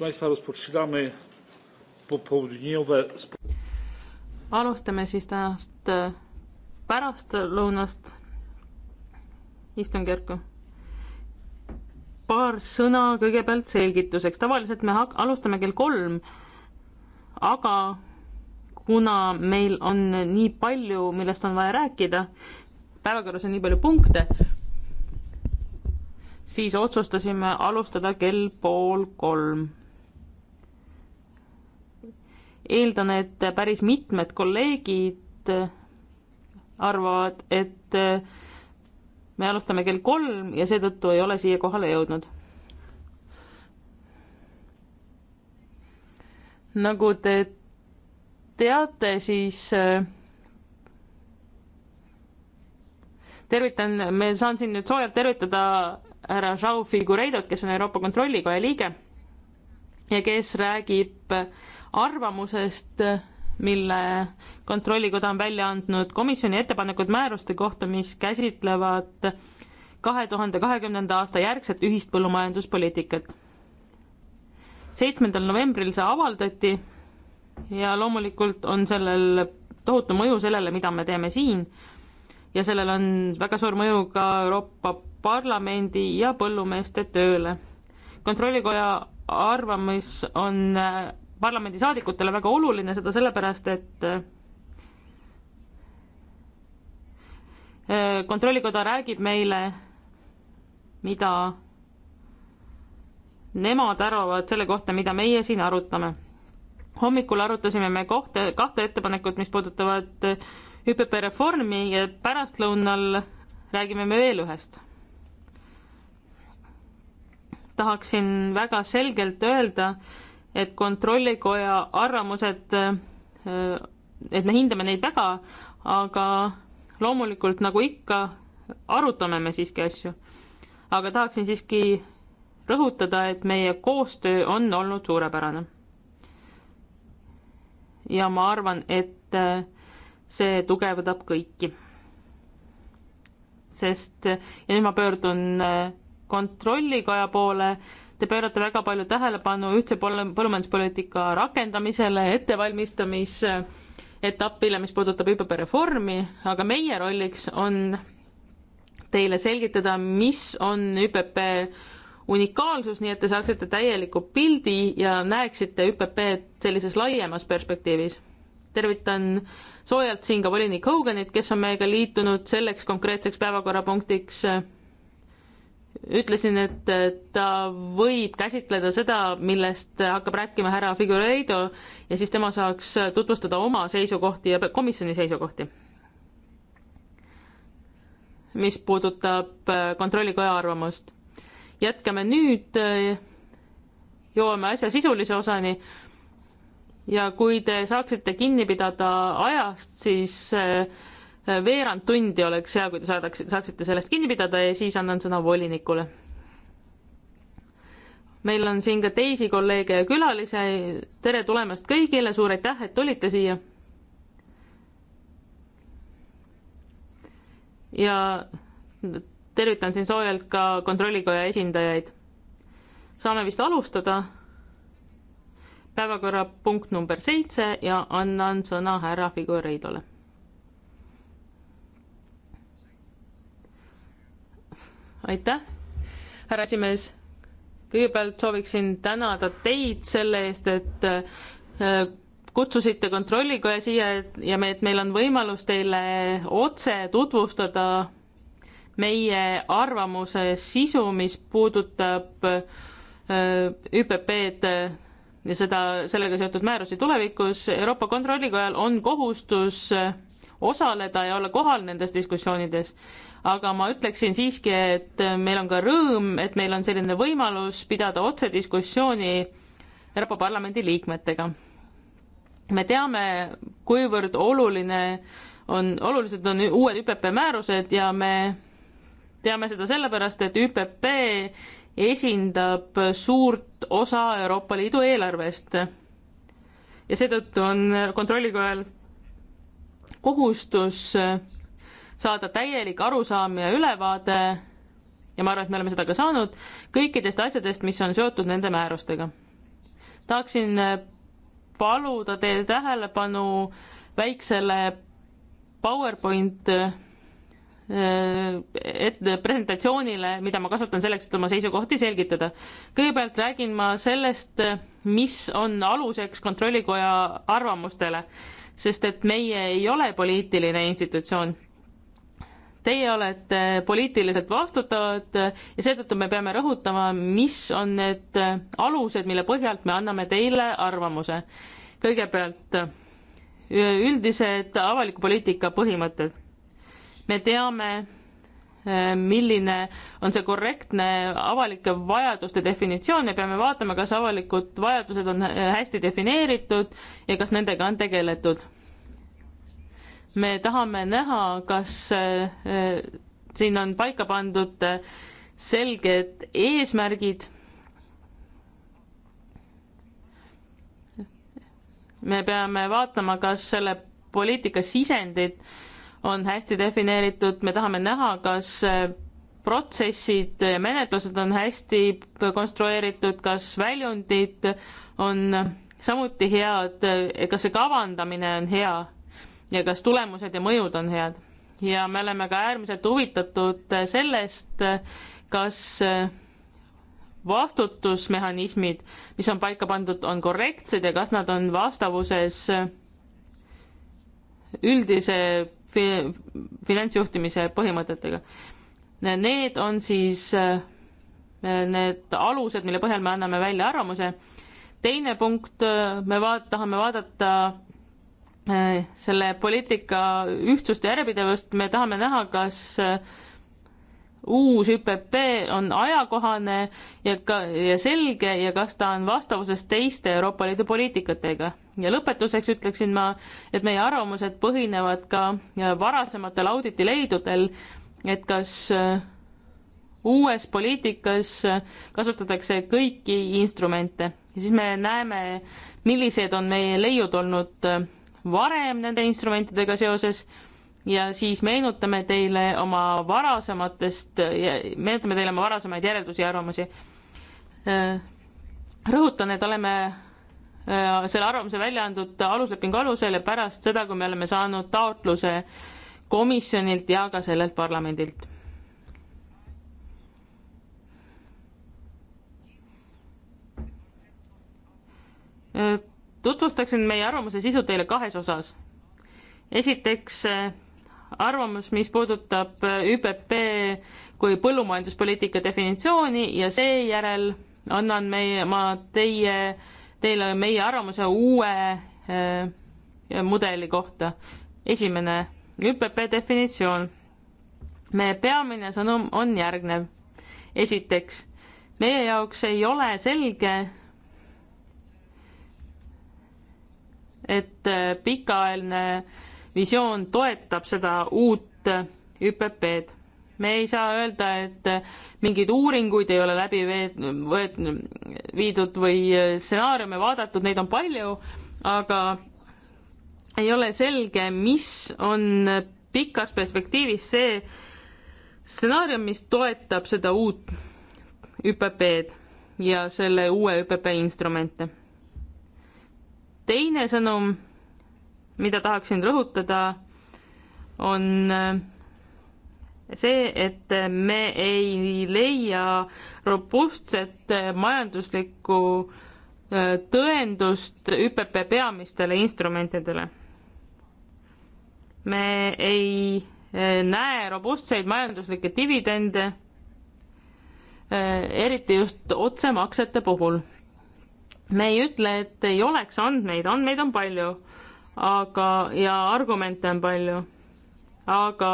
Państwa, rozpoczynamy popołudniowe... alustame siis tänast e, pärastlõunast istungjärku. paar sõna kõigepealt selgituseks. tavaliselt me alustame kell kolm, aga kuna meil on nii palju, millest on vaja rääkida, päevakorras on nii palju punkte, siis otsustasime alustada kell pool kolm eeldan, et päris mitmed kolleegid arvavad, et me alustame kell kolm ja seetõttu ei ole siia kohale jõudnud. nagu te teate, siis äh, tervitan, ma saan siin nüüd soojalt tervitada härra Joao Figureidot, kes on Euroopa Kontrollikoja liige ja kes räägib äh, arvamusest, mille Kontrollikoda on välja andnud komisjoni ettepanekud määruste kohta, mis käsitlevad kahe tuhande kahekümnenda aasta järgset ühist põllumajanduspoliitikat. seitsmendal novembril see avaldati ja loomulikult on sellel tohutu mõju sellele, mida me teeme siin ja sellel on väga suur mõju ka Euroopa Parlamendi ja põllumeeste tööle. kontrollikoja arvamus on parlamendisaadikutele väga oluline, seda sellepärast, et äh, äh, kontrollikoda räägib meile, mida nemad arvavad selle kohta, mida meie siin arutame. hommikul arutasime me kohta, kahte ettepanekut, mis puudutavad äh, ÜPP reformi ja pärastlõunal räägime me veel ühest tahaksin väga selgelt öelda, et Kontrollikoja arvamused, äh, et me hindame neid väga, aga loomulikult nagu ikka, arutame me siiski asju. aga tahaksin siiski rõhutada, et meie koostöö on olnud suurepärane. ja ma arvan, et äh, see tugevdab kõiki. sest, äh, ja nüüd ma pöördun kontrollikoja poole Te pöörate väga palju tähelepanu ühtse põllumajanduspoliitika rakendamisele, ettevalmistamisetapile, mis puudutab ÜPP reformi, aga meie rolliks on teile selgitada, mis on ÜPP unikaalsus, nii et te saaksite täieliku pildi ja näeksite ÜPP-d sellises laiemas perspektiivis. tervitan soojalt siin ka volinik Hoganit, kes on meiega liitunud selleks konkreetseks päevakorrapunktiks ütlesin, et ta võib käsitleda seda, millest hakkab rääkima härra Figueiredo ja siis tema saaks tutvustada oma seisukohti ja komisjoni seisukohti. mis puudutab äh, kontrollikoja arvamust. jätkame nüüd, äh, jõuame asja sisulise osani ja kui te saaksite kinni pidada ajast, siis äh, veerand tundi oleks hea, kui te saadaksite, saaksite sellest kinni pidada ja siis annan sõna volinikule. meil on siin ka teisi kolleege ja külalisi, tere tulemast kõigile, suur aitäh, et tulite siia. ja tervitan siin soojalt ka Kontrollikoja esindajaid. saame vist alustada. päevakorrapunkt number seitse ja annan sõna härra Figuereidole aitäh, härra esimees. kõigepealt sooviksin tänada teid selle eest, et äh, kutsusite Kontrollikoja siia ja me, et meil on võimalus teile otse tutvustada meie arvamuse sisu, mis puudutab äh, ÜPP-d ja seda, sellega seotud määrusi tulevikus. Euroopa Kontrollikojal on kohustus äh, osaleda ja olla kohal nendes diskussioonides aga ma ütleksin siiski, et meil on ka rõõm, et meil on selline võimalus pidada otsediskussiooni Euroopa Parlamendi liikmetega. me teame, kuivõrd oluline on, olulised on uued ÜPP määrused ja me teame seda sellepärast, et ÜPP esindab suurt osa Euroopa Liidu eelarvest. ja seetõttu on kontrollikojal kohustus äh, saada täielik arusaam ja ülevaade ja ma arvan, et me oleme seda ka saanud, kõikidest asjadest, mis on seotud nende määrustega. tahaksin äh, paluda teie tähelepanu väiksele PowerPoint äh, et presentatsioonile, mida ma kasutan selleks, et oma seisukohti selgitada. kõigepealt räägin ma sellest, mis on aluseks Kontrollikoja arvamustele, sest et meie ei ole poliitiline institutsioon. Teie olete poliitiliselt vastutavad ja seetõttu me peame rõhutama, mis on need alused, mille põhjalt me anname teile arvamuse. kõigepealt üldised avaliku poliitika põhimõtted. me teame, milline on see korrektne avalike vajaduste definitsioon, me peame vaatama, kas avalikud vajadused on hästi defineeritud ja kas nendega on tegeletud me tahame näha, kas eh, eh, siin on paika pandud eh, selged eesmärgid me peame vaatama, kas selle poliitika sisendid on hästi defineeritud, me tahame näha, kas protsessid, menetlused on hästi konstrueeritud, kas väljundid on samuti head, kas see kavandamine on hea ja kas tulemused ja mõjud on head. ja me oleme ka äärmiselt huvitatud sellest, kas vastutusmehhanismid, mis on paika pandud, on korrektsed ja kas nad on vastavuses üldise fi finantsjuhtimise põhimõtetega. Need on siis need alused, mille põhjal me anname välja arvamuse. teine punkt, me vaat-, tahame vaadata Äh, selle poliitika ühtsust ja järjepidevust, me tahame näha, kas äh, uus ÜPP on ajakohane ja ka, ja selge ja kas ta on vastavuses teiste Euroopa Liidu poliitikatega. ja lõpetuseks ütleksin ma, et meie arvamused põhinevad ka varasematel auditi leidudel, et kas äh, uues poliitikas kasutatakse kõiki instrumente ja siis me näeme, millised on meie leiud olnud varem nende instrumentidega seoses ja siis meenutame teile oma varasematest, meenutame teile oma varasemaid järeldusi ja arvamusi. Äh, rõhutan, et oleme äh, selle arvamuse välja andnud aluslepingu alusel ja pärast seda, kui me oleme saanud taotluse komisjonilt ja ka sellelt parlamendilt. Äh, tutvustaksin meie arvamuse sisu teile kahes osas. esiteks äh, arvamus, mis puudutab äh, ÜPP kui põllumajanduspoliitika definitsiooni ja seejärel annan meie, ma teie, teile meie arvamuse uue äh, mudeli kohta. esimene, ÜPP definitsioon. meie peamine sõnum on järgnev. esiteks, meie jaoks ei ole selge, et äh, pikaajaline visioon toetab seda uut ÜPP-d. me ei saa öelda, et äh, mingeid uuringuid ei ole läbi veed-, viidud või äh, stsenaariume vaadatud, neid on palju, aga ei ole selge, mis on pikas perspektiivis see stsenaarium, mis toetab seda uut ÜPP-d ja selle uue ÜPP instrumente teine sõnum, mida tahaksin rõhutada, on äh, see, et me ei leia robustset äh, majanduslikku äh, tõendust ÜPP peamistele instrumentidele. me ei näe robustseid majanduslikke dividende, eriti just otsemaksete puhul me ei ütle, et ei oleks andmeid, andmeid on palju, aga, ja argumente on palju, aga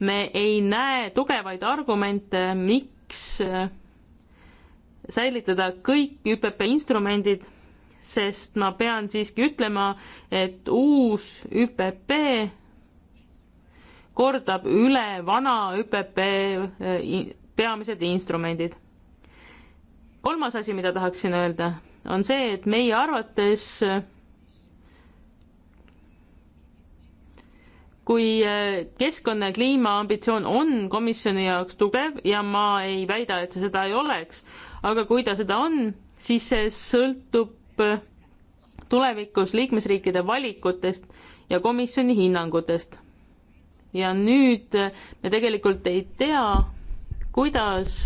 me ei näe tugevaid argumente, miks äh, säilitada kõik ÜPP instrumendid, sest ma pean siiski ütlema, et uus ÜPP kordab üle vana ÜPP äh, peamised instrumendid. kolmas asi, mida tahaksin öelda on see, et meie arvates kui eh, keskkonna ja kliima ambitsioon on komisjoni jaoks tugev ja ma ei väida, et see seda ei oleks, aga kui ta seda on, siis see sõltub eh, tulevikus liikmesriikide valikutest ja komisjoni hinnangutest. ja nüüd eh, me tegelikult ei tea, kuidas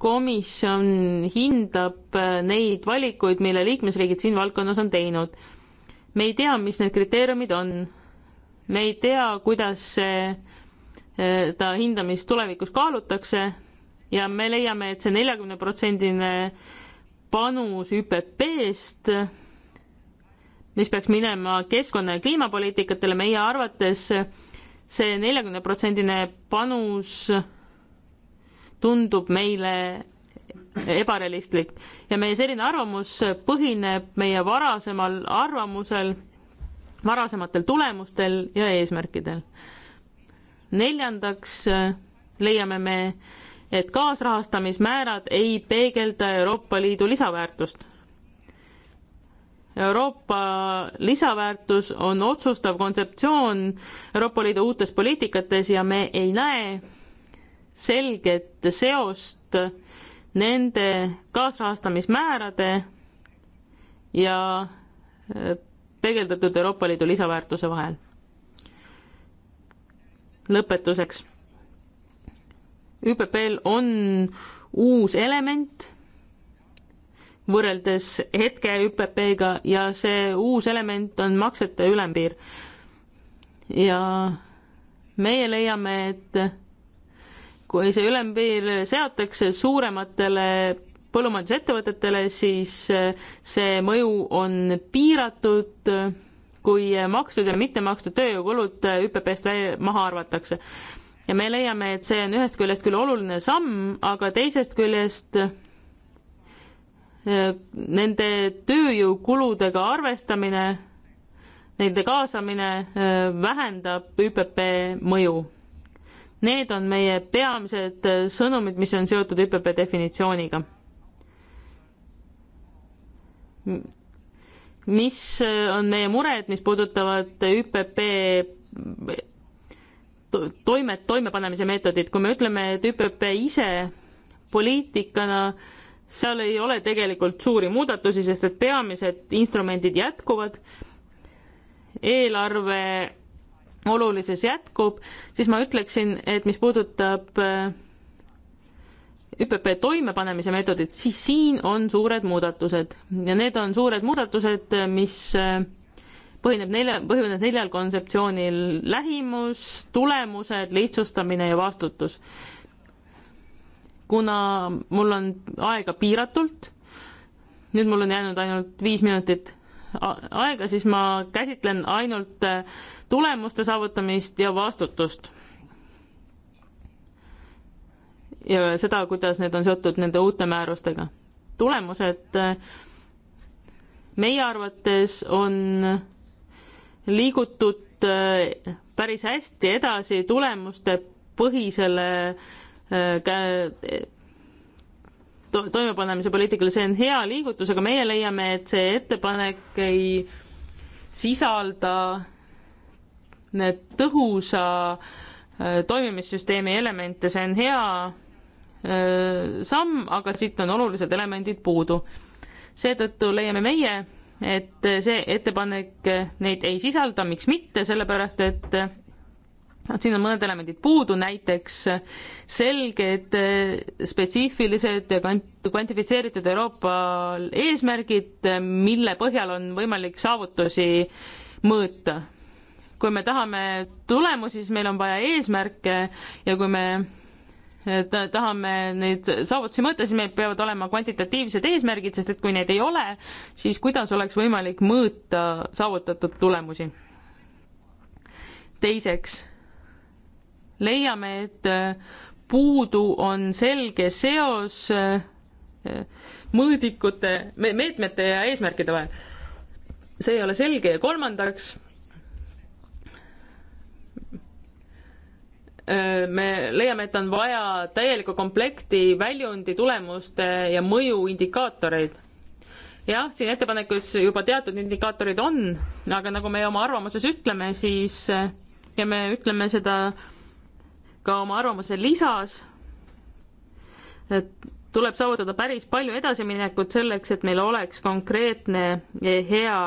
komisjon hindab äh, neid valikuid, mille liikmesriigid siin valdkonnas on teinud. me ei tea, mis need kriteeriumid on. me ei tea, kuidas see, äh, ta hindamist tulevikus kaalutakse ja me leiame, et see neljakümne protsendine panus ÜPP-st, mis peaks minema keskkonna ja kliimapoliitikatele, meie arvates see neljakümne protsendine panus tundub meile ebarealistlik ja meie selline arvamus põhineb meie varasemal arvamusel, varasematel tulemustel ja eesmärkidel. neljandaks äh, leiame me, et kaasrahastamismäärad ei peegelda Euroopa Liidu lisaväärtust. Euroopa lisaväärtus on otsustav kontseptsioon Euroopa Liidu uutes poliitikates ja me ei näe, selget seost nende kaasrahastamismäärade ja äh, peegeldatud Euroopa Liidu lisaväärtuse vahel. lõpetuseks. ÜPP-l on uus element võrreldes hetke ÜPP-ga ja see uus element on maksete ülempiir. ja meie leiame, et kui see ülempiir seatakse suurematele põllumajandusettevõtetele, siis eh, see mõju on piiratud, kui makstud ja mitte makstud tööjõukulud ÜPP-st maha arvatakse. ja me leiame, et see on ühest küljest küll oluline samm, aga teisest küljest eh, nende tööjõukuludega arvestamine, nende kaasamine eh, vähendab ÜPP mõju Need on meie peamised äh, sõnumid, mis on seotud ÜPP definitsiooniga. mis äh, on meie mured, mis puudutavad ÜPP toimet, toimepanemise meetodit, kui me ütleme, et ÜPP ise poliitikana seal ei ole tegelikult suuri muudatusi, sest et peamised instrumendid jätkuvad. eelarve olulisus jätkub, siis ma ütleksin, et mis puudutab äh, ÜPP toimepanemise meetodit, siis siin on suured muudatused ja need on suured muudatused, mis äh, põhineb nelja, põhineb neljal kontseptsioonil lähimus, tulemused, lihtsustamine ja vastutus. kuna mul on aega piiratult, nüüd mul on jäänud ainult viis minutit aega, siis ma käsitlen ainult äh, tulemuste saavutamist ja vastutust. ja seda, kuidas need on seotud nende uute määrustega. tulemused äh, meie arvates on liigutud äh, päris hästi edasi tulemuste põhisele to toimepanemise poliitikale, see on hea liigutus, aga meie leiame, et see ettepanek ei sisalda need tõhusa äh, toimimissüsteemi elemente, see on hea äh, samm, aga siit on olulised elemendid puudu. seetõttu leiame meie, et see ettepanek neid ei sisalda, miks mitte, sellepärast et Noh, siin on mõned elemendid puudu, näiteks selged, eh, spetsiifilised ja kvantifitseeritud Euroopa eesmärgid, mille põhjal on võimalik saavutusi mõõta. kui me tahame tulemusi, siis meil on vaja eesmärke ja kui me eh, tahame neid saavutusi mõõta, siis meil peavad olema kvantitatiivsed eesmärgid, sest et kui neid ei ole, siis kuidas oleks võimalik mõõta saavutatud tulemusi? teiseks leiame, et äh, puudu on selge seos äh, mõõdikute, meetmete ja eesmärkide vahel. see ei ole selge ja kolmandaks äh, me leiame, et on vaja täielikku komplekti väljundi tulemuste ja mõju indikaatoreid. jah, siin ettepanekus juba teatud indikaatorid on, aga nagu me oma arvamuses ütleme, siis ja me ütleme seda äh, ka oma arvamuse lisas, et tuleb saavutada päris palju edasiminekut selleks, et meil oleks konkreetne hea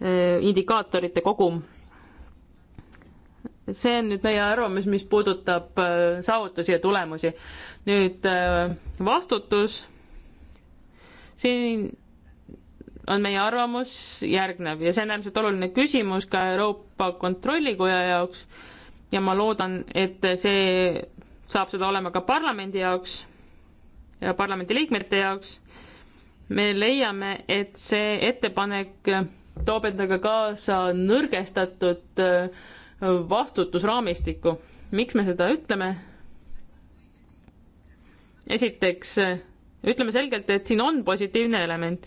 eh, indikaatorite kogum. see on nüüd meie arvamus, mis puudutab eh, saavutusi ja tulemusi. nüüd eh, vastutus. siin on meie arvamus järgnev ja see on äärmiselt oluline küsimus ka Euroopa Kontrollikoja jaoks ja ma loodan, et see saab seda olema ka parlamendi jaoks ja parlamendi liikmete jaoks. me leiame, et see ettepanek toob endaga kaasa nõrgestatud äh, vastutusraamistikku. miks me seda ütleme? esiteks äh, ütleme selgelt, et siin on positiivne element.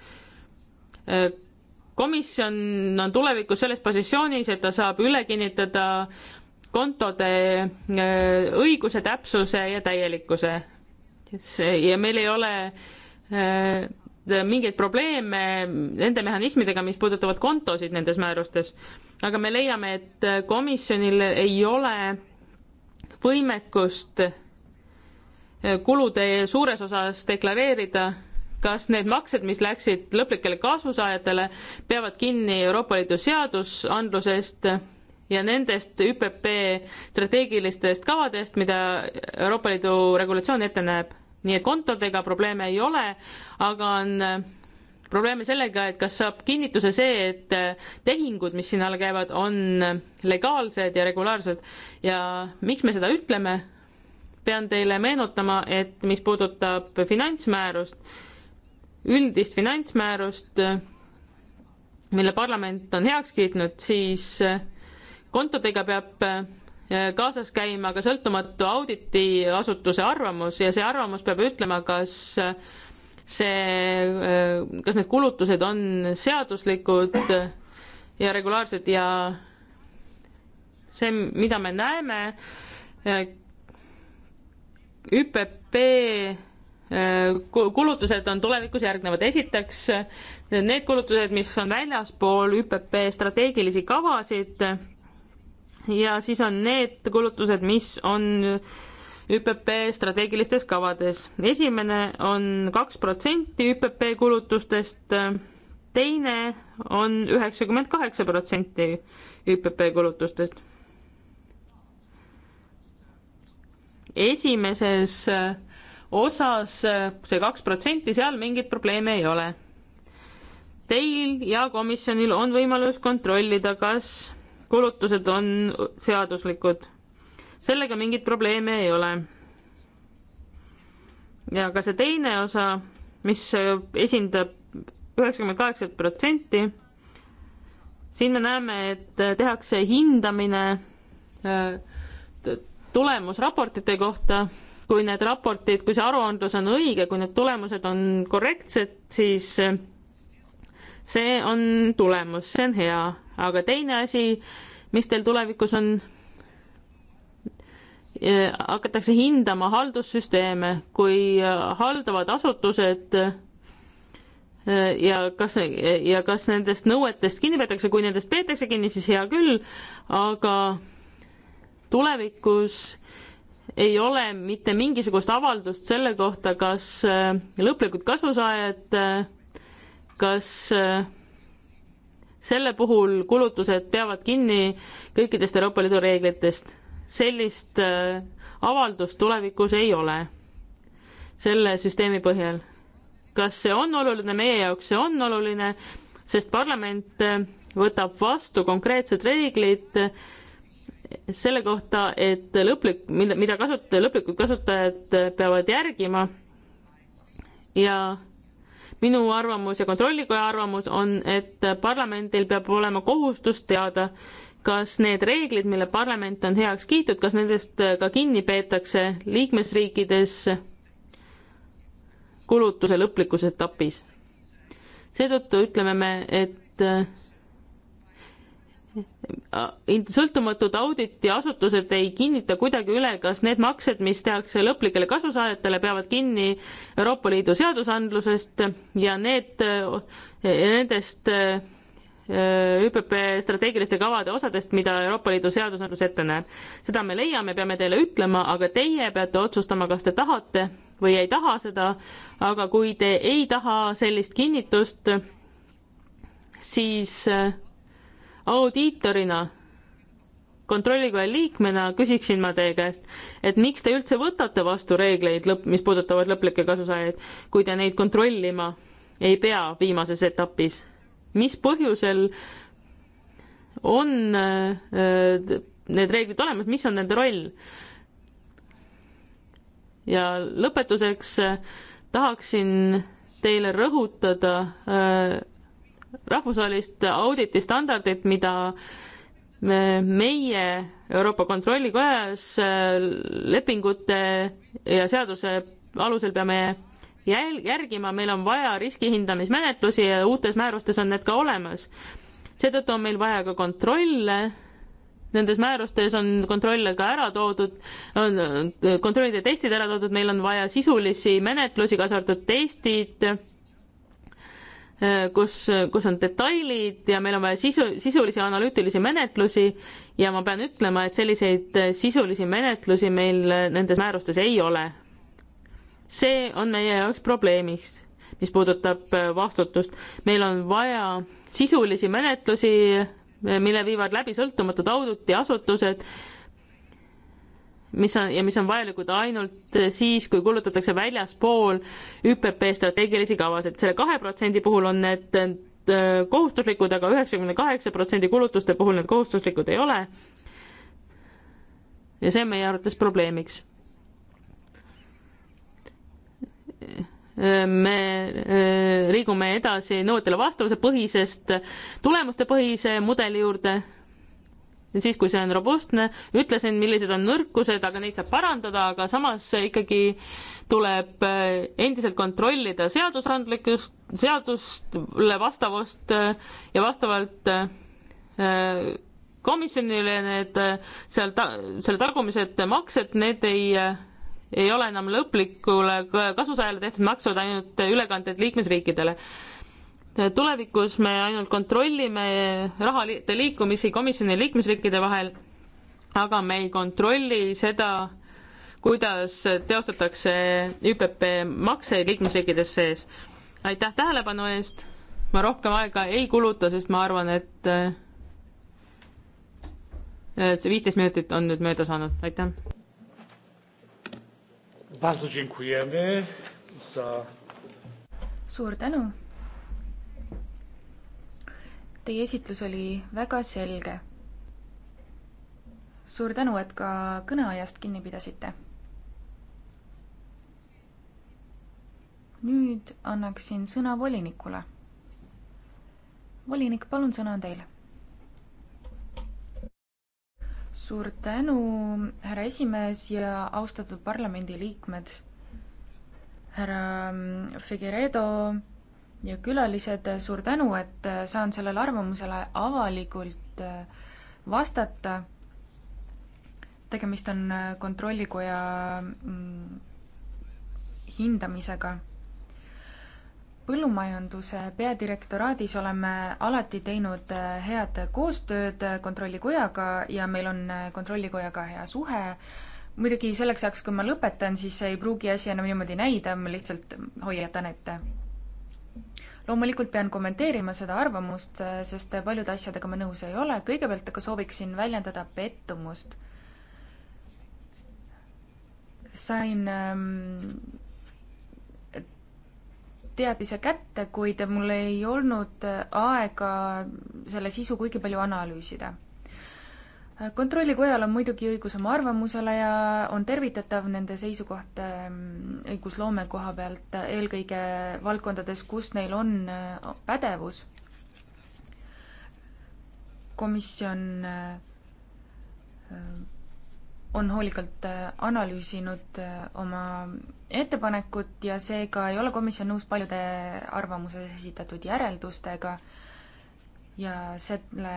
Äh, komisjon on tulevikus selles positsioonis, et ta saab üle kinnitada kontode äh, õiguse, täpsuse ja täielikkuse. ja meil ei ole äh, mingeid probleeme nende mehhanismidega, mis puudutavad kontosid nendes määrustes. aga me leiame, et komisjonil ei ole võimekust äh, kulude suures osas deklareerida, kas need maksed, mis läksid lõplikele kasusaajatele, peavad kinni Euroopa Liidu seadusandlusest ja nendest ÜPP strateegilistest kavadest, mida Euroopa Liidu regulatsioon ette näeb. nii et kontodega probleeme ei ole, aga on äh, probleeme sellega, et kas saab kinnituse see, et äh, tehingud, mis sinna alla käivad, on äh, legaalsed ja regulaarsed ja miks me seda ütleme, pean teile meenutama, et mis puudutab finantsmäärust, üldist finantsmäärust, mille parlament on heaks kiitnud, siis kontodega peab äh, kaasas käima ka sõltumatu auditiasutuse arvamus ja see arvamus peab ütlema, kas äh, see, äh, kas need kulutused on seaduslikud ja regulaarsed ja see, mida me näeme, ÜPP kulutused on tulevikus järgnevad. esiteks need kulutused, mis on väljaspool ÜPP strateegilisi kavasid ja siis on need kulutused, mis on ÜPP strateegilistes kavades. esimene on kaks protsenti ÜPP kulutustest, teine on üheksakümmend kaheksa protsenti ÜPP kulutustest. esimeses osas see kaks protsenti, seal mingeid probleeme ei ole. Teil ja komisjonil on võimalus kontrollida, kas kulutused on seaduslikud. sellega mingit probleemi ei ole. ja ka see teine osa, mis esindab üheksakümmend kaheksat protsenti, siin me näeme, et tehakse hindamine äh, tulemusraportite kohta, kui need raportid, kui see aruandlus on õige, kui need tulemused on korrektsed, siis see on tulemus, see on hea aga teine asi, mis teil tulevikus on, e, hakatakse hindama haldussüsteeme, kui e, haldavad asutused e, ja kas, ja kas nendest nõuetest kinni peetakse, kui nendest peetakse kinni, siis hea küll, aga tulevikus ei ole mitte mingisugust avaldust selle kohta, kas lõplikud kasusaajad, kas äh, selle puhul kulutused peavad kinni kõikidest Euroopa Liidu reeglitest. sellist äh, avaldust tulevikus ei ole selle süsteemi põhjal. kas see on oluline, meie jaoks see on oluline, sest parlament äh, võtab vastu konkreetsed reeglid äh, selle kohta, et lõplik, mida, mida kasutaja, lõplikud kasutajad peavad järgima ja minu arvamus ja Kontrollikoja arvamus on, et parlamendil peab olema kohustus teada, kas need reeglid, mille parlament on heaks kiitnud, kas nendest ka kinni peetakse liikmesriikides kulutuse lõplikus etapis. seetõttu ütleme me, et Äh, sõltumatud auditiasutused ei kinnita kuidagi üle, kas need maksed, mis tehakse lõplikele kasusaajatele, peavad kinni Euroopa Liidu seadusandlusest ja need, äh, nendest äh, ÜPP strateegiliste kavade osadest, mida Euroopa Liidu seadusandlus ette näeb. seda me leiame, peame teile ütlema, aga teie peate otsustama, kas te tahate või ei taha seda, aga kui te ei taha sellist kinnitust, siis äh, audiitorina, kontrollikoja liikmena küsiksin ma teie käest, et miks te üldse võtate vastu reegleid lõpp, mis puudutavad lõplikke kasusaajaid, kui te neid kontrollima ei pea viimases etapis? mis põhjusel on äh, need reeglid olemas, mis on nende roll? ja lõpetuseks äh, tahaksin teile rõhutada äh, rahvusvahelist auditi standardit, mida meie Euroopa Kontrollikojas äh, lepingute ja seaduse alusel peame jäl-, järgima, meil on vaja riskihindamismenetlusi ja uutes määrustes on need ka olemas. seetõttu on meil vaja ka kontrolle, nendes määrustes on kontrolle ka ära toodud, on kontrollid ja testid ära toodud, meil on vaja sisulisi menetlusi, kaasa arvatud testid kus, kus on detailid ja meil on vaja sisu, sisulisi analüütilisi menetlusi ja ma pean ütlema, et selliseid äh, sisulisi menetlusi meil äh, nendes määrustes ei ole. see on meie jaoks probleemiks mis puudutab äh, vastutust. meil on vaja sisulisi menetlusi, mille viivad läbi sõltumatud auditiasutused mis on ja mis on vajalikud ainult siis, kui kulutatakse väljaspool ÜPP strateegilisi kavasid. selle kahe protsendi puhul on need äh, kohustuslikud aga, aga üheksakümne kaheksa protsendi kulutuste puhul need kohustuslikud ei ole. ja see on meie arvates probleemiks. Äh, me äh, liigume edasi nõuetele vastavuse põhisest tulemuste põhise mudeli juurde siis, kui see on robustne, ütlesin, millised on nõrkused, aga neid saab parandada, aga samas ikkagi tuleb äh, endiselt kontrollida seadusandlikkust, seadustele vastavust äh, ja vastavalt äh, komisjonile need seal ta,, selle tagumised maksed, need ei, ei ole enam lõplikule kasusaajale tehtud maksud, ainult ülekanded liikmesriikidele tulevikus me ainult kontrollime rahade liikumisi komisjoni liikmesriikide vahel, aga me ei kontrolli seda, kuidas teostatakse ÜPP makseid liikmesriikides sees. aitäh tähelepanu eest, ma rohkem aega ei kuluta, sest ma arvan, et et see viisteist minutit on nüüd mööda saanud, aitäh. suur tänu Teie esitlus oli väga selge. suur tänu, et ka kõneajast kinni pidasite. nüüd annaksin sõna volinikule. volinik, palun, sõna on teil. suur tänu, härra esimees ja austatud parlamendiliikmed, härra Figueredo ja külalised, suur tänu, et äh, saan sellele arvamusele avalikult äh, vastata. tegemist on äh, Kontrollikoja mm, hindamisega. põllumajanduse peadirektoraadis oleme alati teinud head koostööd Kontrollikojaga ja meil on Kontrollikojaga hea suhe muidugi selleks ajaks, kui ma lõpetan, siis ei pruugi asi enam niimoodi näida, ma lihtsalt hoiatan ette loomulikult pean kommenteerima seda arvamust, eh, sest paljude asjadega ma nõus ei ole, kõigepealt aga sooviksin väljendada pettumust. sain ehm, teadmise kätte, kuid mul ei olnud eh, aega selle sisu kuigi palju analüüsida kontrollikojal on muidugi õigus oma arvamusele ja on tervitatav nende seisukoht ehm, õigusloome koha pealt, eelkõige valdkondades, kus neil on eh, pädevus. komisjon eh, on hoolikalt eh, analüüsinud oma ettepanekut ja seega ei ole komisjon nõus paljude arvamuses esitatud järeldustega ja selle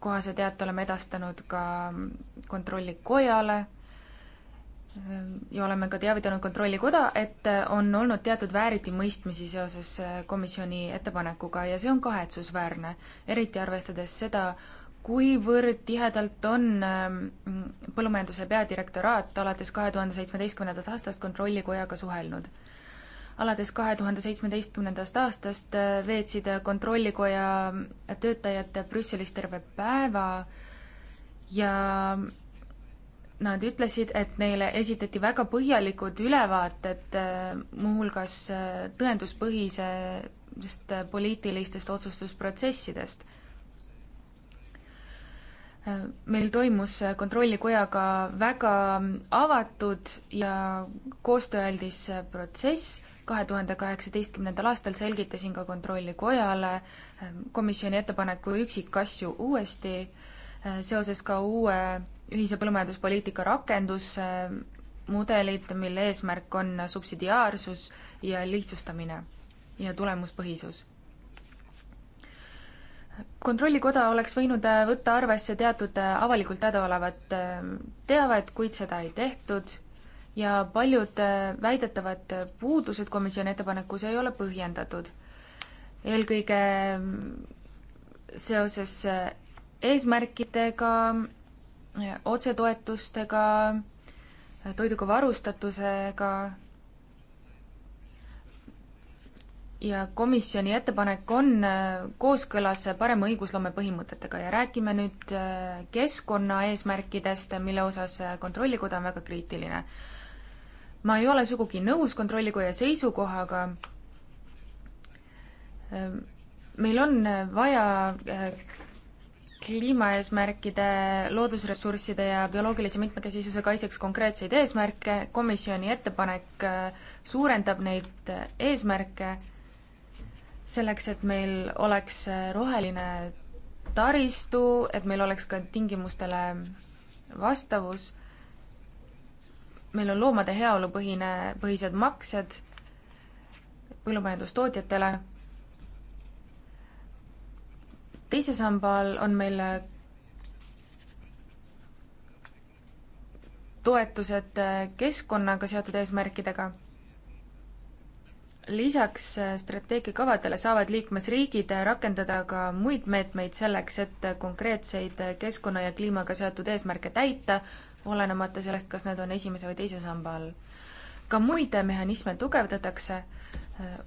kohase teate oleme edastanud ka kontrollikojale ja oleme ka teavitanud Kontrollikoda, et on olnud teatud vääritimõistmisi seoses komisjoni ettepanekuga ja see on kahetsusväärne, eriti arvestades seda, kuivõrd tihedalt on mm, põllumajanduse peadirektoraat alates kahe tuhande seitsmeteistkümnendast aastast Kontrollikojaga suhelnud alates kahe tuhande seitsmeteistkümnendast aastast äh, veetsid Kontrollikoja töötajad Brüsselis terve päeva ja nad ütlesid, et neile esitati väga põhjalikud ülevaated äh, muuhulgas äh, tõenduspõhisest poliitilistest otsustusprotsessidest. meil toimus Kontrollikojaga väga avatud ja koostööaldis protsess kahe tuhande kaheksateistkümnendal aastal selgitasin ka Kontrollikojale ehm, komisjoni ettepaneku üksikasju uuesti ehm, seoses ka uue ühise põllumajanduspoliitika rakendusmudelid, ehm, mille eesmärk on subsidiaarsus ja lihtsustamine ja tulemuspõhisus kontrollikoda oleks võinud võtta arvesse teatud avalikult hädaolevat teavet, kuid seda ei tehtud ja paljud äh, väidetavad puudused komisjoni ettepanekus ei ole põhjendatud. eelkõige mm, seoses äh, eesmärkidega, äh, otsetoetustega, toiduga varustatusega ja komisjoni ettepanek on kooskõlas parema õigusloome põhimõtetega ja räägime nüüd keskkonna eesmärkidest, mille osas Kontrollikoda on väga kriitiline ma ei ole sugugi nõus Kontrollikoja seisukohaga. Ehm, meil on eh, vaja eh, kliimaeesmärkide, loodusressursside ja bioloogilise mitmekesisuse kaitseks konkreetseid eesmärke, komisjoni ettepanek eh, suurendab neid eesmärke selleks, et meil oleks roheline taristu, et meil oleks ka tingimustele vastavus meil on loomade heaolupõhine, põhised maksed põllumajandustootjatele. teise samba all on meil toetused keskkonnaga seotud eesmärkidega. lisaks strateegiakavadele saavad liikmesriigid rakendada ka muid meetmeid selleks, et konkreetseid keskkonna ja kliimaga seotud eesmärke täita, olenemata sellest, kas nad on esimese või teise samba all. ka muid mehhanisme tugevdatakse,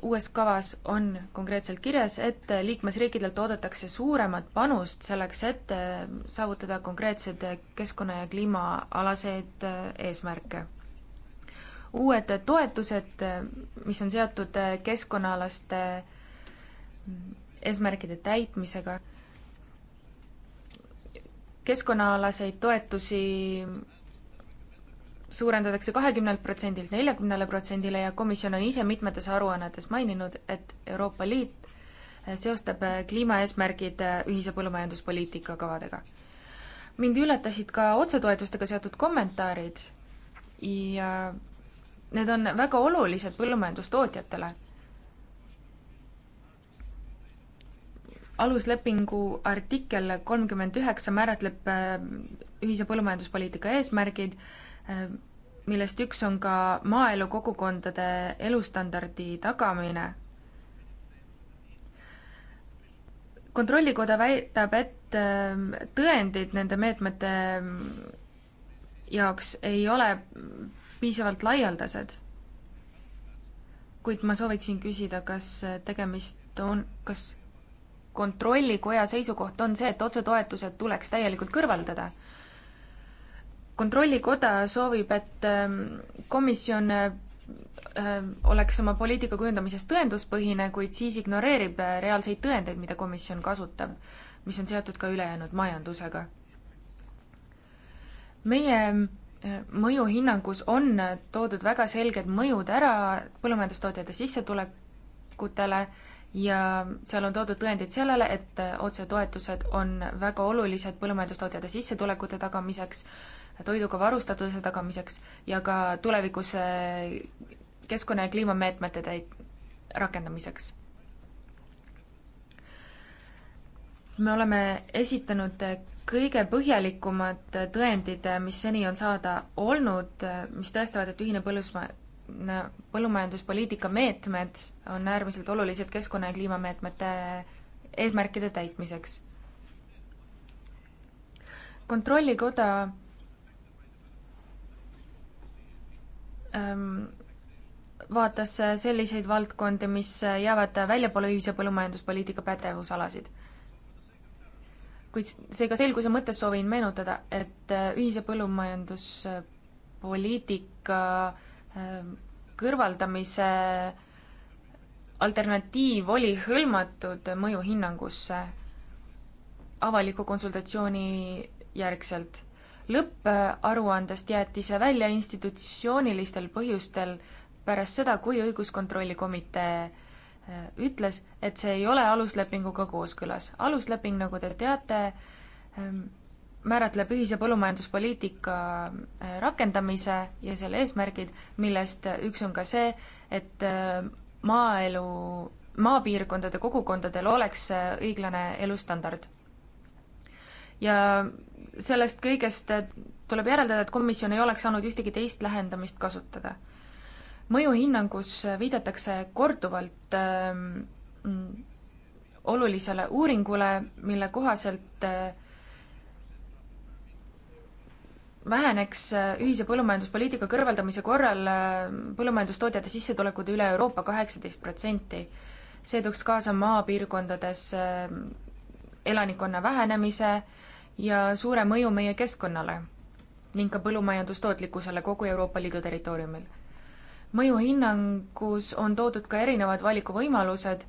uues kavas on konkreetselt kirjas, et liikmesriikidelt oodatakse suuremat panust selleks, et saavutada konkreetsed keskkonna- ja kliimaalaseid eesmärke. uued toetused, mis on seotud keskkonnaalaste eesmärkide täitmisega keskkonnaalaseid toetusi suurendatakse kahekümnelt protsendilt neljakümnele protsendile ja komisjon on ise mitmetes aruannetes maininud, et Euroopa Liit seostab kliimaeesmärgid ühise põllumajanduspoliitika kavadega. mind üllatasid ka otsetoetustega seotud kommentaarid ja need on väga olulised põllumajandustootjatele aluslepingu artikkel kolmkümmend üheksa määratleb äh, ühise põllumajanduspoliitika eesmärgid, äh, millest üks on ka maaelu kogukondade elustandardi tagamine. kontrollikoda väidab, et äh, tõendid nende meetmete jaoks ei ole piisavalt laialdased. kuid ma sooviksin küsida, kas tegemist on, kas kontrollikoja seisukoht on see, et otsetoetused tuleks täielikult kõrvaldada. kontrollikoda soovib, et ähm, komisjon ähm, oleks oma poliitika kujundamises tõenduspõhine, kuid siis ignoreerib äh, reaalseid tõendeid, mida komisjon kasutab, mis on seotud ka ülejäänud majandusega. meie äh, mõjuhinnangus on toodud väga selged mõjud ära põllumajandustootjate sissetulekutele, ja seal on toodud tõendid sellele, et otsetoetused on väga olulised põllumajandustootjate sissetulekute tagamiseks, toiduga varustatuse tagamiseks ja ka tulevikus eh, keskkonna- ja kliimameetmete täit-, rakendamiseks. me oleme esitanud kõige põhjalikumad tõendid, mis seni on saada olnud, mis tõestavad, et ühine põllus-, põllumajanduspoliitika meetmed on äärmiselt olulised keskkonna ja kliimameetmete eesmärkide täitmiseks. kontrollikoda ähm, vaatas selliseid valdkondi, mis jäävad väljapoole ühise põllumajanduspoliitika pädevusalasid. kuid seega selguse mõttes soovin meenutada, et ühise põllumajanduspoliitika äh, Ehm, kõrvaldamise alternatiiv oli hõlmatud mõjuhinnangusse avaliku konsultatsiooni järgselt. lõpparuandest jäeti see välja institutsioonilistel põhjustel pärast seda, kui õiguskontrolli komitee ehm, ütles, et see ei ole aluslepinguga kooskõlas. alusleping, nagu te teate, ehm, määratleb ühise põllumajanduspoliitika äh, rakendamise ja selle eesmärgid, millest äh, üks on ka see, et äh, maaelu, maapiirkondade kogukondadel oleks õiglane elustandard. ja sellest kõigest tuleb järeldada, et komisjon ei oleks saanud ühtegi teist lähendamist kasutada. mõjuhinnangus viidatakse korduvalt äh, olulisele uuringule, mille kohaselt äh, väheneks äh, ühise põllumajanduspoliitika kõrvaldamise korral äh, põllumajandustootjate sissetulekud üle Euroopa kaheksateist protsenti. see tooks kaasa maapiirkondades äh, elanikkonna vähenemise ja suure mõju meie keskkonnale ning ka põllumajandustootlikkusele kogu Euroopa Liidu territooriumil. mõjuhinnangus on toodud ka erinevad valikuvõimalused,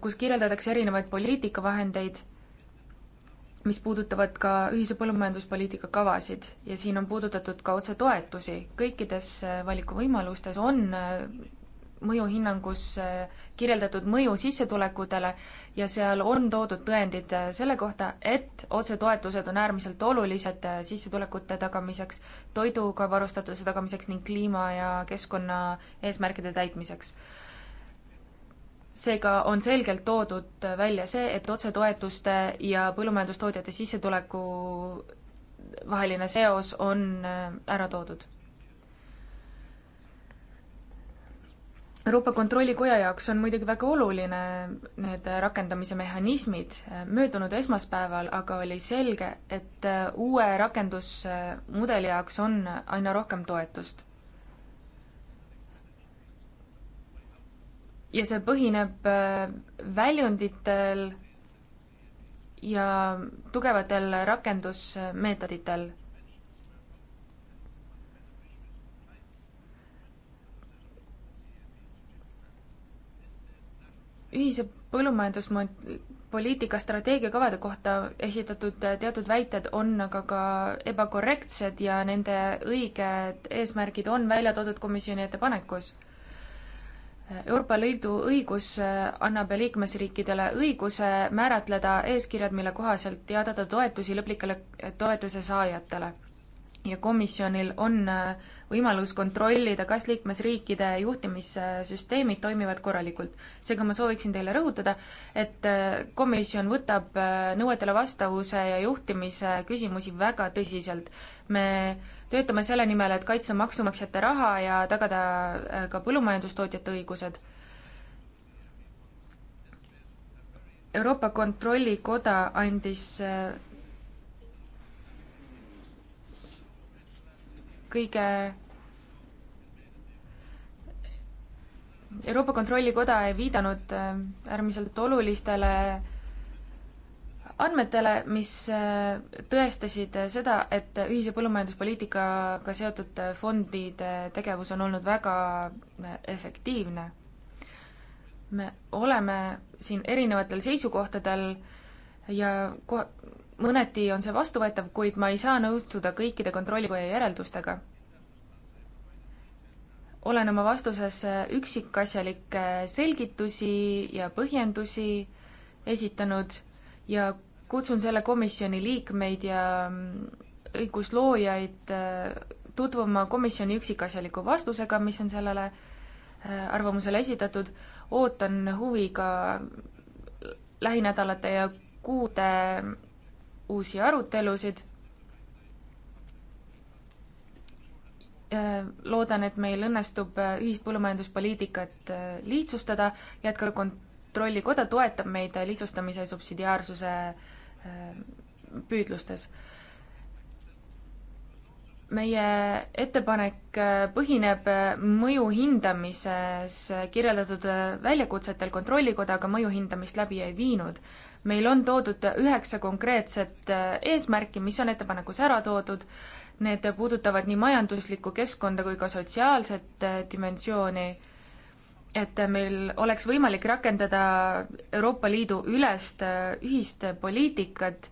kus kirjeldatakse erinevaid poliitikavahendeid mis puudutavad ka ühise põllumajanduspoliitika kavasid ja siin on puudutatud ka otsetoetusi. kõikides äh, valikuvõimalustes on äh, mõjuhinnangus äh, kirjeldatud mõju sissetulekutele ja seal on toodud tõendid selle kohta, et otsetoetused on äärmiselt olulised sissetulekute tagamiseks, toiduga varustatuse tagamiseks ning kliima ja keskkonna eesmärkide täitmiseks seega on selgelt toodud välja see, et otsetoetuste ja põllumajandustootjate sissetuleku vaheline seos on äh, ära toodud. Euroopa Kontrollikoja jaoks on muidugi väga oluline need rakendamise mehhanismid. möödunud esmaspäeval aga oli selge, et äh, uue rakendusmudeli jaoks on aina rohkem toetust ja see põhineb äh, väljunditel ja tugevatel rakendusmeetoditel. ühise põllumajanduspoliitika strateegiakavade kohta esitatud teatud väited on aga ka ebakorrektsed ja nende õiged eesmärgid on välja toodud komisjoni ettepanekus Euroopa Liidu õigus äh, annab liikmesriikidele õiguse määratleda eeskirjad, mille kohaselt jaotada toetusi lõplikele äh, toetuse saajatele. ja komisjonil on äh, võimalus kontrollida, kas liikmesriikide juhtimissüsteemid toimivad korralikult. seega ma sooviksin teile rõhutada, et komisjon võtab nõuetele vastavuse ja juhtimise küsimusi väga tõsiselt. me töötame selle nimel, et kaitsta maksumaksjate raha ja tagada äh, ka põllumajandustootjate õigused. Euroopa Kontrollikoda andis äh, kõige Euroopa Kontrollikoda ei viidanud äh, äärmiselt olulistele andmetele, mis äh, tõestasid äh, seda, et ühise põllumajanduspoliitikaga seotud äh, fondide tegevus on olnud väga efektiivne. me oleme siin erinevatel seisukohtadel ja ko-, mõneti on see vastuvõetav, kuid ma ei saa nõustuda kõikide Kontrollikoja järeldustega. olen oma vastuses üksikasjalikke selgitusi ja põhjendusi esitanud ja kutsun selle komisjoni liikmeid ja mm, õigusloojaid äh, tutvuma komisjoni üksikasjaliku vastusega, mis on sellele äh, arvamusele esitatud. ootan huviga mm, lähinädalate ja kuude mm, uusi arutelusid. Äh, loodan, et meil õnnestub ühist põllumajanduspoliitikat lihtsustada ja et ka kontrollikoda toetab meid lihtsustamise ja subsidiaarsuse äh, püüdlustes. meie ettepanek äh, põhineb äh, mõju hindamises äh, kirjeldatud väljakutsetel, Kontrollikoda aga mõju hindamist läbi ei viinud. meil on toodud üheksa konkreetset eesmärki, mis on ettepanekus ära toodud, need puudutavad nii majanduslikku keskkonda kui ka sotsiaalset dimensiooni et meil oleks võimalik rakendada Euroopa Liidu ülest äh, ühist poliitikat,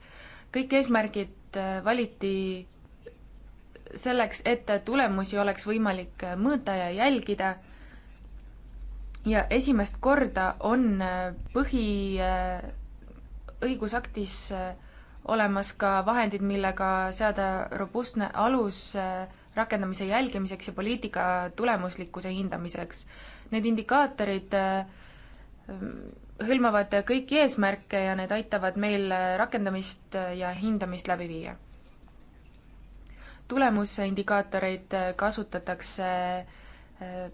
kõik eesmärgid äh, valiti selleks, et tulemusi oleks võimalik äh, mõõta ja jälgida. ja esimest korda on põhiõigusaktis olemas ka vahendid, millega seada robustne alus rakendamise jälgimiseks ja poliitika tulemuslikkuse hindamiseks Need indikaatorid äh, hõlmavad kõiki eesmärke ja need aitavad meil rakendamist ja hindamist läbi viia. tulemusindikaatoreid kasutatakse äh,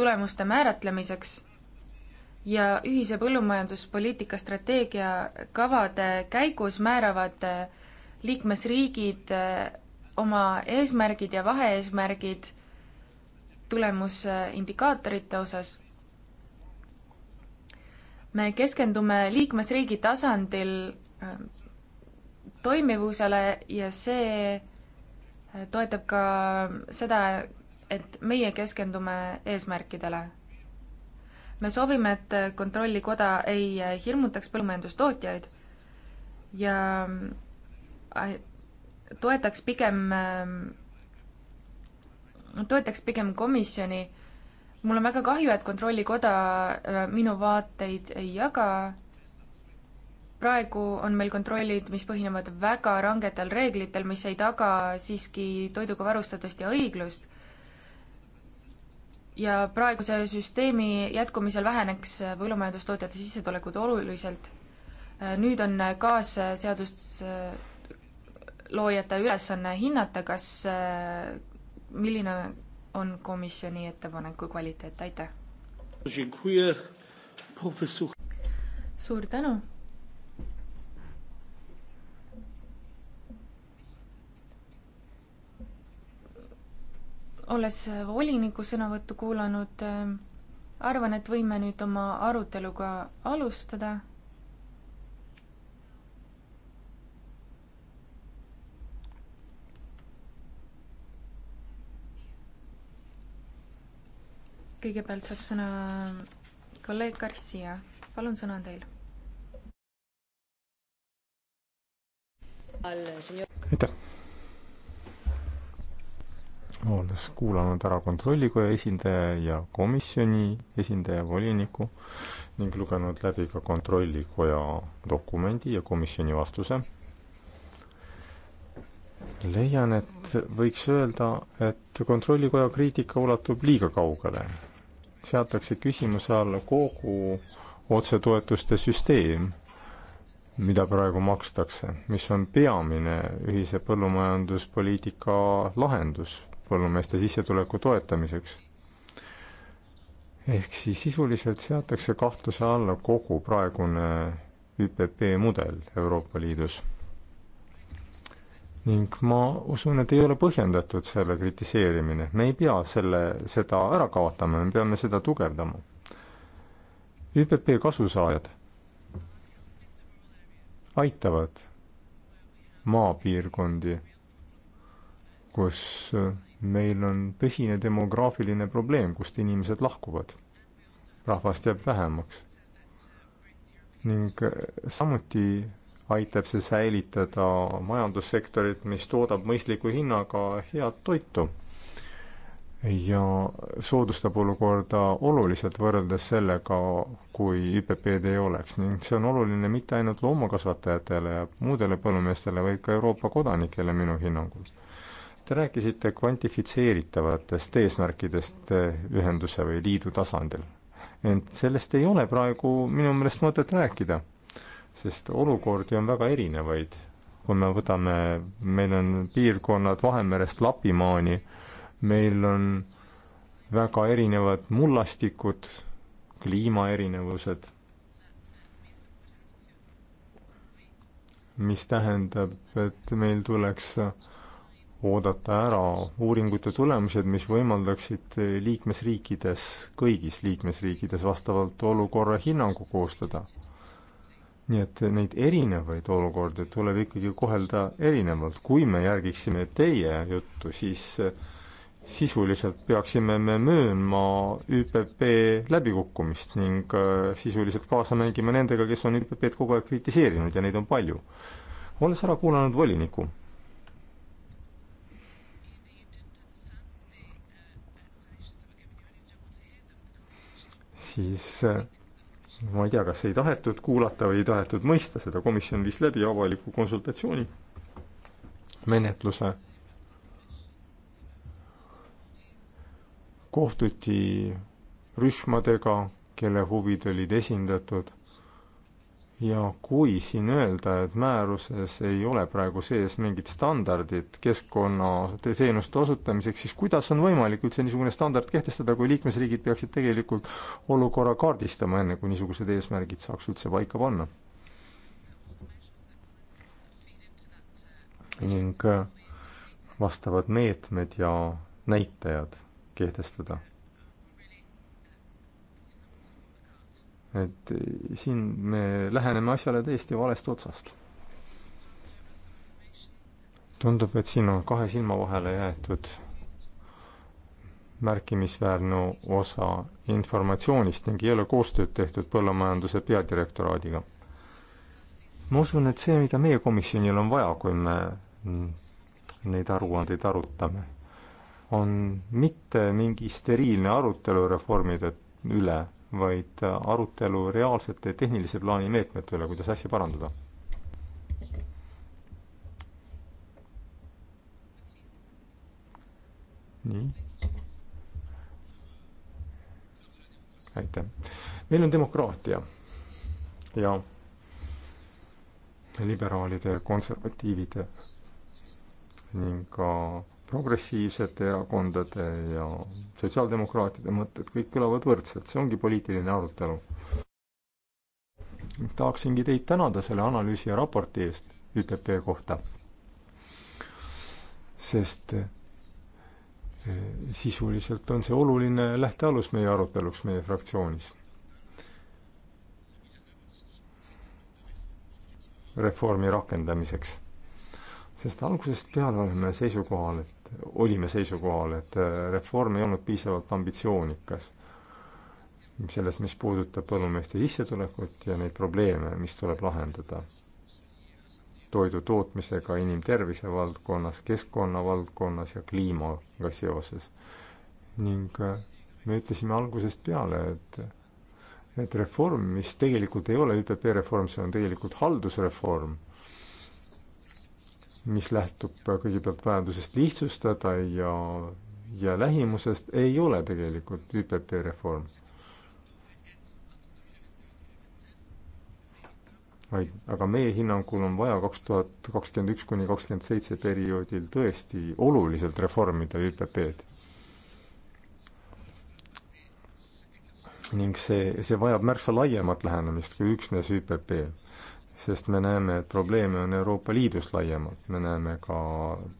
tulemuste määratlemiseks ja ühise põllumajanduspoliitika strateegia kavade käigus määravad äh, liikmesriigid oma eesmärgid ja vaheeesmärgid tulemusindikaatorite osas. me keskendume liikmesriigi tasandil ähm, toimivusele ja see äh, toetab ka seda, et meie keskendume eesmärkidele. me soovime, et Kontrollikoda ei äh, hirmutaks põllumajandustootjaid ja äh, toetaks pigem ähm, toetaks pigem komisjoni. mul on väga kahju, et Kontrollikoda äh, minu vaateid ei jaga. praegu on meil kontrollid, mis põhinevad väga rangetel reeglitel, mis ei taga siiski toiduga varustatust ja õiglust ja praeguse süsteemi jätkumisel väheneks põllumajandustootjate sissetulekud oluliselt. Äh, nüüd on kaasseadust äh, loojate ülesanne hinnata, kas milline on komisjoni ettepaneku kvaliteet, aitäh! suur tänu! olles voliniku sõnavõttu kuulanud, arvan, et võime nüüd oma aruteluga alustada kõigepealt saab sõna kolleeg Garcia, palun, sõna on teil. aitäh. olles kuulanud ära kontrollikoja esindaja ja komisjoni esindaja, voliniku ning lugenud läbi ka kontrollikoja dokumendi ja komisjoni vastuse, leian, et võiks öelda, et kontrollikoja kriitika ulatub liiga kaugele seatakse küsimuse alla kogu otsetoetuste süsteem, mida praegu makstakse, mis on peamine ühise põllumajanduspoliitika lahendus põllumeeste sissetuleku toetamiseks. ehk siis sisuliselt seatakse kahtluse alla kogu praegune ÜPP mudel Euroopa Liidus ning ma usun, et ei ole põhjendatud selle kritiseerimine, me ei pea selle, seda ära kaotama, me peame seda tugevdama. ÜPP kasusaajad aitavad maapiirkondi, kus meil on tõsine demograafiline probleem, kust inimesed lahkuvad. rahvast jääb vähemaks. ning samuti aitab see säilitada majandussektorit, mis toodab mõistliku hinnaga head toitu ja soodustab olukorda oluliselt võrreldes sellega, kui ÜPP-d ei oleks ning see on oluline mitte ainult loomakasvatajatele ja muudele põllumeestele, vaid ka Euroopa kodanikele minu hinnangul. Te rääkisite kvantifitseeritavatest eesmärkidest ühenduse või liidu tasandil. ent sellest ei ole praegu minu meelest mõtet rääkida sest olukordi on väga erinevaid. kui me võtame, meil on piirkonnad Vahemerest Lapimaani, meil on väga erinevad mullastikud, kliimaerinevused, mis tähendab, et meil tuleks oodata ära uuringute tulemused, mis võimaldaksid liikmesriikides, kõigis liikmesriikides vastavalt olukorra hinnangu koostada nii et neid erinevaid olukordi tuleb ikkagi kohelda erinevalt. kui me järgiksime teie juttu, siis eh, sisuliselt peaksime me möönma ÜPP läbikukkumist ning eh, sisuliselt kaasa mängima nendega, kes on ÜPP-d kogu aeg kritiseerinud ja neid on palju. olles ära kuulanud voliniku, siis eh, ma ei tea, kas ei tahetud kuulata või ei tahetud mõista seda, komisjon viis läbi avaliku konsultatsiooni menetluse. kohtuti rühmadega, kelle huvid olid esindatud ja kui siin öelda, et määruses ei ole praegu sees mingit standardit keskkonnateenuste osutamiseks, siis kuidas on võimalik üldse niisugune standard kehtestada, kui liikmesriigid peaksid tegelikult olukorra kaardistama, enne kui niisugused eesmärgid saaks üldse paika panna? ning äh, vastavad meetmed ja näitajad kehtestada et siin me läheneme asjale täiesti valest otsast. tundub, et siin on kahe silma vahele jäetud märkimisväärne osa informatsioonist ning ei ole koostööd tehtud põllumajanduse peadirektoraadiga. ma usun, et see, mida meie komisjonil on vaja, kui me neid aruandeid arutame, on mitte mingi steriilne arutelu reformide üle vaid arutelu reaalsete tehnilise plaani meetmete üle, kuidas asja parandada. nii. aitäh. meil on demokraatia ja liberaalide, konservatiivide ning ka progressiivsete erakondade ja sotsiaaldemokraatide mõtted, kõik kõlavad võrdselt, see ongi poliitiline arutelu. tahaksingi teid tänada selle analüüsi ja raporti eest ÜTP kohta, sest eh, sisuliselt on see oluline lähtealus meie aruteluks meie fraktsioonis. reformi rakendamiseks sest algusest peale oleme seisukohal, et olime seisukohal, et äh, reform ei olnud piisavalt ambitsioonikas selles, mis puudutab põllumeeste sissetulekut ja neid probleeme, mis tuleb lahendada toidu tootmisega inimtervise valdkonnas, keskkonna valdkonnas ja kliimaga seoses. ning äh, me ütlesime algusest peale, et et reform, mis tegelikult ei ole ÜPP reform, see on tegelikult haldusreform mis lähtub kõigepealt vajadusest lihtsustada ja, ja lähimusest, ei ole tegelikult ÜPP reform. vaid, aga meie hinnangul on vaja kaks tuhat kakskümmend üks kuni kakskümmend seitse perioodil tõesti oluliselt reformida ÜPP-d. ning see, see vajab märksa laiemat lähenemist kui üksnes ÜPP sest me näeme, et probleeme on Euroopa Liidus laiemalt, me näeme ka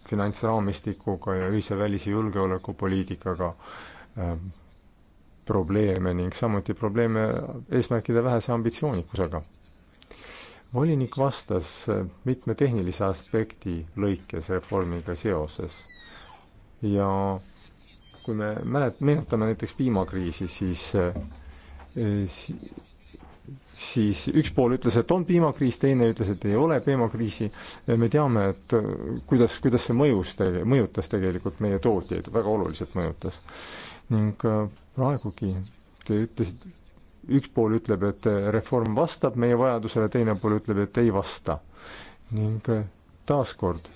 finantsraamistikuga ja ühise välis- ja julgeolekupoliitikaga äh, probleeme ning samuti probleeme eesmärkide vähese ambitsioonikusega. volinik vastas äh, mitme tehnilise aspekti lõikes reformiga seoses ja kui me mälet-, meenutame näiteks piimakriisi, siis äh, siis üks pool ütles, et on piimakriis, teine ütles, et ei ole piimakriisi. me teame, et äh, kuidas, kuidas see mõjus, mõjutas tegelikult meie tootjaid, väga oluliselt mõjutas. ning äh, praegugi te ütlesite, üks pool ütleb, et äh, reform vastab meie vajadusele, teine pool ütleb, et ei vasta. ning taaskord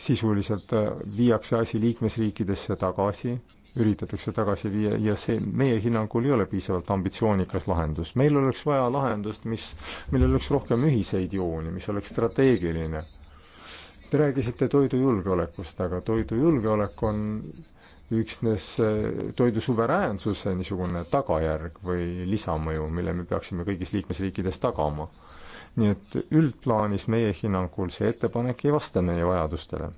sisuliselt viiakse asi liikmesriikidesse tagasi üritatakse tagasi viia ja see meie hinnangul ei ole piisavalt ambitsioonikas lahendus. meil oleks vaja lahendust, mis, millel oleks rohkem ühiseid jooni, mis oleks strateegiline. Te rääkisite toidujulgeolekust, aga toidujulgeolek on üksnes toidu suveräänsuse niisugune tagajärg või lisamõju, mille me peaksime kõigis liikmesriikides tagama. nii et üldplaanis meie hinnangul see ettepanek ei vasta meie vajadustele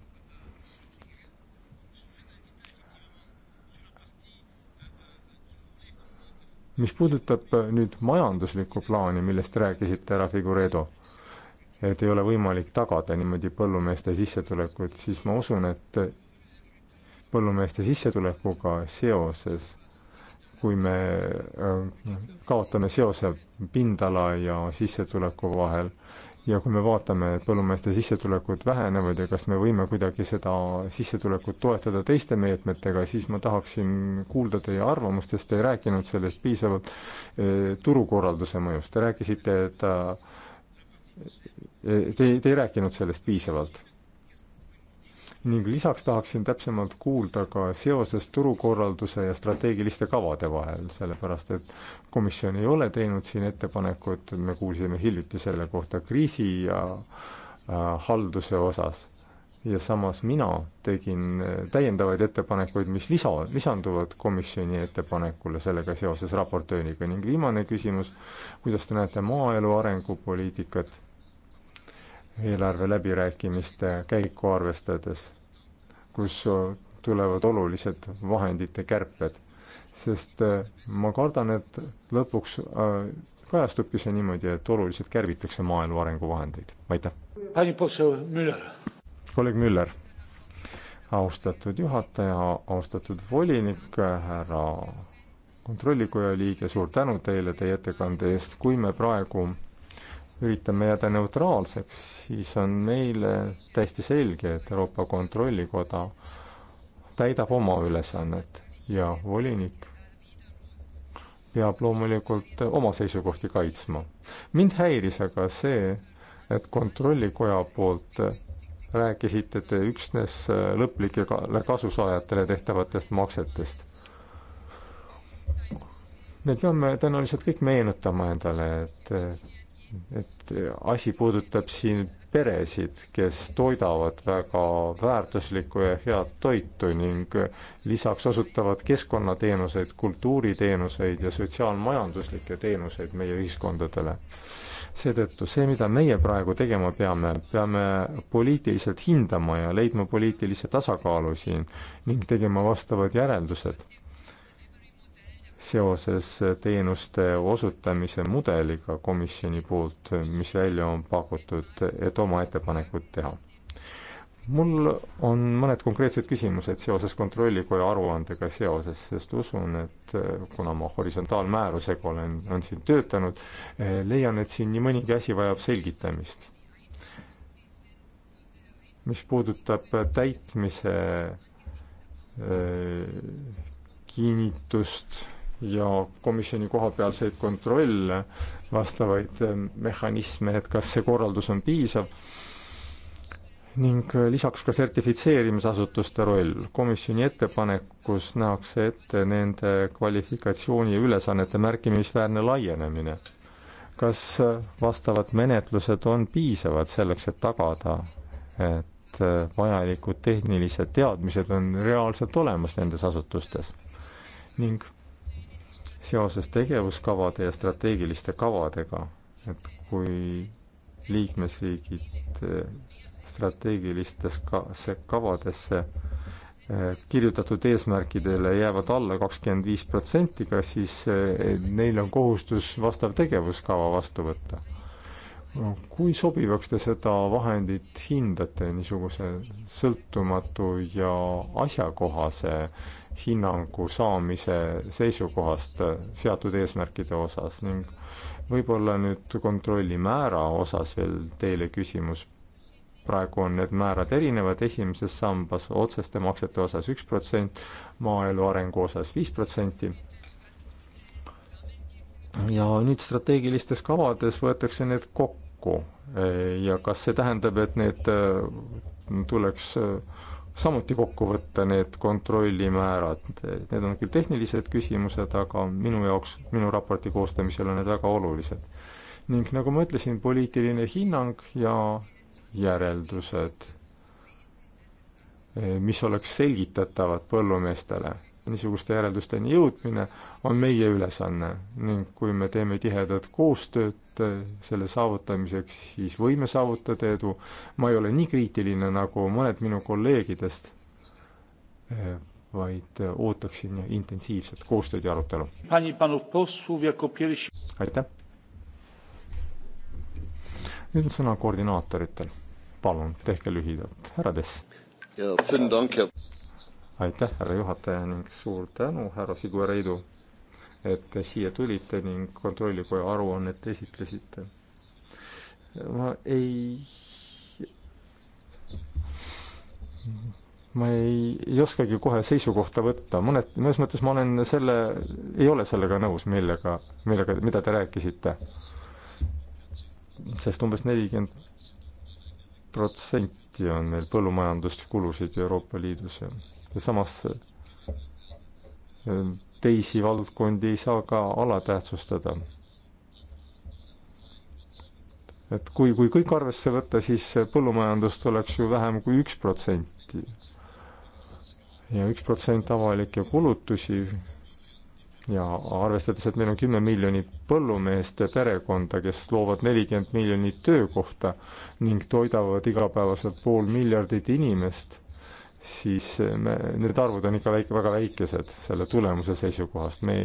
mis puudutab äh, nüüd majanduslikku plaani, millest rääkisite, härra Figuredo, et ei ole võimalik tagada niimoodi põllumeeste sissetulekut, siis ma usun, et äh, põllumeeste sissetulekuga seoses, kui me äh, kaotame seose pindala ja sissetuleku vahel, ja kui me vaatame, et põllumeeste sissetulekud vähenevad ja kas me võime kuidagi seda sissetulekut toetada teiste meetmetega, siis ma tahaksin kuulda teie arvamust, sest te ei rääkinud sellest piisavalt eh, turukorralduse mõjust, te rääkisite, et eh, Te, te ei rääkinud sellest piisavalt ning lisaks tahaksin täpsemalt kuulda ka seoses turukorralduse ja strateegiliste kavade vahel, sellepärast et komisjon ei ole teinud siin ettepanekut, me kuulsime hiljuti selle kohta kriisi ja äh, halduse osas. ja samas mina tegin äh, täiendavaid ettepanekuid, mis lisa, lisanduvad komisjoni ettepanekule sellega seoses raportööriga ning viimane küsimus, kuidas te näete maaelu arengupoliitikat eelarve läbirääkimiste käiku arvestades, kus tulevad olulised vahendite kärped. sest äh, ma kardan, et lõpuks äh, kajastubki see niimoodi, et oluliselt kärbitakse maaelu arenguvahendeid, aitäh. kolleeg Müller, austatud juhataja, austatud volinik, härra kontrollikoja liige, suur tänu teile teie ettekande eest, kui me praegu üritame jääda neutraalseks, siis on meile täiesti selge, et Euroopa Kontrollikoda täidab oma ülesannet ja volinik peab loomulikult oma seisukohti kaitsma. mind häiris aga see, et Kontrollikoja poolt rääkisite te üksnes lõplikele kasusaajatele tehtavatest maksetest. me peame tõenäoliselt kõik meenutama endale, et et asi puudutab siin peresid, kes toidavad väga väärtuslikku ja head toitu ning lisaks osutavad keskkonnateenuseid, kultuuriteenuseid ja sotsiaalmajanduslikke teenuseid meie ühiskondadele seetõttu see, mida meie praegu tegema peame, peame poliitiliselt hindama ja leidma poliitilise tasakaalu siin ning tegema vastavad järeldused seoses teenuste osutamise mudeliga komisjoni poolt, mis välja on pakutud, et oma ettepanekut teha. mul on mõned konkreetsed küsimused seoses Kontrollikoja aruandega seoses, sest usun, et kuna ma horisontaalmäärusega olen, on siin töötanud, leian, et siin nii mõnigi asi vajab selgitamist. mis puudutab täitmise äh, kinnitust ja komisjoni kohapealseid kontrolle, vastavaid eh, mehhanisme, et kas see korraldus on piisav, ning eh, lisaks ka sertifitseerimisasutuste roll. komisjoni ettepanekus nähakse ette nende kvalifikatsiooni ja ülesannete märkimisväärne laienemine. kas eh, vastavad menetlused on piisavad selleks, et tagada, et vajalikud tehnilised teadmised on reaalselt olemas nendes asutustes. ning seoses tegevuskavade ja strateegiliste kavadega, et kui liikmesriigid eh, strateegilistes ka-, kavadesse eh, kirjutatud eesmärkidele jäävad alla kakskümmend viis protsenti, ka siis eh, neil on kohustus vastav tegevuskava vastu võtta. kui sobivaks te seda vahendit hindate, niisuguse sõltumatu ja asjakohase hinnangu saamise seisukohast seatud eesmärkide osas ning võib-olla nüüd kontrolli määra osas veel teile küsimus. praegu on need määrad erinevad, esimeses sambas otseste maksete osas üks protsent, maaelu arengu osas viis protsenti ja nüüd strateegilistes kavades võetakse need kokku ja kas see tähendab, et need äh, tuleks äh, samuti kokku võtta need kontrollimäärad. Need on küll tehnilised küsimused, aga minu jaoks, minu raporti koostamisel on need väga olulised. ning nagu ma ütlesin, poliitiline hinnang ja järeldused, eh, mis oleks selgitatavad põllumeestele, niisuguste järeldusteni jõudmine on meie ülesanne ning kui me teeme tihedat koostööd, et äh, selle saavutamiseks siis võime saavutada edu. ma ei ole nii kriitiline nagu mõned minu kolleegidest, äh, vaid äh, ootaksin intensiivset koostööd ja arutelu. aitäh! nüüd on sõna koordinaatoritel. palun, tehke lühidalt, härra Tess. aitäh, härra juhataja ning suur tänu, härra Figuereidu et te siia tulite ning Kontrollikoja aruannet esitlesite. ma ei, ma ei, ei oskagi kohe seisukohta võtta, mõned, mõnes mõttes ma olen selle, ei ole sellega nõus, millega, millega, mida te rääkisite. sest umbes nelikümmend protsenti on meil põllumajanduskulusid Euroopa Liidus ja samas teisi valdkondi ei saa ka alatähtsustada. et kui, kui kõik arvesse võtta, siis põllumajandust oleks ju vähem kui üks protsenti. ja üks protsent avalikke kulutusi ja arvestades, et meil on kümme miljonit põllumeeste perekonda, kes loovad nelikümmend miljonit töökohta ning toidavad igapäevaselt pool miljardit inimest, siis eh, me, need arvud on ikka väike, väga väikesed selle tulemuse seisukohast. me,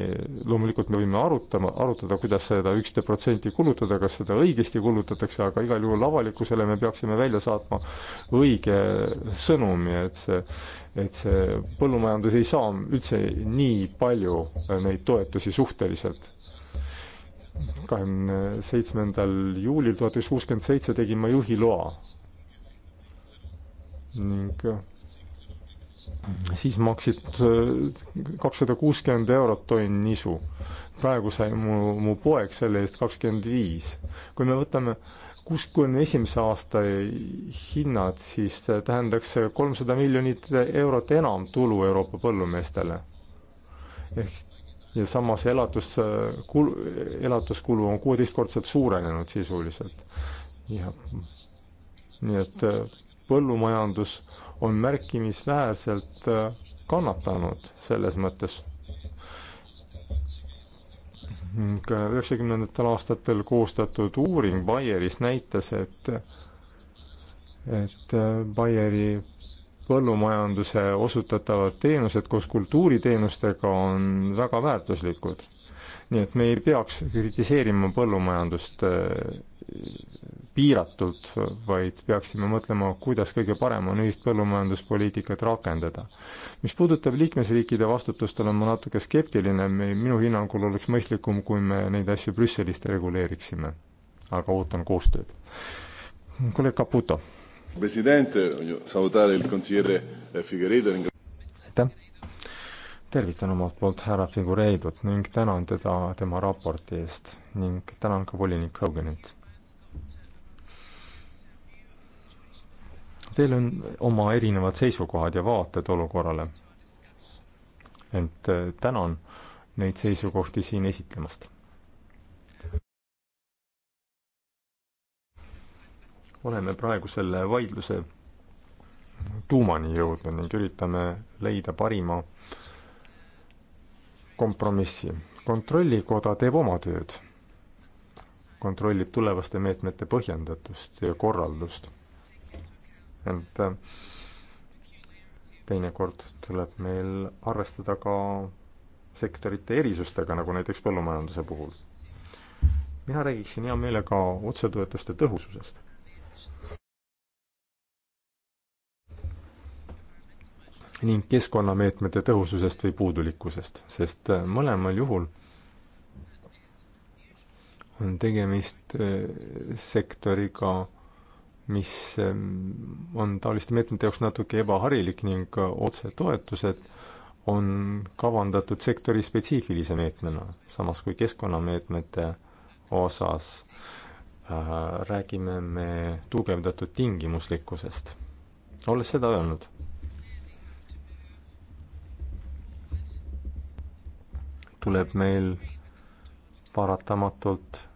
loomulikult me võime arutama, arutada, kuidas seda üksteist protsenti kulutada, kas seda õigesti kulutatakse, aga igal juhul avalikkusele me peaksime välja saatma õige sõnumi, et see, et see põllumajandus ei saa üldse nii palju eh, neid toetusi suhteliselt kahekümne seitsmendal juulil tuhat üheksasada kuuskümmend seitse tegin ma juhiloa ning eh, siis maksid äh, kakssada kuuskümmend eurot tonn nisu. praegu sai mu, mu poeg selle eest kakskümmend viis. kui me võtame kuuskümne esimese aasta hinnad, siis äh, tähendaks see kolmsada miljonit eurot enam tulu Euroopa põllumeestele. ehk ja samas elatus, äh, kulu, elatuskulu on kuueteistkordselt suurenenud sisuliselt. jah, nii et põllumajandus on märkimisväärselt äh, kannatanud selles mõttes. üheksakümnendatel aastatel koostatud uuring Baieris näitas, et et äh, Baieri põllumajanduse osutatavad teenused koos kultuuriteenustega on väga väärtuslikud. nii et me ei peaks kritiseerima põllumajandust äh, piiratud, vaid peaksime mõtlema, kuidas kõige parem on ühist põllumajanduspoliitikat rakendada. mis puudutab liikmesriikide vastutust, olen ma natuke skeptiline, minu hinnangul oleks mõistlikum, kui me neid asju Brüsselist reguleeriksime. aga ootan koostööd. kolleeg Caputo. aitäh tervitan omalt poolt härra Figureidut ning tänan teda tema raporti eest ning tänan ka volinik Hoganit. Teil on oma erinevad seisukohad ja vaated olukorrale. ent äh, tänan neid seisukohti siin esitlemast. oleme praegu selle vaidluse tuumani jõudnud ning üritame leida parima kompromissi. kontrollikoda teeb oma tööd, kontrollib tulevaste meetmete põhjendatust ja korraldust ent äh, teinekord tuleb meil arvestada ka sektorite erisustega, nagu näiteks põllumajanduse puhul. mina räägiksin hea meelega otsetoetuste tõhususest. ning keskkonnameetmete tõhususest või puudulikkusest, sest äh, mõlemal juhul on tegemist äh, sektoriga, mis ähm, on taoliste meetmete jaoks natuke ebaharilik ning äh, otsetoetused on kavandatud sektori spetsiifilise meetmena, samas kui keskkonnameetmete osas äh, räägime me tugevdatud tingimuslikkusest. olles seda öelnud, tuleb meil paratamatult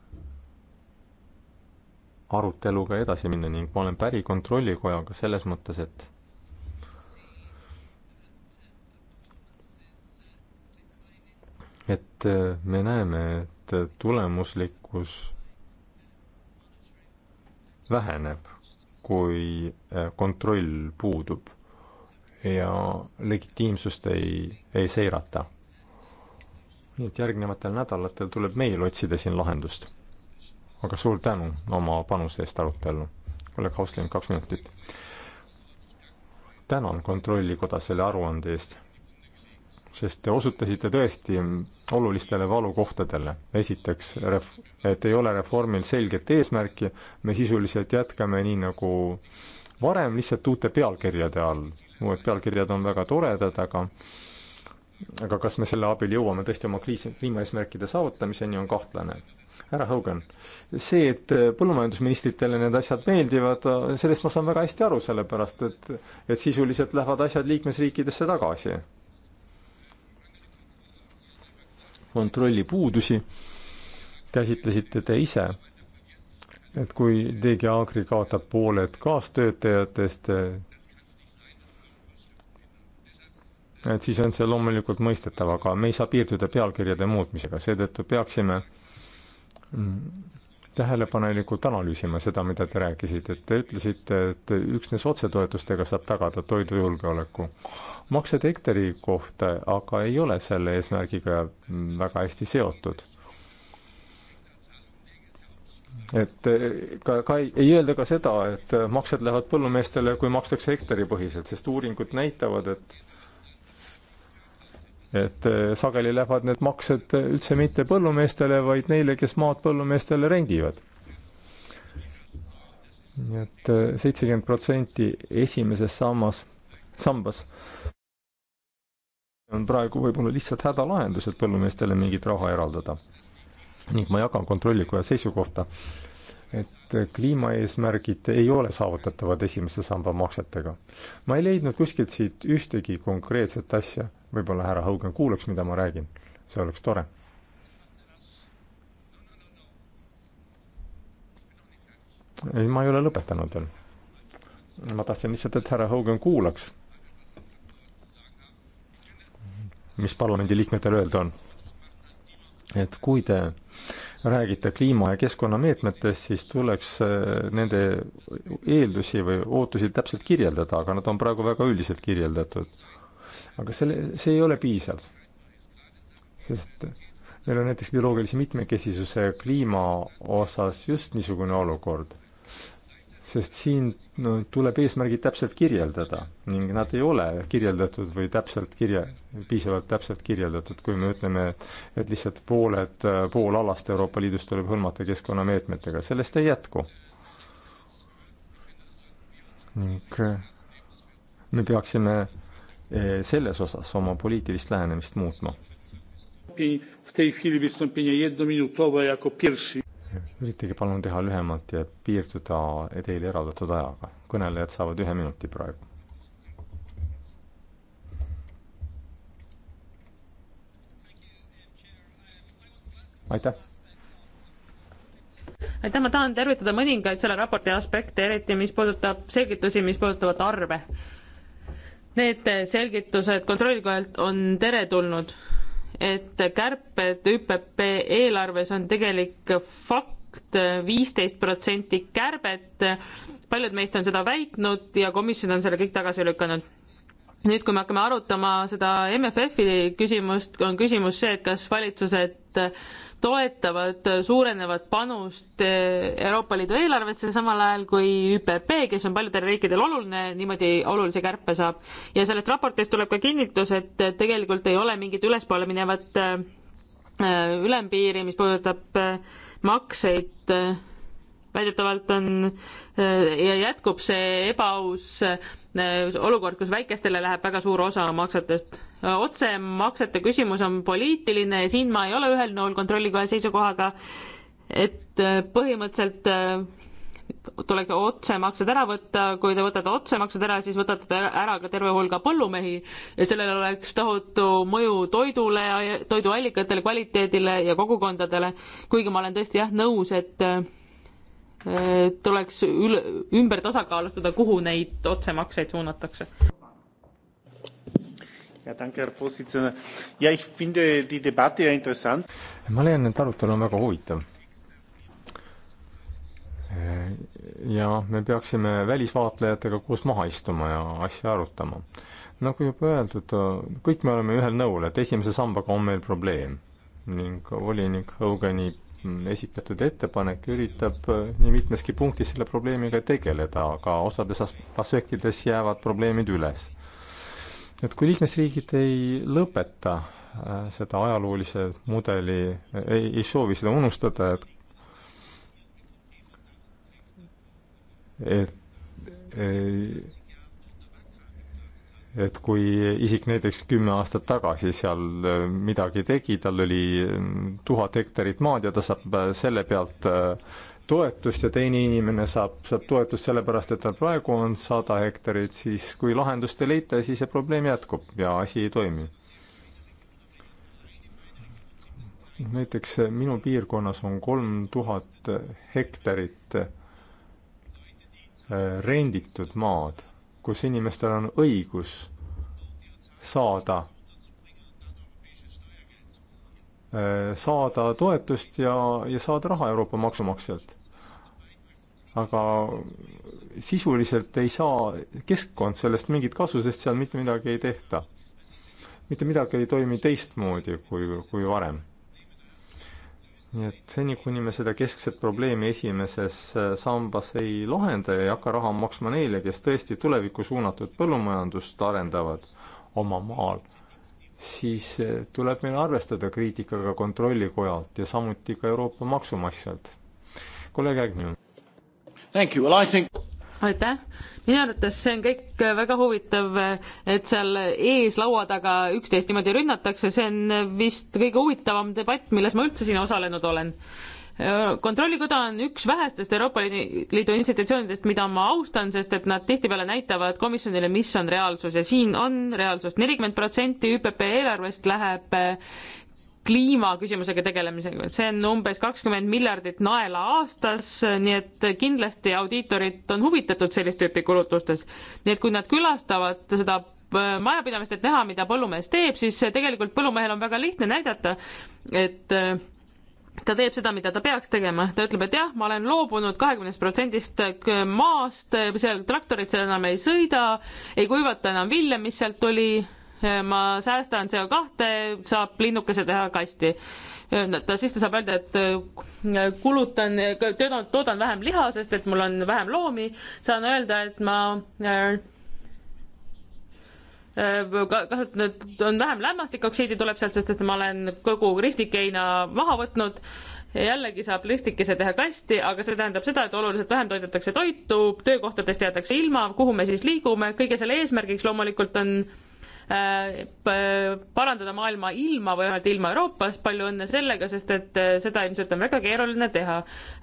aruteluga edasi minna ning ma olen päri Kontrollikojaga selles mõttes, et et äh, me näeme, et tulemuslikkus väheneb, kui äh, kontroll puudub ja legitiimsust ei, ei seirata. nii et järgnevatel nädalatel tuleb meil otsida siin lahendust aga suur tänu oma panuse eest arutellu. kolleeg Hausling, kaks minutit. tänan Kontrollikoda selle aruande eest, sest te osutasite tõesti olulistele valukohtadele. esiteks, et ei ole reformil selget eesmärki, me sisuliselt jätkame nii, nagu varem lihtsalt uute pealkirjade all. uued pealkirjad on väga toredad, aga aga kas me selle abil jõuame tõesti oma kriisi, kliimaeesmärkide saavutamiseni, on kahtlane. härra Hogan, see, et põllumajandusministritele need asjad meeldivad, sellest ma saan väga hästi aru, sellepärast et et sisuliselt lähevad asjad liikmesriikidesse tagasi. kontrolli puudusi käsitlesite te ise et kui DG Agri kaotab pooled kaastöötajatest, et siis on see loomulikult mõistetav, aga me ei saa piirduda pealkirjade muutmisega, seetõttu peaksime mm, tähelepanelikult analüüsima seda, mida te rääkisite, et te ütlesite, et üksnes otsetoetustega saab tagada toidujulgeoleku. maksed hektari kohta aga ei ole selle eesmärgiga mm, väga hästi seotud. et eh, ka, ka ei, ei öelda ka seda, et maksed lähevad põllumeestele, kui makstakse hektaripõhiselt, sest uuringud näitavad, et et eh, sageli lähevad need maksed eh, üldse mitte põllumeestele, vaid neile, kes maad põllumeestele rendivad. nii et eh, seitsekümmend protsenti esimeses sammas, sambas on praegu võib-olla lihtsalt hädalahendus, et põllumeestele mingit raha eraldada. ning ma jagan Kontrollikoja seisukohta, et kliimaeesmärgid ei ole saavutatavad esimese samba maksetega. ma ei leidnud kuskilt siit ühtegi konkreetset asja, võib-olla härra Haugen kuulaks, mida ma räägin, see oleks tore. ei, ma ei ole lõpetanud veel. ma tahtsin lihtsalt, et härra Haugen kuulaks, mis parlamendiliikmetel öelda on et kui te räägite kliima- ja keskkonnameetmetest, siis tuleks äh, nende eeldusi või ootusi täpselt kirjeldada, aga nad on praegu väga üldiselt kirjeldatud. aga selle, see ei ole piisav. sest meil on näiteks bioloogilise mitmekesisuse kliima osas just niisugune olukord sest siin no, tuleb eesmärgid täpselt kirjeldada ning nad ei ole kirjeldatud või täpselt kirja, piisavalt täpselt kirjeldatud, kui me ütleme, et lihtsalt pooled, pool alast Euroopa Liidus tuleb hõlmata keskkonnameetmetega, sellest ei jätku. ning eh, me peaksime eh, selles osas oma poliitilist lähenemist muutma. W tej chwili wystąpienie jednominutowe jako pierwszy üritage palun teha lühemalt ja piirduda teile eraldatud ajaga. kõnelejad saavad ühe minuti praegu. aitäh. aitäh, ma tahan tervitada mõningaid selle raporti aspekte, eriti mis puudutab selgitusi, mis puudutavad arve. Need selgitused kontrollikojalt on teretulnud et kärped ÜPP eelarves on tegelik fakt, viisteist protsenti kärbet. paljud meist on seda väitnud ja komisjon on selle kõik tagasi lükanud nüüd, kui me hakkame arutama seda MFF-i küsimust, on küsimus see, et kas valitsused toetavad suurenevat panust eh, Euroopa Liidu eelarvesse, samal ajal kui ÜPP, kes on paljudel riikidel oluline, niimoodi olulise kärpe saab. ja sellest raportist tuleb ka kinnitus, et tegelikult ei ole mingit ülespoole minevat eh, eh, ülempiiri, mis puudutab makseid. väidetavalt on ja jätkub see ebaaus Äh, olukord, kus väikestele läheb väga suur osa maksetest. Äh, otsemaksete küsimus on poliitiline ja siin ma ei ole ühel nõul kontrollikoja seisukohaga, et äh, põhimõtteliselt tuleks otsemaksed ära võtta, kui te võtate otsemaksed ära, siis võtate ära ka terve hulga põllumehi ja sellel oleks tohutu mõju toidule, toiduallikatele, kvaliteedile ja kogukondadele. kuigi ma olen tõesti jah nõus, et Äh, tuleks üle, ümber tasakaalustada, kuhu neid otsemakseid suunatakse. Ja, danke, Herr Vorsitzender. Ja, ich finde die Debatte ja interessant. ma leian, et arutelu on väga huvitav. Äh, ja me peaksime välisvaatlejatega koos maha istuma ja asja arutama. nagu juba öeldud, kõik me oleme ühel nõul, et esimese sambaga on meil probleem ning volinik Hogani Mm, esitatud ettepanek üritab äh, nii mitmeski punktis selle probleemiga tegeleda, aga osades aspektides jäävad probleemid üles. et kui liikmesriigid ei lõpeta äh, seda ajaloolise mudeli, äh, ei, ei soovi seda unustada, et et et kui isik näiteks kümme aastat tagasi seal äh, midagi tegi, tal oli äh, tuhat hektarit maad ja ta saab äh, selle pealt toetust ja teine inimene saab, saab toetust sellepärast, et tal praegu on sada hektarit, siis kui lahendust ei leita, siis see probleem jätkub ja asi ei toimi. näiteks minu piirkonnas on kolm tuhat hektarit renditud maad kus inimestel on õigus saada, eh, saada toetust ja, ja saada raha Euroopa maksumaksjalt. aga sisuliselt ei saa keskkond sellest mingit kasu, sest seal mitte midagi ei tehta. mitte midagi ei toimi teistmoodi kui, kui varem nii et seni, kuni me seda keskset probleemi esimeses äh, sambas ei lahenda ja ei hakka raha maksma neile, kes tõesti tulevikku suunatud põllumajandust arendavad oma maal, siis äh, tuleb meil arvestada kriitikaga Kontrollikojalt ja samuti ka Euroopa maksumaksjalt. kolleeg Ägnu. Well, think aitäh, minu arvates see on kõik väga huvitav, et seal ees laua taga üksteist niimoodi rünnatakse, see on vist kõige huvitavam debatt, milles ma üldse siin osalenud olen. kontrollikoda on üks vähestest Euroopa Liidu institutsioonidest, mida ma austan, sest et nad tihtipeale näitavad komisjonile, mis on reaalsus ja siin on reaalsus. nelikümmend protsenti ÜPP eelarvest läheb kliimaküsimusega tegelemisega, see on umbes kakskümmend miljardit naela aastas, nii et kindlasti audiitorid on huvitatud sellist tüüpi kulutustes. nii et kui nad külastavad seda äh, majapidamist, et näha, mida põllumees teeb, siis tegelikult põllumehel on väga lihtne näidata, et äh, ta teeb seda, mida ta peaks tegema, ta ütleb, et jah, ma olen loobunud kahekümnest protsendist äh, maast, seal traktorid seal enam ei sõida, ei kuivata enam vilja, mis sealt tuli ma säästan CO kahte, saab linnukese teha kasti. ta siis ta saab öelda, et äh, kulutan, äh, toodan vähem liha, sest et mul on vähem loomi, saan öelda, et ma äh, kasutanud, on vähem lämmastikoksiidi tuleb sealt, sest et ma olen kogu ristikeina maha võtnud. jällegi saab ristikese teha kasti, aga see tähendab seda, et oluliselt vähem toidetakse toitu, töökohtadest jäädakse ilma, kuhu me siis liigume, kõige selle eesmärgiks loomulikult on äh, Äh, parandada maailma ilma või vähemalt ilma Euroopas, palju õnne sellega, sest et äh, seda ilmselt on väga keeruline teha.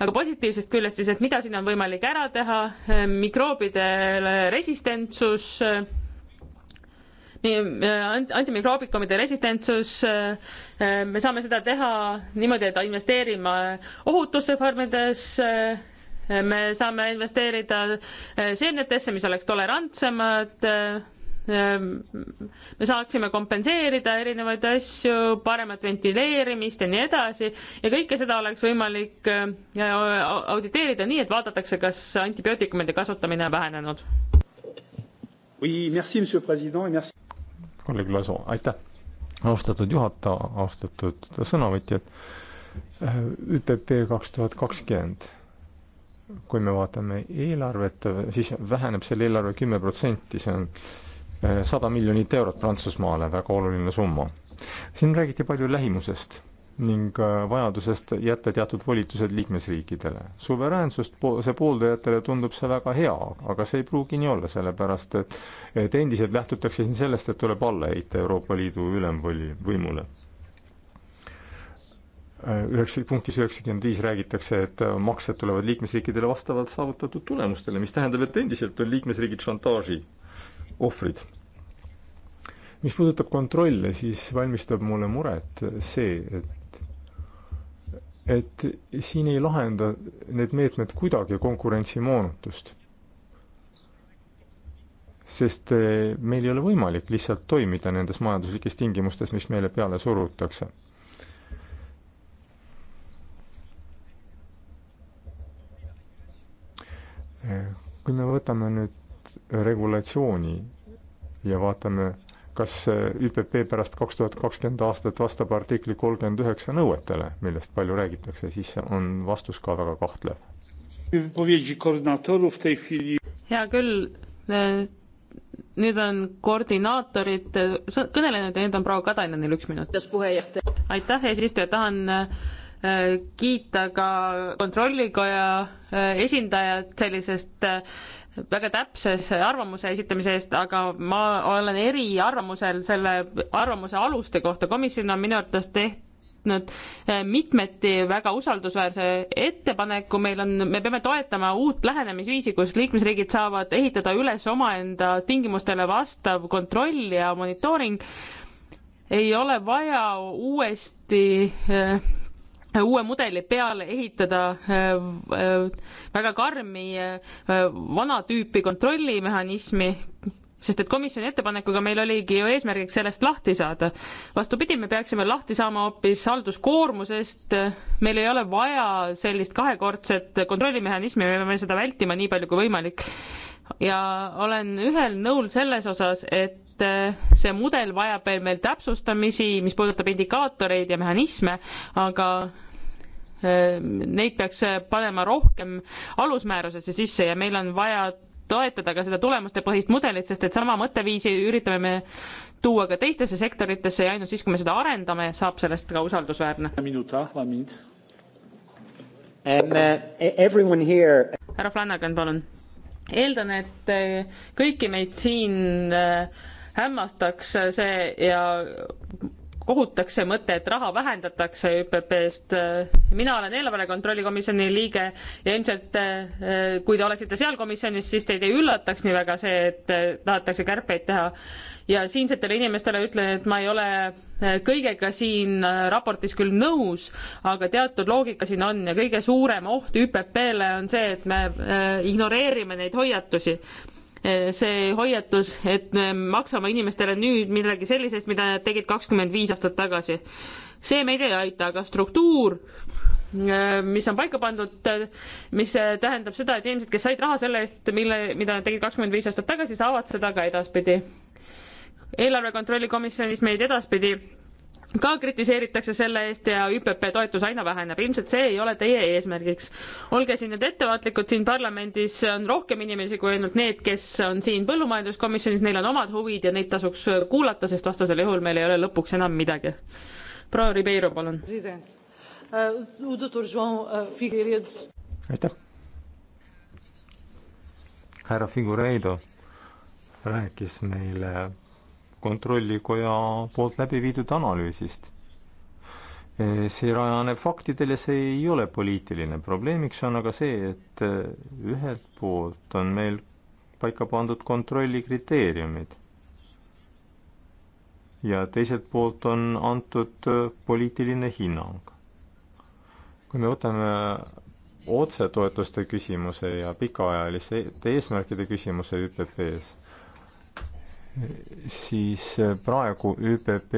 aga positiivsest küljest siis, et mida siin on võimalik ära teha, äh, mikroobidele resistentsus, nii antimikroobikuumide resistentsus, me saame seda teha niimoodi, et investeerime ohutusse farmides, me saame investeerida seemnetesse, mis oleks tolerantsemad, Ehm, me saaksime kompenseerida erinevaid asju, paremat ventileerimist ja nii edasi ja kõike seda oleks võimalik ehm, auditeerida nii, et vaadatakse, kas antibiootikumide kasutamine on vähenenud. kolleeg Lasu, aitäh, austatud juhataja, austatud sõnavõtjad. Ehm, ÜPP kaks tuhat kakskümmend kui me vaatame eelarvet, siis väheneb selle eelarve kümme protsenti, see on Eh, sada miljonit eurot Prantsusmaale, väga oluline summa. siin räägiti palju lähimusest ning äh, vajadusest jätta teatud volitused liikmesriikidele. suveräänsust po-, see pooldajatele tundub see väga hea, aga see ei pruugi nii olla, sellepärast et et endiselt lähtutakse siin sellest, et tuleb alla heita Euroopa Liidu ülemvoli võimule. Äh, Üheksa, punktis üheksakümmend viis räägitakse, et äh, maksed tulevad liikmesriikidele vastavalt saavutatud tulemustele, mis tähendab, et endiselt on liikmesriigid šantaaži ohvrid. mis puudutab kontrolle, siis valmistab mulle muret see, et et siin ei lahenda need meetmed kuidagi konkurentsimoonutust. sest eh, meil ei ole võimalik lihtsalt toimida nendes majanduslikes tingimustes, mis meile peale surutakse eh, kui me võtame nüüd regulatsiooni ja vaatame, kas ÜPP pärast kaks tuhat kakskümmend aastat vastab artikli kolmkümmend üheksa nõuetele, millest palju räägitakse, siis on vastus ka väga kahtlev. hea küll, nüüd on koordinaatorid kõnelenud ja nüüd on proua Kadainenil üks minut. aitäh, eesistuja, tahan äh, kiita ka Kontrollikoja äh, esindajat sellisest äh, väga täpse arvamuse esitamise eest, aga ma olen eriarvamusel selle arvamuse aluste kohta. komisjon on minu arvates tehtud võtnud eh, mitmeti väga usaldusväärse ettepaneku, meil on, me peame toetama uut lähenemisviisi, kus liikmesriigid saavad ehitada üles omaenda tingimustele vastav kontroll ja monitooring. ei ole vaja uuesti äh, uue mudeli peale ehitada äh, äh, väga karmi äh, vana tüüpi kontrollimehhanismi, sest et komisjoni ettepanekuga meil oligi ju eesmärgiks sellest lahti saada. vastupidi, me peaksime lahti saama hoopis halduskoormusest, meil ei ole vaja sellist kahekordset kontrollimehhanismi, me peame seda vältima nii palju kui võimalik. ja olen ühel nõul selles osas, et see mudel vajab veel meil täpsustamisi, mis puudutab indikaatoreid ja mehhanisme, aga Ehm, neid peaks äh, panema rohkem alusmäärusesse sisse ja meil on vaja toetada ka seda tulemustepõhist mudelit, sest et sama mõtteviisi üritame me tuua ka teistesse sektoritesse ja ainult siis, kui me seda arendame, saab sellest ka usaldusväärne. Ah, äh, e-, härra Flanagan, palun. eeldan, et äh, kõiki meid siin hämmastaks see ja kohutakse mõte, et raha vähendatakse ÜPP-st. mina olen eelarve kontrolli komisjoni liige ja ilmselt eh, kui te oleksite seal komisjonis, siis teid ei üllataks nii väga see, et eh, tahetakse kärpeid teha. ja siinsetele inimestele ütlen, et ma ei ole eh, kõigega siin raportis küll nõus, aga teatud loogika siin on ja kõige suurem oht ÜPP-le on see, et me ignoreerime neid hoiatusi see hoiatus, et maksame inimestele nüüd midagi sellisest, mida nad tegid kakskümmend viis aastat tagasi. see meid ei aita, aga struktuur, äh, mis on paika pandud, äh, mis äh, tähendab seda, et inimesed, kes said raha selle eest, mille, mida nad tegid kakskümmend viis aastat tagasi, saavad seda ka edaspidi. eelarve kontrolli komisjonis meid edaspidi ka kritiseeritakse selle eest ja ÜPP toetus aina väheneb. ilmselt see ei ole teie eesmärgiks. olge siin nüüd ettevaatlikud, siin parlamendis on rohkem inimesi kui ainult need, kes on siin põllumajanduskomisjonis, neil on omad huvid ja neid tasuks kuulata, sest vastasel juhul meil ei ole lõpuks enam midagi. proua Ribeiro, palun. Uh, uh, aitäh. härra Figureido rääkis meile kontrollikoja poolt läbi viidud analüüsist. E, see rajaneb faktidel ja see ei ole poliitiline. probleemiks on aga see, et e, ühelt poolt on meil paika pandud kontrollikriteeriumid ja teiselt poolt on antud e, poliitiline hinnang. kui me võtame otsetoetuste küsimuse ja pikaajaliste eesmärkide küsimuse ÜPP-s, siis eh, praegu ÜPP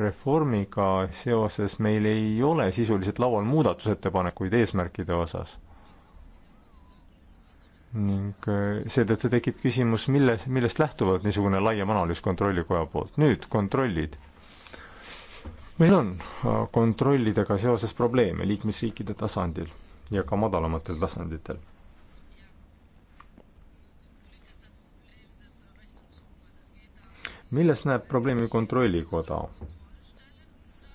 reformiga seoses meil ei ole sisuliselt laual muudatusettepanekuid eesmärkide osas. ning eh, seetõttu tekib küsimus, mille, millest lähtuvalt niisugune laiem analüüs Kontrollikoja poolt. nüüd kontrollid. meil on eh, kontrollidega seoses probleeme liikmesriikide tasandil ja ka madalamatel tasanditel milles näeb probleemi Kontrollikoda?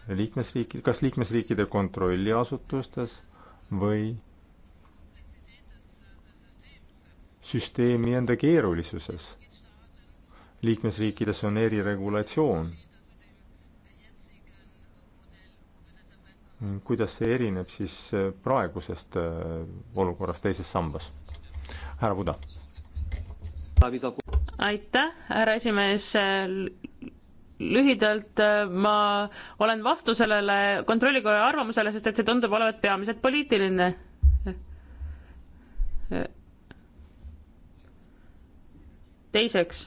liikmesriikide, kas liikmesriikide kontrolliasutustes või süsteemi enda keerulisuses? liikmesriikides on eriregulatsioon. kuidas see erineb siis äh, praegusest äh, olukorrast teises sambas? härra Puda aitäh, härra esimees. lühidalt äh, ma olen vastu sellele kontrollikoja arvamusele, sest et see tundub olevat peamiselt poliitiline. teiseks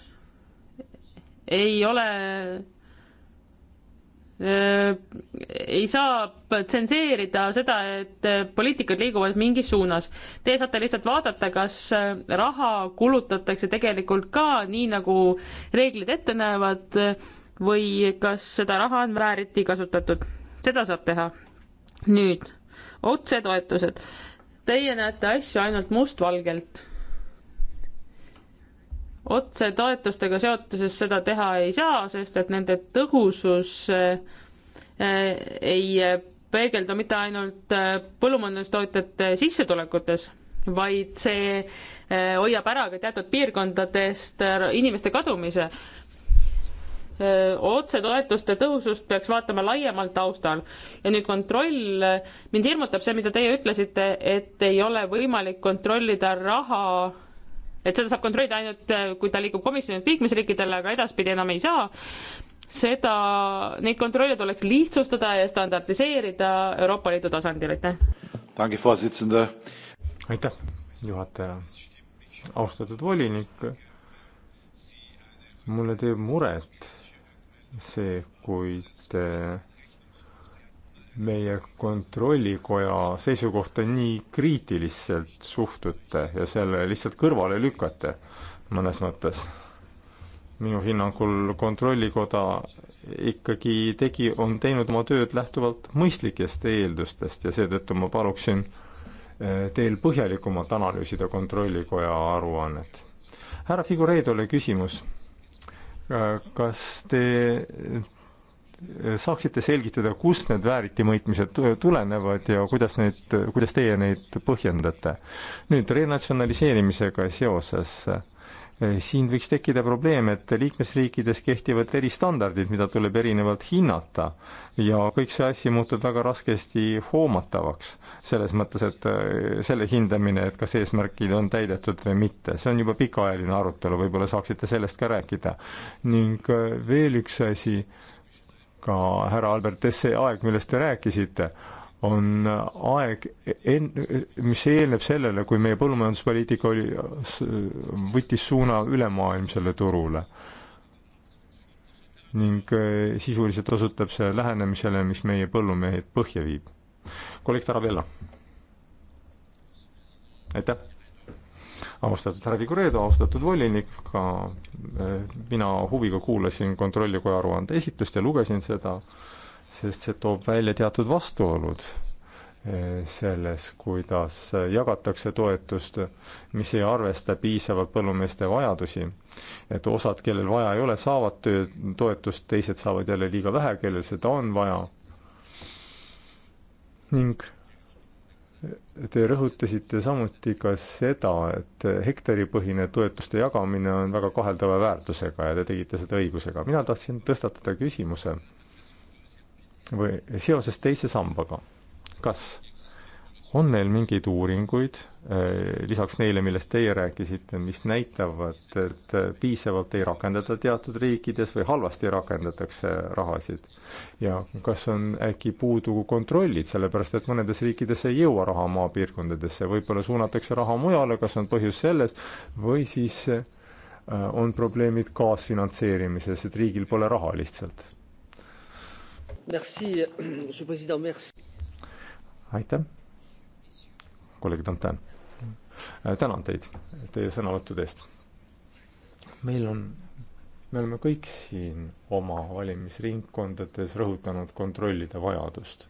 ei ole Äh, ei saa tsenseerida seda, et äh, poliitikad liiguvad mingis suunas. Te saate lihtsalt vaadata, kas äh, raha kulutatakse tegelikult ka nii, nagu reeglid ette näevad või kas seda raha on vääriti kasutatud. seda saab teha. nüüd otsetoetused. Teie näete asju ainult mustvalgelt otsetoetustega seotuses seda teha ei saa, sest et nende tõhusus eh, eh, ei eh, peegeldu mitte ainult põllumajandustootjate sissetulekutes, vaid see hoiab ära ka teatud piirkondadest inimeste kadumise. otsetoetuste tõhusust peaks vaatama laiemal taustal ja nüüd kontroll, mind hirmutab see, mida teie ütlesite, et ei ole võimalik kontrollida raha et seda saab kontrollida ainult, äh, kui ta liigub komisjonilt liikmesriikidele, aga edaspidi enam ei saa. seda, neid kontrolle tuleks lihtsustada ja standardiseerida Euroopa Liidu tasandil, aitäh. aitäh, juhataja. austatud volinik, mulle teeb muret see, kui te meie kontrollikoja seisukohta nii kriitiliselt suhtute ja selle lihtsalt kõrvale lükkate mõnes mõttes? minu hinnangul Kontrollikoda ikkagi tegi, on teinud oma tööd lähtuvalt mõistlikest eeldustest ja seetõttu ma paluksin eh, teil põhjalikumalt analüüsida Kontrollikoja aruannet. härra Figureidole küsimus, kas te saaksite selgitada, kust need vääritimõõtmised tulenevad ja kuidas neid, kuidas teie neid põhjendate? nüüd renatsionaliseerimisega seoses, eh, siin võiks tekkida probleem, et liikmesriikides kehtivad eristandardid, mida tuleb erinevalt hinnata ja kõik see asi muutub väga raskesti hoomatavaks, selles mõttes, et eh, selle hindamine, et kas eesmärgid on täidetud või mitte, see on juba pikaajaline arutelu, võib-olla saaksite sellest ka rääkida. ning eh, veel üks asi ka härra Albertes, see aeg, millest te rääkisite, on aeg en-, mis eelneb sellele, kui meie põllumajanduspoliitika oli, võttis suuna ülemaailmsele turule. ning eh, sisuliselt osutab see lähenemisele, mis meie põllumehed põhja viib. kolleeg Tarabella. aitäh austatud härra Figureedo, austatud volinik, ka eh, mina huviga kuulasin Kontrollikoja aruande esitlust ja lugesin seda, sest see toob välja teatud vastuolud eh, selles, kuidas jagatakse toetust, mis ei arvesta piisavalt põllumeeste vajadusi. et osad, kellel vaja ei ole, saavad töö, toetust, teised saavad jälle liiga vähe, kellel seda on vaja. ning Te rõhutasite samuti ka seda, et hektaripõhine toetuste jagamine on väga kaheldava väärtusega ja te tegite seda õigusega. mina tahtsin tõstatada küsimuse või seoses teise sambaga. kas on meil mingeid uuringuid, äh, lisaks neile, millest teie rääkisite, mis näitavad, et äh, piisavalt ei rakendata teatud riikides või halvasti rakendatakse rahasid? ja kas on äkki puudu kontrollid, sellepärast et mõnedes riikides ei jõua raha maapiirkondadesse, võib-olla suunatakse raha mujale, kas on põhjus selles, või siis äh, on probleemid kaasfinantseerimises, et riigil pole raha lihtsalt? aitäh kolleeg Dantan. tänan teid teie sõnavõttude eest. meil on, me oleme kõik siin oma valimisringkondades rõhutanud kontrollide vajadust.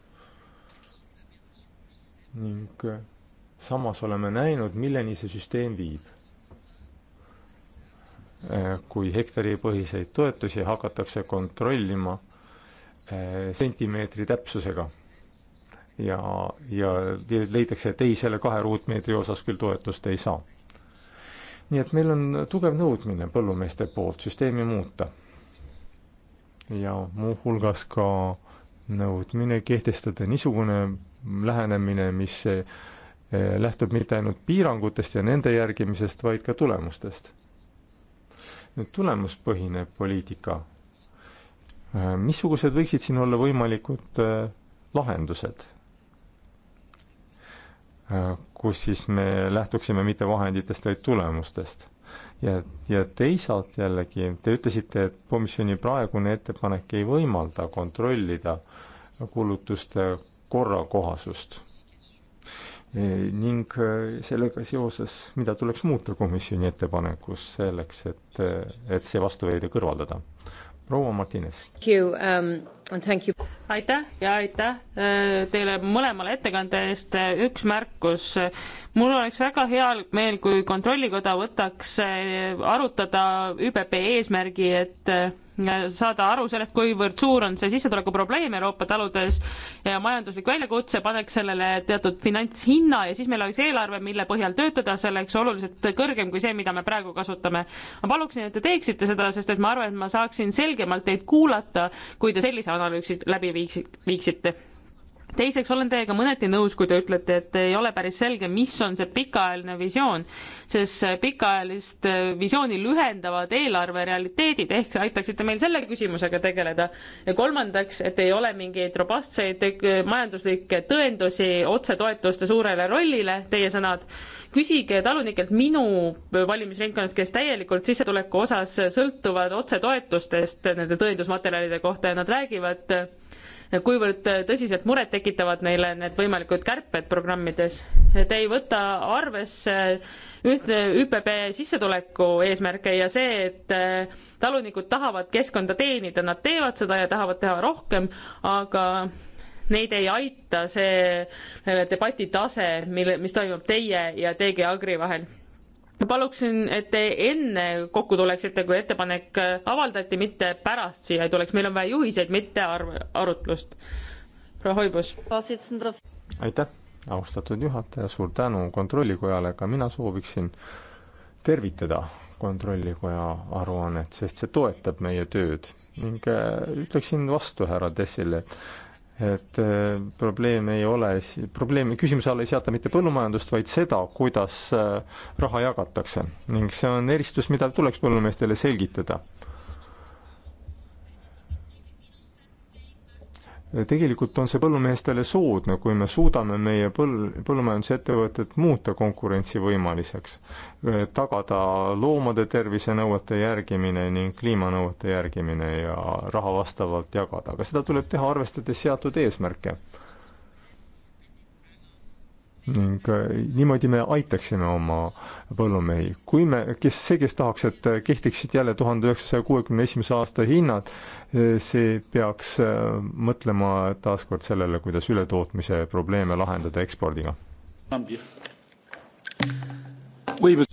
ning samas oleme näinud, milleni see süsteem viib. kui hektaripõhiseid toetusi hakatakse kontrollima eh, sentimeetri täpsusega ja, ja leitakse, et ei, selle kahe ruutmeetri osas küll toetust ei saa. nii et meil on tugev nõudmine põllumeeste poolt süsteemi muuta. ja muuhulgas ka nõudmine kehtestada niisugune lähenemine, mis eh, lähtub mitte ainult piirangutest ja nende järgimisest, vaid ka tulemustest. nüüd tulemuspõhine poliitika. Eh, missugused võiksid siin olla võimalikud eh, lahendused? kus siis me lähtuksime mitte vahenditest, vaid tulemustest. ja, ja teisalt jällegi, te ütlesite, et komisjoni praegune ettepanek ei võimalda kontrollida kulutuste korrakohasust. E, ning e, sellega seoses, mida tuleks muuta komisjoni ettepanekus selleks, et, et see vastuväide kõrvaldada? proua Martines. Um, aitäh ja aitäh äh, teile mõlemale ettekande eest. Äh, üks märkus. mul oleks väga hea meel, kui Kontrollikoda võtaks äh, arutada ÜPP eesmärgi, et saada aru sellest, kuivõrd suur on see sissetulekuprobleem Euroopa taludes ja majanduslik väljakutse, paneks sellele teatud finantshinna ja siis meil oleks eelarve, mille põhjal töötada, see oleks oluliselt kõrgem kui see, mida me praegu kasutame. ma paluksin, et te teeksite seda, sest et ma arvan, et ma saaksin selgemalt teid kuulata, kui te sellise analüüsi läbi viiksite teiseks olen teiega mõneti nõus, kui te ütlete, et ei ole päris selge, mis on see pikaajaline visioon, sest pikaajalist äh, visiooni lühendavad eelarve realiteedid, ehk aitaksite meil selle küsimusega tegeleda. ja kolmandaks, et ei ole mingeid robustseid äh, majanduslikke tõendusi otsetoetuste suurele rollile, teie sõnad. küsige talunikelt minu valimisringkonnast, kes täielikult sissetuleku osas sõltuvad otsetoetustest nende tõendusmaterjalide kohta ja nad räägivad äh, kuivõrd äh, tõsiselt muret tekitavad neile need võimalikud kärped programmides. Te ei võta arvesse äh, ühte ÜPP sissetuleku eesmärke ja see, et äh, talunikud tahavad keskkonda teenida, nad teevad seda ja tahavad teha rohkem, aga neid ei aita see debati tase, mille, mis toimub teie ja TG Agri vahel ma paluksin, et te enne kokku tuleksite, kui ettepanek äh, avaldati, mitte pärast siia ei tuleks, meil on vaja juhiseid, mitte arv, arutlust. proua Hoibus. aitäh, austatud juhataja, suur tänu Kontrollikojale, ka mina sooviksin tervitada Kontrollikoja aruannet, sest see toetab meie tööd ning äh, ütleksin vastu härra Tessile, et et äh, probleem ei ole, probleemi, küsimuse alla ei seata mitte põllumajandust, vaid seda, kuidas äh, raha jagatakse. ning see on eristus, mida tuleks põllumeestele selgitada. tegelikult on see põllumeestele soodne, kui me suudame meie põll, põllumajandusettevõtet muuta konkurentsivõimeliseks, eh, tagada loomade tervisenõuete järgimine ning kliimanõuete järgimine ja raha vastavalt jagada, aga seda tuleb teha, arvestades seatud eesmärke ning äh, niimoodi me aitaksime oma põllumehi. kui me, kes, see, kes tahaks, et äh, kehtiksid jälle tuhande üheksasaja kuuekümne esimese aasta hinnad, äh, see peaks mõtlema taaskord sellele, kuidas ületootmise probleeme lahendada ekspordiga.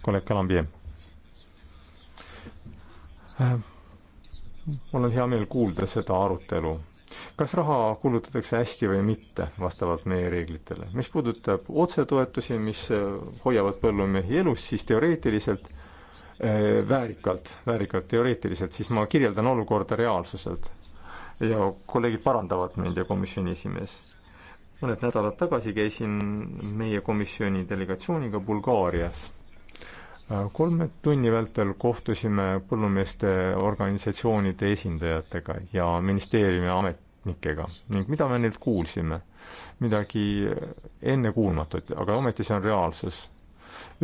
kolleeg Kalambie. mul on hea meel kuulda seda arutelu kas raha kulutatakse hästi või mitte, vastavalt meie reeglitele. mis puudutab otsetoetusi, mis äh, hoiavad põllumehi elus, siis teoreetiliselt äh, väärikalt, väärikalt teoreetiliselt, siis ma kirjeldan olukorda reaalsuselt. ja kolleegid parandavad mind ja komisjoni esimees. mõned nädalad tagasi käisin meie komisjoni delegatsiooniga Bulgaarias Äh, kolme tunni vältel kohtusime põllumeeste organisatsioonide esindajatega ja ministeeriumi ametnikega ning mida me neilt kuulsime? midagi ennekuulmatut, aga ometi see on reaalsus.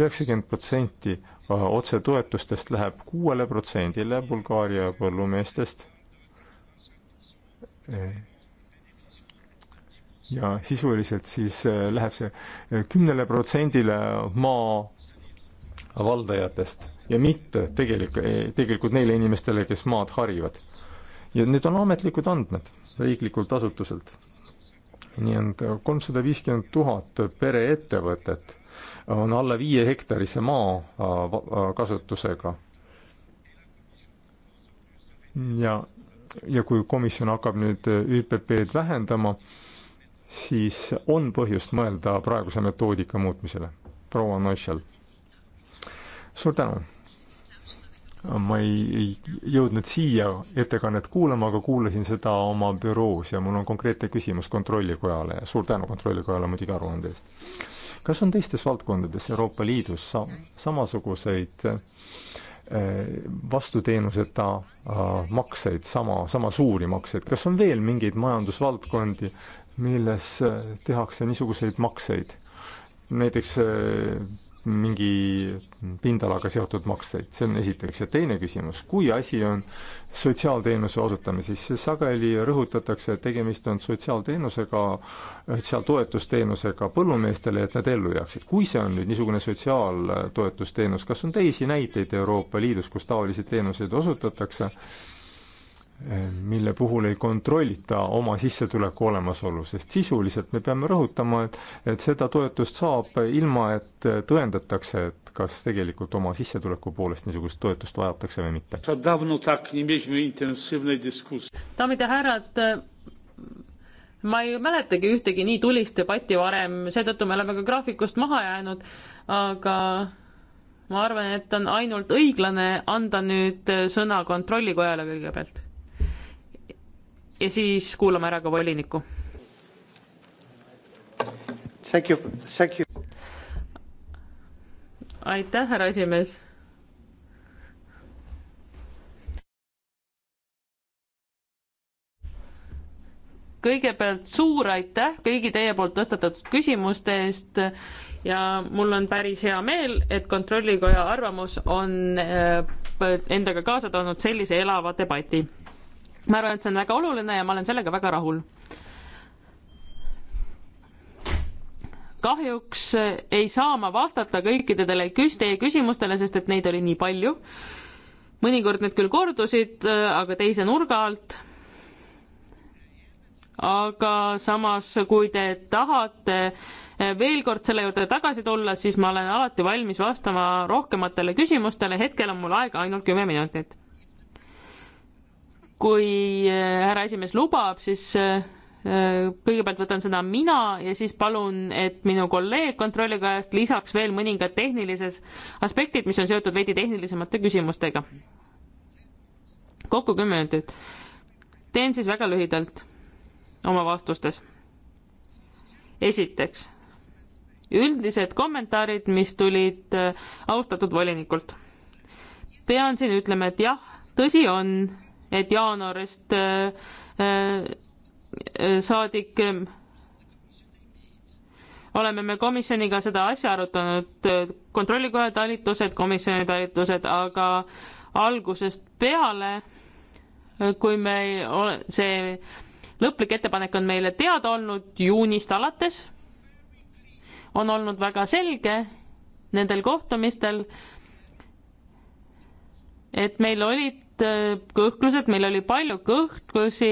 üheksakümmend protsenti äh, otsetoetustest läheb kuuele protsendile Bulgaaria põllumeestest ja sisuliselt siis äh, läheb see kümnele protsendile maa valdajatest ja mitte tegelik, tegelikult neile inimestele, kes maad harivad. ja need on ametlikud andmed riiklikult asutuselt. nii et kolmsada viiskümmend tuhat pereettevõtet on alla viie hektarise maa äh, äh, kasutusega. ja, ja kui komisjon hakkab nüüd ÜPP-d vähendama, siis on põhjust mõelda praeguse metoodika muutmisele. proua Neuschel suur tänu! ma ei, ei jõudnud siia ettekannet kuulama, aga kuulasin seda oma büroos ja mul on konkreetne küsimus Kontrollikojale ja suur tänu Kontrollikojale muidugi aruande eest. kas on teistes valdkondades Euroopa Liidus sa-, samasuguseid äh, vastuteenuseta äh, makseid, sama, sama suuri makseid, kas on veel mingeid majandusvaldkondi, milles äh, tehakse niisuguseid makseid? näiteks mingi pindalaga seotud makseid, see on esiteks, ja teine küsimus, kui asi on sotsiaalteenuse osutamises, siis sageli rõhutatakse, et tegemist on sotsiaalteenusega, sotsiaaltoetusteenusega põllumeestele, et nad ellu jääksid. kui see on nüüd niisugune sotsiaaltoetusteenus, kas on teisi näiteid Euroopa Liidus, kus taolisi teenuseid osutatakse mille puhul ei kontrollita oma sissetuleku olemasolu, sest sisuliselt me peame rõhutama, et, et seda toetust saab ilma, et tõendatakse, et kas tegelikult oma sissetuleku poolest niisugust toetust vajatakse või mitte. daamid ja härrad, ma ei mäletagi ühtegi nii tulist debatti varem, seetõttu me oleme ka graafikust maha jäänud, aga ma arvan, et on ainult õiglane anda nüüd sõna kontrollikojale kõigepealt ja siis kuulame ära ka voliniku. aitäh, härra esimees kõigepealt suur aitäh kõigi teie poolt tõstatatud küsimuste eest ja mul on päris hea meel, et Kontrollikoja arvamus on äh, endaga kaasa toonud sellise elava debati ma arvan, et see on väga oluline ja ma olen sellega väga rahul. kahjuks ei saa ma vastata kõikidele küs-, teie küsimustele, sest et neid oli nii palju. mõnikord need küll kordusid, aga teise nurga alt. aga samas, kui te tahate veel kord selle juurde tagasi tulla, siis ma olen alati valmis vastama rohkematele küsimustele, hetkel on mul aega ainult kümme minutit kui äh, härra esimees lubab, siis äh, äh, kõigepealt võtan sõna mina ja siis palun, et minu kolleeg kontrollikajast lisaks veel mõningad tehnilises aspektid, mis on seotud veidi tehnilisemate küsimustega. kokku kümme minutit. teen siis väga lühidalt oma vastustes. esiteks, üldised kommentaarid, mis tulid austatud volinikult. pean siin ütlema, et jah, tõsi on et jaanuarist äh, äh, saadik äh, oleme me komisjoniga seda asja arutanud, kontrollikoja talitused, komisjoni talitused, aga algusest peale, kui me ole, see lõplik ettepanek on meile teada olnud juunist alates, on olnud väga selge nendel kohtumistel, et meil olid Äh, kõhklused, meil oli palju kõhklusi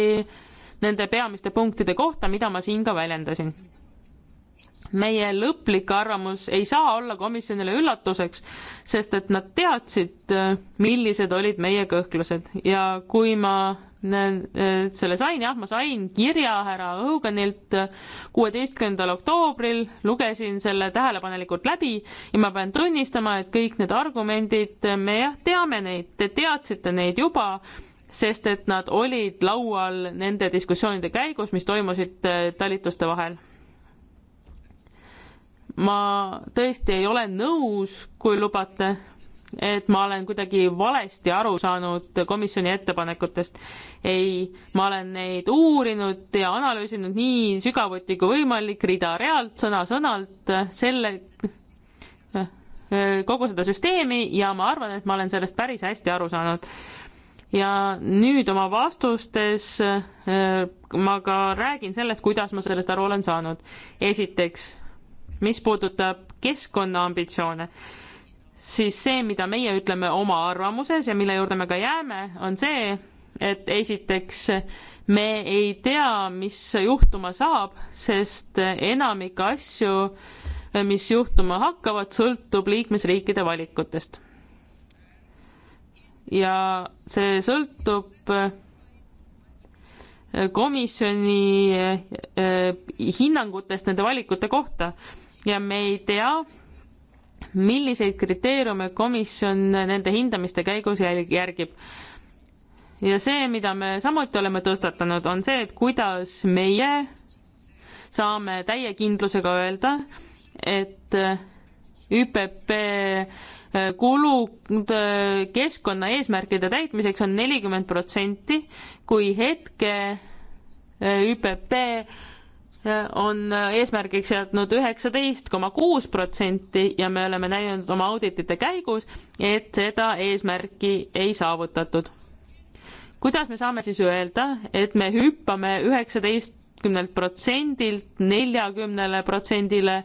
nende peamiste punktide kohta, mida ma siin ka väljendasin. meie lõplik arvamus ei saa olla komisjonile üllatuseks, sest et nad teadsid, äh, millised olid meie kõhklused ja kui ma Äh, selle sain, jah, ma sain kirja härra Hoganilt kuueteistkümnendal oktoobril, lugesin selle tähelepanelikult läbi ja ma pean tunnistama, et kõik need argumendid, me jah, teame neid, te teadsite neid juba, sest et nad olid laual nende diskussioonide käigus, mis toimusid äh, talituste vahel. ma tõesti ei ole nõus, kui lubate et ma olen kuidagi valesti aru saanud komisjoni ettepanekutest. ei, ma olen neid uurinud ja analüüsinud nii sügavuti kui võimalik, rida-realt, sõna-sõnalt, selle, kogu seda süsteemi ja ma arvan, et ma olen sellest päris hästi aru saanud. ja nüüd oma vastustes eh, ma ka räägin sellest, kuidas ma sellest aru olen saanud. esiteks, mis puudutab keskkonnaambitsioone siis see, mida meie ütleme oma arvamuses ja mille juurde me ka jääme, on see, et esiteks me ei tea, mis juhtuma saab, sest enamik asju, mis juhtuma hakkavad, sõltub liikmesriikide valikutest. ja see sõltub eh, komisjoni eh, eh, hinnangutest nende valikute kohta ja me ei tea, milliseid kriteeriume komisjon nende hindamiste käigus järgib. ja see, mida me samuti oleme tõstatanud, on see, et kuidas meie saame täie kindlusega öelda, et ÜPP kulud keskkonna eesmärkide täitmiseks on nelikümmend protsenti, kui hetke ÜPP on eesmärgiks seadnud üheksateist koma kuus protsenti ja me oleme näinud oma auditite käigus, et seda eesmärki ei saavutatud. kuidas me saame siis öelda, et me hüppame üheksateistkümnelt protsendilt neljakümnele protsendile?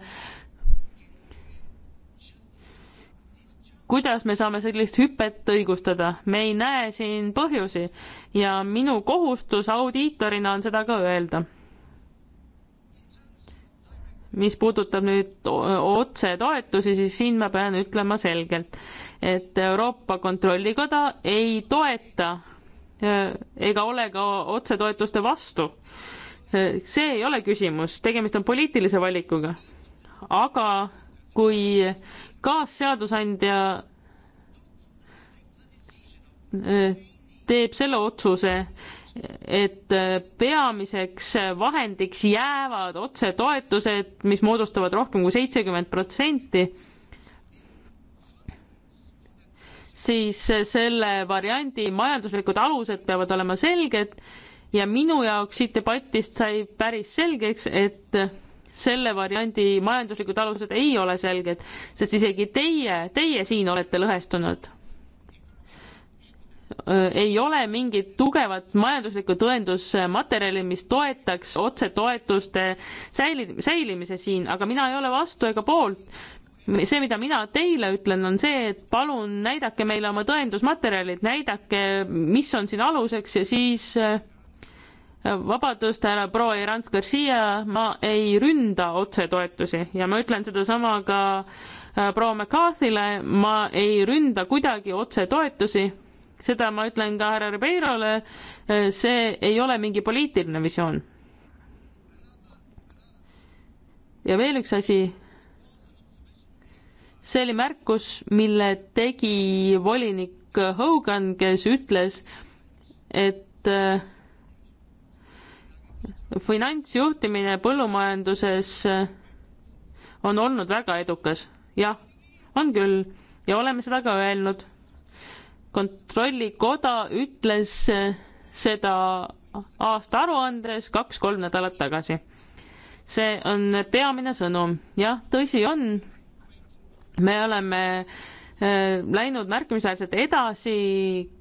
kuidas me saame sellist hüpet õigustada, me ei näe siin põhjusi ja minu kohustus audiitorina on seda ka öelda mis puudutab nüüd otsetoetusi, siis siin ma pean ütlema selgelt, et Euroopa Kontrollikoda ei toeta äh, ega ole ka otsetoetuste vastu. see ei ole küsimus, tegemist on poliitilise valikuga. aga kui kaasseadusandja äh, teeb selle otsuse, et äh, peamiseks vahendiks jäävad otsetoetused, mis moodustavad rohkem kui seitsekümmend protsenti, siis selle variandi majanduslikud alused peavad olema selged ja minu jaoks siit debatist sai päris selgeks, et selle variandi majanduslikud alused ei ole selged, sest isegi teie, teie siin olete lõhestunud Äh, ei ole mingit tugevat majanduslikku tõendusmaterjali, mis toetaks otsetoetuste säili-, säilimise siin, aga mina ei ole vastu ega poolt. see, mida mina teile ütlen, on see, et palun näidake meile oma tõendusmaterjalid, näidake, mis on siin aluseks ja siis äh, vabadust, härra proua Irans Garcia, ma ei ründa otsetoetusi ja ma ütlen sedasama ka äh, proua McCarthy'le, ma ei ründa kuidagi otsetoetusi seda ma ütlen ka härra Ribeirole, eh, see ei ole mingi poliitiline visioon. ja veel üks asi. see oli märkus, mille tegi volinik Hogan, kes ütles, et eh, finantsjuhtimine põllumajanduses eh, on olnud väga edukas. jah, on küll ja oleme seda ka öelnud kontrollikoda ütles seda aasta aruandes kaks-kolm nädalat tagasi. see on peamine sõnum. jah, tõsi on, me oleme äh, läinud märkimisväärselt edasi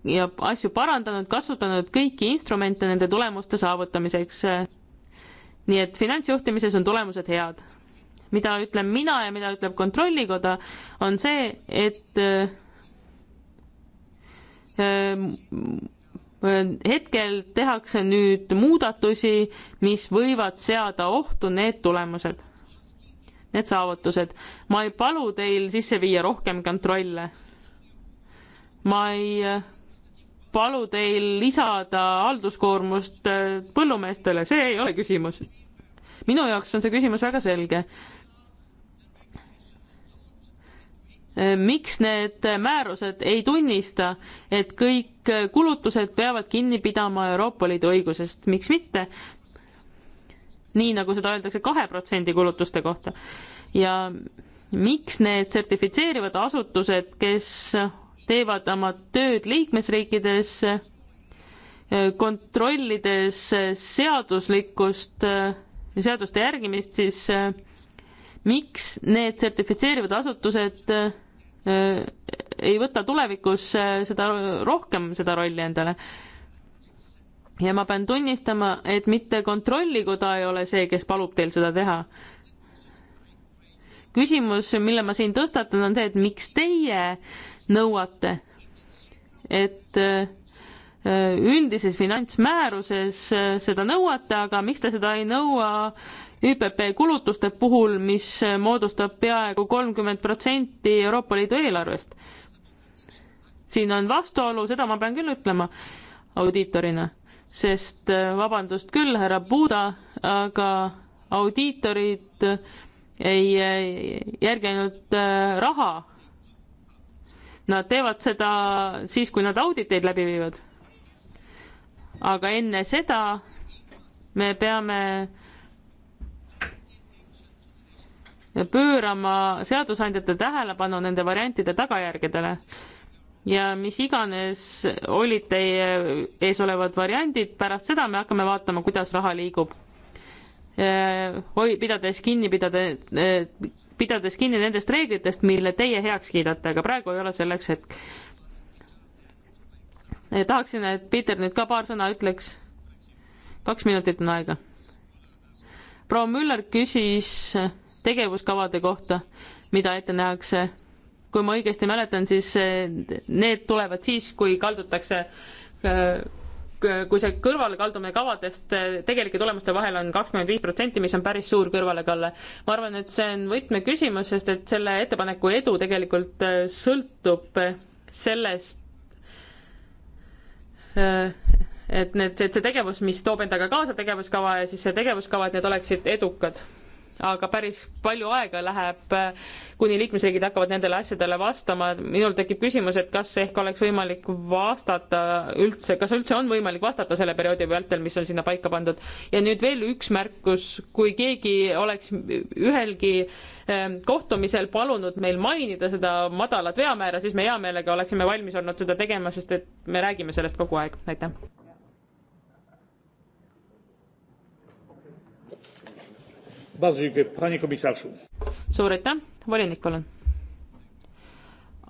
ja asju parandanud, kasutanud kõiki instrumente nende tulemuste saavutamiseks. nii et finantsjuhtimises on tulemused head. mida ütlen mina ja mida ütleb Kontrollikoda, on see, et äh, Ehm, hetkel tehakse nüüd muudatusi, mis võivad seada ohtu need tulemused, need saavutused. ma ei palu teil sisse viia rohkem kontrolle. ma ei eh, palu teil lisada halduskoormust eh, põllumeestele, see ei ole küsimus. minu jaoks on see küsimus väga selge. Eh, miks need määrused ei tunnista, et kõik eh, kulutused peavad kinni pidama Euroopa Liidu õigusest, miks mitte? nii nagu seda öeldakse kahe protsendi kulutuste kohta. ja miks need sertifitseerivad asutused, kes teevad oma tööd liikmesriikides, eh, kontrollides seaduslikkust, seaduste järgimist, siis miks need sertifitseerivad asutused Äh, ei võta tulevikus äh, seda rohkem seda rolli endale. ja ma pean tunnistama, et mitte kontrollikoda ei ole see, kes palub teil seda teha. küsimus, mille ma siin tõstatan, on see, et miks teie nõuate, et äh, üldises finantsmääruses seda nõuate, aga miks te seda ei nõua ÜPP kulutuste puhul, mis moodustab peaaegu kolmkümmend protsenti Euroopa Liidu eelarvest. siin on vastuolu, seda ma pean küll ütlema audiitorina, sest äh, vabandust küll, härra Buda, aga audiitorid ei järgi ainult äh, raha. Nad teevad seda siis, kui nad auditeid läbi viivad. aga enne seda me peame pöörama seadusandjate tähelepanu nende variantide tagajärgedele. ja mis iganes olid teie ees olevad variandid, pärast seda me hakkame vaatama, kuidas raha liigub. hoi-, pidades kinni, pidada, pidades kinni nendest reeglitest, mille teie heaks kiidate, aga praegu ei ole selleks hetk. tahaksin, et Peeter nüüd ka paar sõna ütleks. kaks minutit on aega. proua Müller küsis tegevuskavade kohta, mida ette nähakse. kui ma õigesti mäletan, siis need tulevad siis, kui kaldutakse, äh, kui see kõrvalekaldumine kavadest äh, tegelike tulemuste vahel on kakskümmend viis protsenti, mis on päris suur kõrvalekalle. ma arvan, et see on võtmeküsimus, sest et selle ettepaneku edu tegelikult äh, sõltub sellest, et need, et see tegevus, mis toob endaga kaasa tegevuskava ja siis see tegevuskava, et need oleksid edukad aga päris palju aega läheb, äh, kuni liikmesriigid hakkavad nendele asjadele vastama. minul tekib küsimus, et kas ehk oleks võimalik vastata üldse, kas üldse on võimalik vastata selle perioodi vältel, mis on sinna paika pandud. ja nüüd veel üks märkus, kui keegi oleks ühelgi ähm, kohtumisel palunud meil mainida seda madalat veamäära, siis me hea meelega oleksime valmis olnud seda tegema, sest et me räägime sellest kogu aeg. aitäh! suur aitäh, volinik, palun.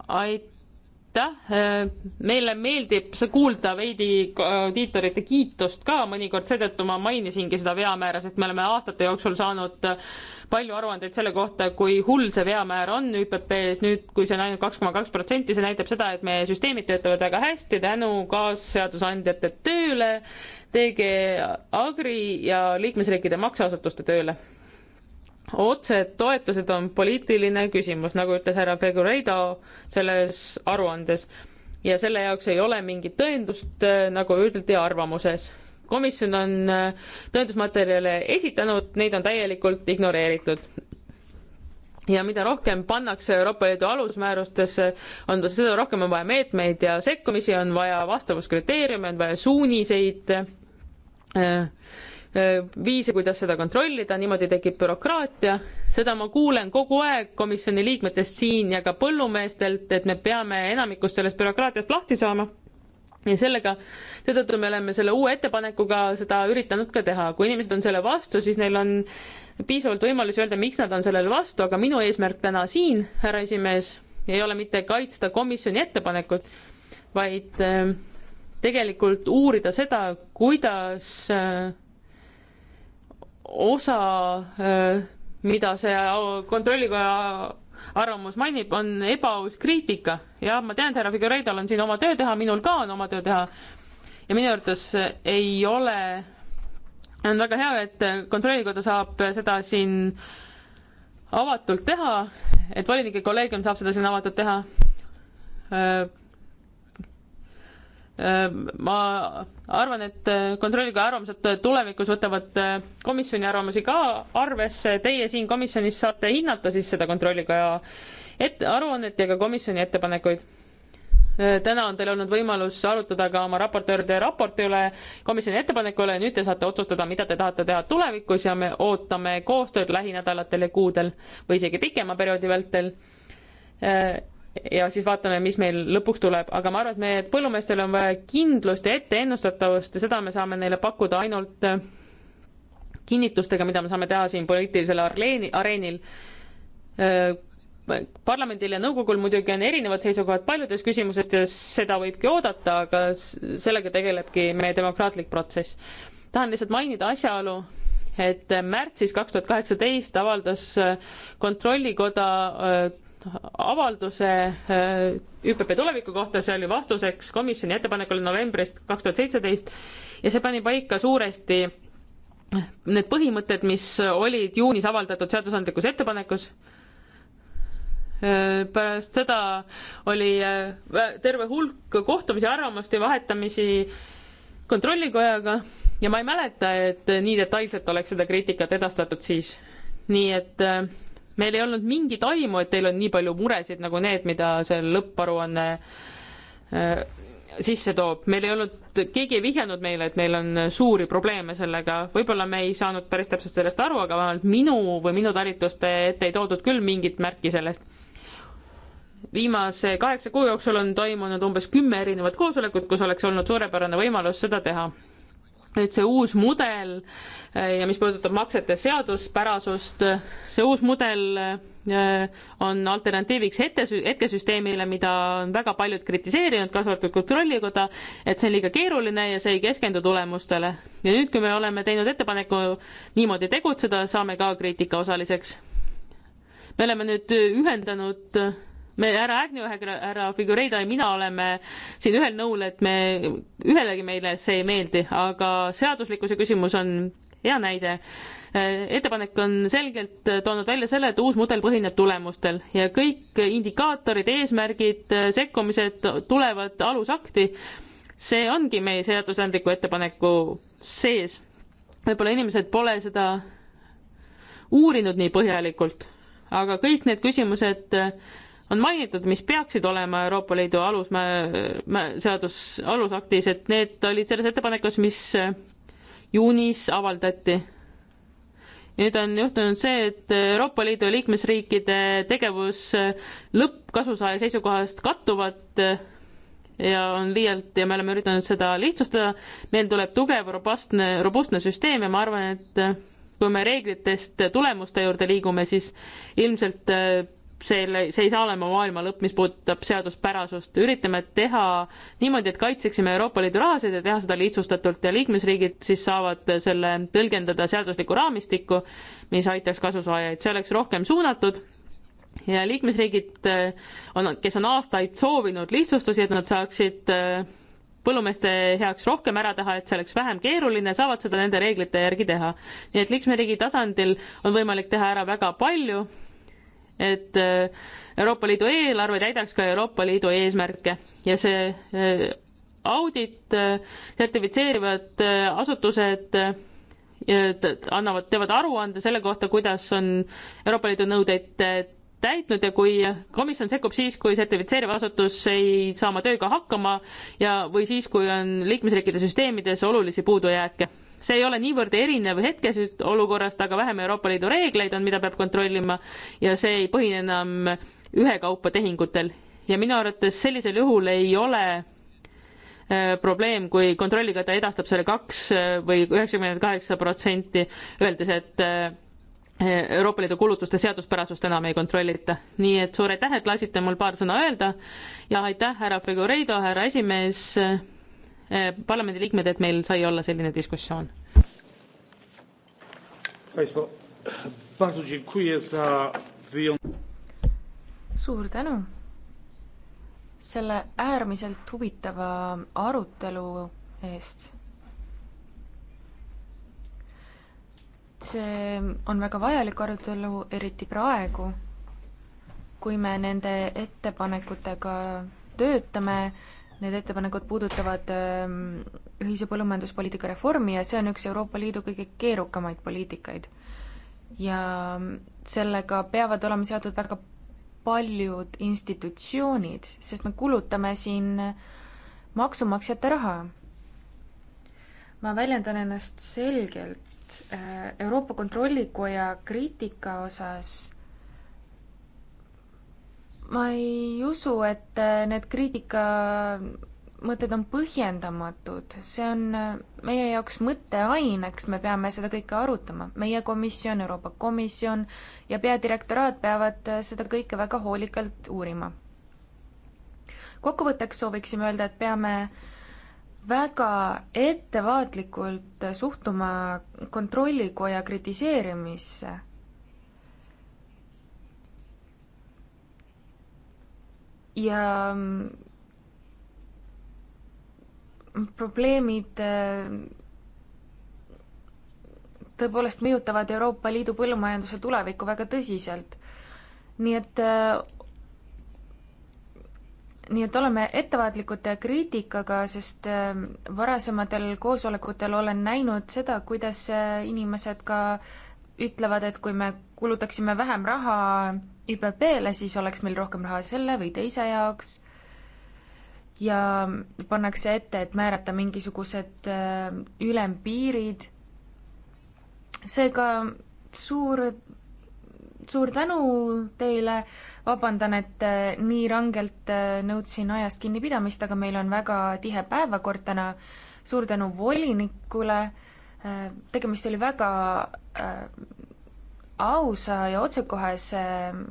aitäh, meile meeldib kuulda veidi audiitorite kiitust ka mõnikord, seetõttu ma mainisingi seda veamäära, sest me oleme aastate jooksul saanud palju aruandeid selle kohta, kui hull see veamäär on ÜPP-s, nüüd kui see on ainult kaks koma kaks protsenti, see näitab seda, et meie süsteemid töötavad väga hästi tänu kaasseadusandjate tööle, DG Agri ja liikmesriikide makseasutuste tööle otsed toetused on poliitiline küsimus, nagu ütles härra Figueiredo selles aruandes ja selle jaoks ei ole mingit tõendust, äh, nagu öeldi arvamuses. komisjon on äh, tõendusmaterjale esitanud, neid on täielikult ignoreeritud. ja mida rohkem pannakse Euroopa Liidu alusmäärustesse, on seda rohkem on vaja meetmeid ja sekkumisi, on vaja vastavuskriteeriume, on vaja suuniseid äh,, Äh, viise, kuidas seda kontrollida, niimoodi tekib bürokraatia. seda ma kuulen kogu aeg komisjoni liikmetest siin ja ka põllumeestelt, et me peame enamikust sellest bürokraatiast lahti saama. ja sellega, seetõttu me oleme selle uue ettepanekuga seda üritanud ka teha, kui inimesed on selle vastu, siis neil on piisavalt võimalusi öelda, miks nad on sellele vastu, aga minu eesmärk täna siin, härra esimees, ei ole mitte kaitsta komisjoni ettepanekut, vaid äh, tegelikult uurida seda, kuidas äh, osa, mida see kontrollikoja arvamus mainib, on ebaaus kriitika ja ma tean, et härra Figureidol on siin oma töö teha, minul ka on oma töö teha. ja minu arvates ei ole, on väga hea, et kontrollikoda saab seda siin avatult teha, et volinike kolleegium saab seda siin avatult teha Äh, ma arvan, et äh, kontrollige arvamused tulevikus võtavad äh, komisjoni arvamusi ka arvesse, teie siin komisjonis saate hinnata siis seda kontrollikoja et-, aruannet ja ka komisjoni ettepanekuid. täna on teil olnud võimalus arutada ka oma raportööride raporti üle, komisjoni ettepaneku üle ja nüüd te saate otsustada, mida te tahate teha tulevikus ja me ootame koostööd lähinädalatel ja kuudel või isegi pikema perioodi vältel ja siis vaatame, mis meil lõpuks tuleb, aga ma arvan, et meie põllumeestel on vaja kindlust ja etteennustatavust ja seda me saame neile pakkuda ainult äh, kinnitustega, mida me saame teha siin poliitilisel arleeni, areenil. Äh, parlamendil ja nõukogul muidugi on erinevad seisukohad paljudes küsimusest ja seda võibki oodata, aga sellega tegelebki meie demokraatlik protsess. tahan lihtsalt mainida asjaolu, et märtsis kaks tuhat kaheksateist avaldas äh, Kontrollikoda avalduse äh, ÜPP tuleviku kohta, see oli vastuseks komisjoni ettepanekule novembrist kaks tuhat seitseteist ja see pani paika suuresti need põhimõtted, mis olid juunis avaldatud seadusandlikus ettepanekus. Äh, pärast seda oli äh, terve hulk kohtumisi, arvamuste vahetamisi kontrollikojaga ja ma ei mäleta, et nii detailselt oleks seda kriitikat edastatud siis. nii et äh, meil ei olnud mingit aimu, et teil on nii palju muresid nagu need, mida see lõpparuanne äh, sisse toob, meil ei olnud, keegi ei vihjanud meile, et meil on suuri probleeme sellega, võib-olla me ei saanud päris täpselt sellest aru, aga vähemalt minu või minu talituste ette ei toodud küll mingit märki sellest. viimase kaheksa kuu jooksul on toimunud umbes kümme erinevat koosolekut, kus oleks olnud suurepärane võimalus seda teha nüüd see uus mudel äh, ja mis puudutab maksete seaduspärasust, see uus mudel äh, on alternatiiviks ette, hetkesüsteemile, mida on väga paljud kritiseerinud, kaasa arvatud Kontrollikoda, et see on liiga keeruline ja see ei keskendu tulemustele. ja nüüd, kui me oleme teinud ettepaneku niimoodi tegutseda, saame ka kriitika osaliseks. me oleme nüüd ühendanud me härra Agnew, härra Figureido ja mina oleme siin ühel nõul, et me, ühelegi meile see ei meeldi, aga seaduslikkuse küsimus on hea näide. Äh, ettepanek on selgelt toonud välja selle, et uus mudel põhineb tulemustel ja kõik indikaatorid, eesmärgid, sekkumised tulevad alusakti. see ongi meie seadusandliku ettepaneku sees. võib-olla inimesed pole seda uurinud nii põhjalikult, aga kõik need küsimused on mainitud, mis peaksid olema Euroopa Liidu alusseadus, alusaktis, et need olid selles ettepanekus, mis äh, juunis avaldati. nüüd on juhtunud see, et Euroopa Liidu liikmesriikide tegevus äh, lõppkasusaaja seisukohast kattuvad äh, ja on liialt ja me oleme üritanud seda lihtsustada. meil tuleb tugev, robustne, robustne süsteem ja ma arvan, et kui me reeglitest tulemuste juurde liigume, siis ilmselt selle, see ei saa olema maailma lõpp, mis puudutab seaduspärasust, üritame teha niimoodi, et kaitseksime Euroopa Liidu rahasid ja teha seda lihtsustatult ja liikmesriigid siis saavad selle tõlgendada seaduslikku raamistikku, mis aitaks kasusaajaid, see oleks rohkem suunatud ja liikmesriigid eh, on, kes on aastaid soovinud lihtsustusi, et nad saaksid eh, põllumeeste heaks rohkem ära teha, et see oleks vähem keeruline, saavad seda nende reeglite järgi teha. nii et liikmesriigi tasandil on võimalik teha ära väga palju et äh, Euroopa Liidu eelarve täidaks ka Euroopa Liidu eesmärke ja see äh, audit äh, sertifitseerivad asutused annavad, teevad aruande selle kohta, kuidas on Euroopa Liidu nõudeid täitnud ja kui komisjon sekkub siis, kui sertifitseeriv asutus ei saa oma tööga hakkama ja, või siis, kui on liikmesriikide süsteemides olulisi puudujääke see ei ole niivõrd erinev hetkes olukorrast, aga vähem Euroopa Liidu reegleid on, mida peab kontrollima ja see ei põhine enam ühekaupa tehingutel. ja minu arvates sellisel juhul ei ole äh, probleem, kui kontrolliga ta edastab selle kaks äh, või üheksakümmend kaheksa protsenti, öeldes, et äh, Euroopa Liidu kulutuste seaduspärasust enam ei kontrollita. nii et suur aitäh, et lasite mul paar sõna öelda ja aitäh, härra Figureido, härra esimees Eh, parlamendiliikmed, et meil sai olla selline diskussioon. suur tänu selle äärmiselt huvitava arutelu eest. see on väga vajalik arutelu, eriti praegu, kui me nende ettepanekutega töötame Need ettepanekud puudutavad ähm, ühise põllumajanduspoliitika reformi ja see on üks Euroopa Liidu kõige keerukamaid poliitikaid. ja ähm, sellega peavad olema seotud väga paljud institutsioonid, sest me kulutame siin maksumaksjate raha. ma väljendan ennast selgelt äh, Euroopa Kontrollikoja kriitika osas ma ei usu, et äh, need kriitikamõtted on põhjendamatud, see on äh, meie jaoks mõtteaineks, me peame seda kõike arutama. meie komisjon, Euroopa Komisjon ja peadirektoraat peavad äh, seda kõike väga hoolikalt uurima. kokkuvõtteks sooviksime öelda, et peame väga ettevaatlikult suhtuma kontrollikoja kritiseerimisse ja mm, probleemid äh, tõepoolest mõjutavad Euroopa Liidu põllumajanduse tulevikku väga tõsiselt. nii et, äh, nii et oleme ettevaatlikud kriitikaga, sest äh, varasematel koosolekutel olen näinud seda, kuidas inimesed ka ütlevad, et kui me kulutaksime vähem raha IPP-le, siis oleks meil rohkem raha selle või teise jaoks ja pannakse ette, et määrata mingisugused äh, ülempiirid. seega suur, suur tänu teile, vabandan, et äh, nii rangelt äh, nõudsin ajast kinnipidamist, aga meil on väga tihe päevakord täna. suur tänu volinikule, tegemist oli väga ausa ja otsekohese ähm,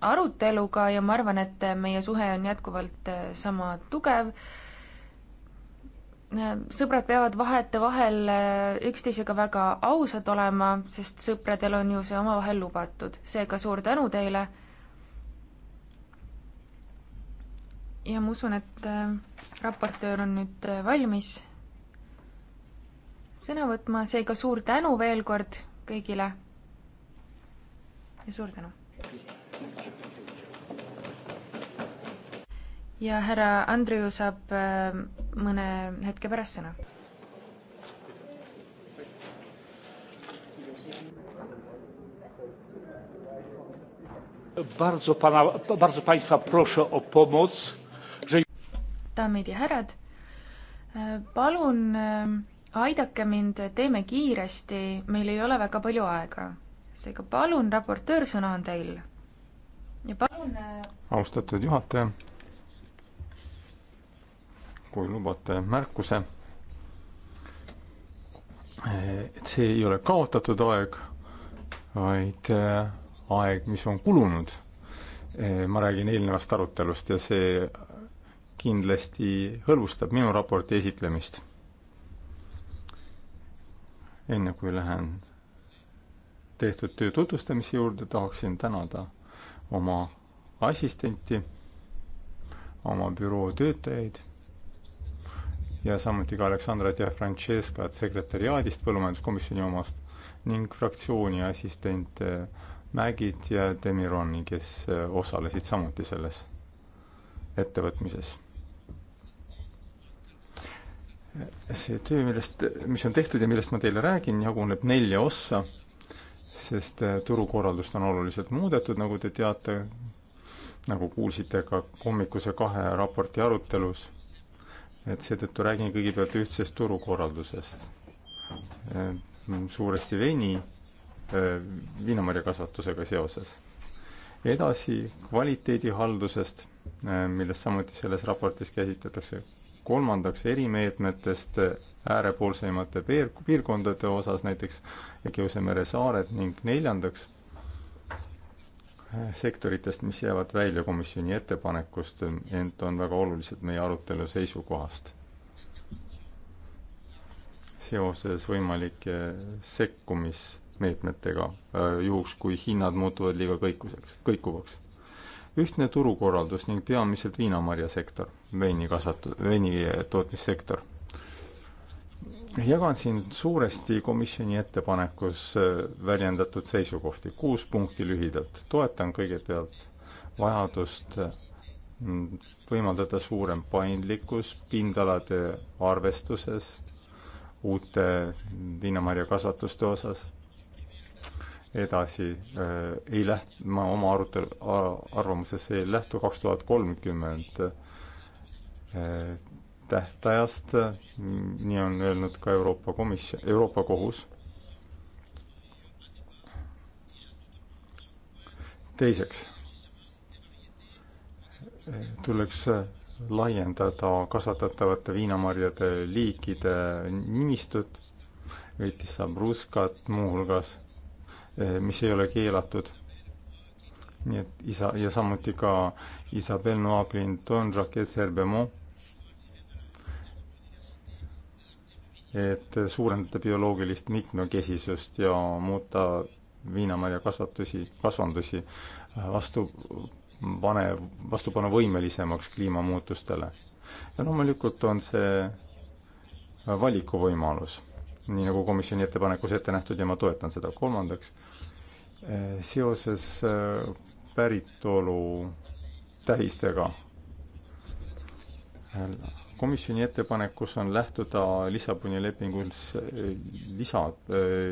aruteluga ja ma arvan, et äh, meie suhe on jätkuvalt äh, sama tugev. Äh, sõbrad peavad vahetevahel üksteisega väga ausad olema, sest sõpradel on ju see omavahel lubatud. seega suur tänu teile. ja ma usun, et raportöör on nüüd valmis sõna võtma, seega suur tänu veel kord kõigile ja suur tänu. ja härra Andrew saab äh, mõne hetke pärast sõna. Bardzo pana, bardzo państwa proszę o pomoc. Że... daamid ja härrad, äh, palun äh, aidake mind, teeme kiiresti, meil ei ole väga palju aega seega palun, raportöör, sõna on teil. ja palun. Äh, austatud juhataja, kui lubate märkuse, et see ei ole kaotatud aeg, vaid äh, aeg, mis on kulunud. Äh, ma räägin eelnevast arutelust ja see kindlasti hõlbustab minu raporti esitlemist. enne kui lähen tehtud töö tutvustamise juurde, tahaksin tänada oma assistenti, oma büroo töötajaid ja samuti ka Aleksandrat ja Francescat sekretäriaadist, põllumajanduskomisjoni omast, ning fraktsiooni assistente Mägit ja Demironi, kes äh, osalesid samuti selles ettevõtmises. see töö, millest, mis on tehtud ja millest ma teile räägin, jaguneb nelja ossa sest äh, turukorraldust on oluliselt muudetud, nagu te teate, nagu kuulsite ka hommikuse kahe raporti arutelus, et seetõttu räägin kõigepealt ühtsest turukorraldusest. Äh, suuresti veini, äh, viinamarjakasvatusega seoses. edasi kvaliteedihaldusest, millest samuti selles raportis käsitletakse. kolmandaks erimeetmetest äärepoolsemate piir-, piirkondade osas, näiteks Egeuse mere saared ning neljandaks, eh, sektoritest, mis jäävad välja komisjoni ettepanekust, ent on väga olulised meie arutelu seisukohast. seoses võimalike sekkumismeetmetega, eh, juhuks kui hinnad muutuvad liiga kõikuseks, kõikuvaks ühtne turukorraldus ning peamiselt viinamarjasektor, veinikasvatu-, veini tootmissektor jagan siin suuresti komisjoni ettepanekus äh, väljendatud seisukohti. kuus punkti lühidalt. toetan kõigepealt vajadust äh, võimaldada suurem paindlikkus pindalade arvestuses, uute viinamarjakasvatuste osas. edasi äh, ei läht-, ma oma arutelu, arvamuses ei lähtu kaks tuhat kolmkümmend äh, tähtajast, nii on öelnud ka Euroopa Komisjon, Euroopa Kohus. teiseks tuleks laiendada kasvatatavate viinamarjade liikide nimistut, eriti sambruskat muuhulgas, mis ei ole keelatud nii et isa ja samuti ka Isabel Noaklin, Don Jacques Herbemont et suurendada bioloogilist mitmekesisust ja muuta viinamarja kasvatusi, kasvandusi vastu pane, vastupanuvõimelisemaks kliimamuutustele. ja loomulikult on see valikuvõimalus, nii nagu komisjoni ettepanekus ette nähtud ja ma toetan seda. kolmandaks, seoses äh, päritolu tähistega komisjoni ettepanekus on lähtuda Lissaboni lepingus lisa,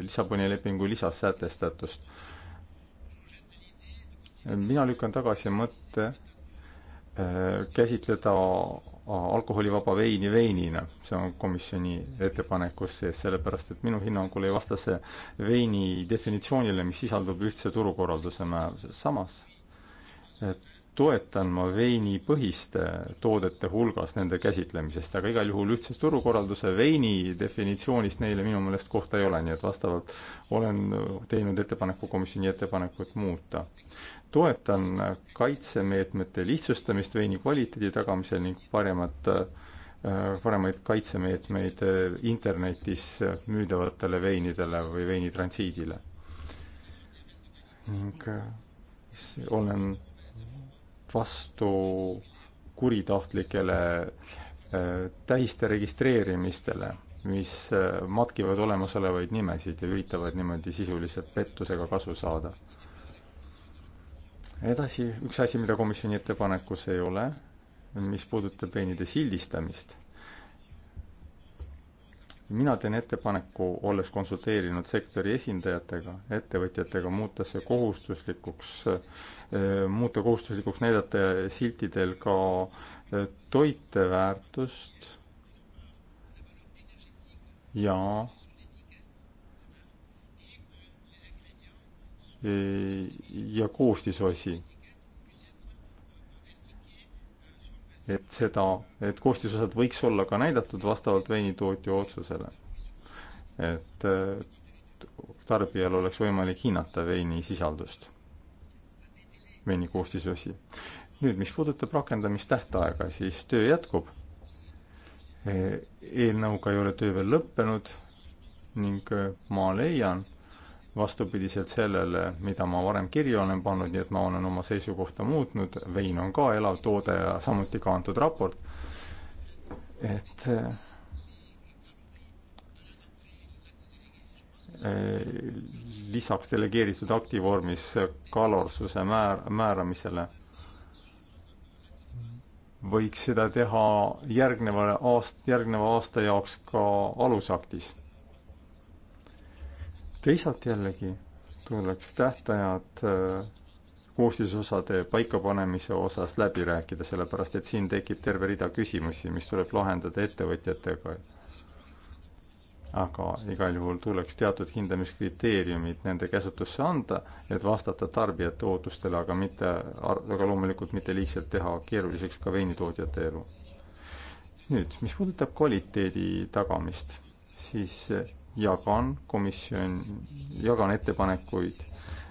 Lissaboni lepingu lisas sätestatust. mina lükkan tagasi mõtte äh, käsitleda alkoholivaba veini veinina, see on komisjoni ettepanekus sees, sellepärast et minu hinnangul ei vasta see veini definitsioonile, mis sisaldub ühtse turukorralduse määruses, samas et toetan ma veinipõhiste toodete hulgas nende käsitlemisest, aga igal juhul ühtses turukorralduse veini definitsioonist neile minu meelest kohta ei ole, nii et vastavalt olen teinud ettepaneku komisjoni ettepanekut muuta. toetan kaitsemeetmete lihtsustamist veini kvaliteedi tagamisel ning paremat, äh, paremaid kaitsemeetmeid äh, internetis müüdavatele veinidele või veinitransiidile. ning äh, olen vastu kuritahtlikele äh, tähiste registreerimistele, mis äh, matkivad olemasolevaid nimesid ja üritavad niimoodi sisuliselt pettusega kasu saada. edasi, üks asi, mida komisjoni ettepanekus ei ole, mis puudutab veinide sildistamist mina teen ettepaneku, olles konsulteerinud sektori esindajatega, ettevõtjatega, muuta see kohustuslikuks, eh, muuta kohustuslikuks näidata siltidel ka eh, toiteväärtust ja eh, ja koostisosi et seda, et koostisosad võiks olla ka näidatud vastavalt veinitootja otsusele. et tarbijal oleks võimalik hinnata veini sisaldust, veini koostisosi. nüüd, mis puudutab rakendamistähtaega, siis töö jätkub. E, eelnõuga ei ole töö veel lõppenud ning äh, ma leian vastupidiselt sellele, mida ma varem kirja olen pannud, nii et ma olen oma seisukohta muutnud, vein on ka elav toode ja samuti ka antud raport, et eh, lisaks delegeeritud akti vormis kalorsuse määr, määramisele võiks seda teha järgneva aast-, järgneva aasta jaoks ka alusaktis teisalt jällegi tuleks tähtajad äh, koostisosade paikapanemise osas läbi rääkida, sellepärast et siin tekib terve rida küsimusi, mis tuleb lahendada ettevõtjatega. aga igal juhul tuleks teatud hindamiskriteeriumid nende käsutusse anda, et vastata tarbijate ootustele, aga mitte, aga loomulikult mitte liigselt teha keeruliseks ka veinitootjate elu. nüüd, mis puudutab kvaliteedi tagamist, siis äh, jagan komisjon, jagan ettepanekuid,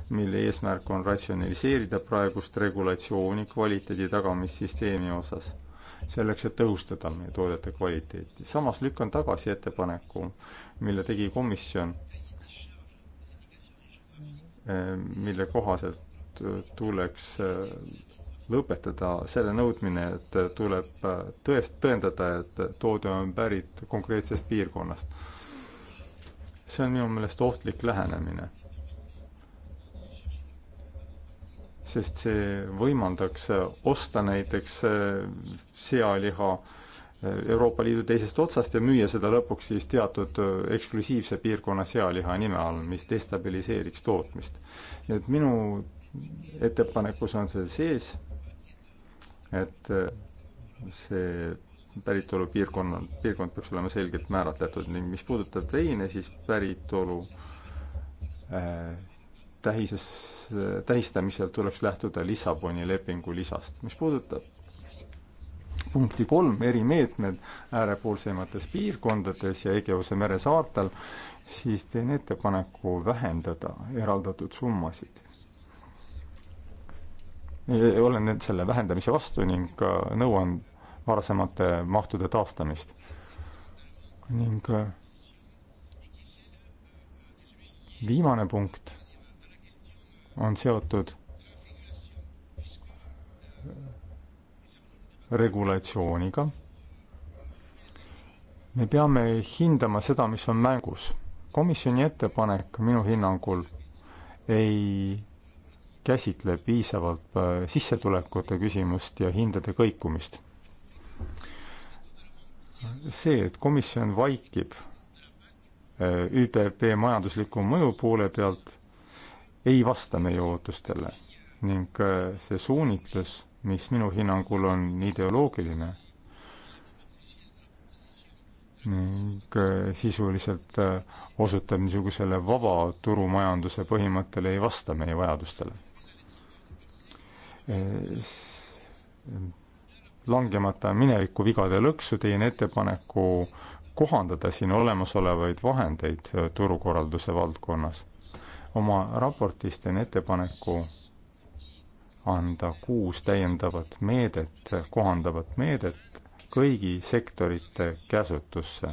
mille eesmärk on ratsionaliseerida praegust regulatsiooni kvaliteedi tagamissüsteemi osas, selleks et tõhustada meie toodete kvaliteeti. samas lükkan tagasi ettepaneku, mille tegi komisjon, eh, mille kohaselt tuleks eh, lõpetada selle nõudmine, et tuleb eh, tõest-, tõendada, et toode on pärit konkreetsest piirkonnast see on minu meelest ohtlik lähenemine. sest see võimaldaks osta näiteks eh, sealiha eh, Euroopa Liidu teisest otsast ja müüa seda lõpuks siis teatud eh, eksklusiivse piirkonna sealiha nime all, mis destabiliseeriks tootmist. nii et minu ettepanekus on see sees, et see päritolupiirkonna, piirkond peaks olema selgelt määratletud ning mis puudutab veine, siis päritolu äh, tähises, tähistamisel tuleks lähtuda Lissaboni lepingu lisast. mis puudutab punkti kolm, erimeetmed äärepoolsemates piirkondades ja Egeuse mere saartel, siis teen ettepaneku vähendada eraldatud summasid. olen nüüd selle vähendamise vastu ning äh, nõuan varasemate mahtude taastamist. ning äh, viimane punkt on seotud äh, regulatsiooniga. me peame hindama seda, mis on mängus. komisjoni ettepanek minu hinnangul ei käsitle piisavalt äh, sissetulekute küsimust ja hindade kõikumist see, et komisjon vaikib äh, ÜPP majandusliku mõju poole pealt, ei vasta meie ootustele ning äh, see suunitlus, mis minu hinnangul on ideoloogiline ning äh, sisuliselt osutab niisugusele vaba turumajanduse põhimõttele, ei vasta meie vajadustele langemata mineviku vigade lõksu, teen ettepaneku kohandada siin olemasolevaid vahendeid äh, turukorralduse valdkonnas. oma raportis teen ettepaneku anda kuus täiendavat meedet, kohandavat meedet kõigi sektorite käsutusse,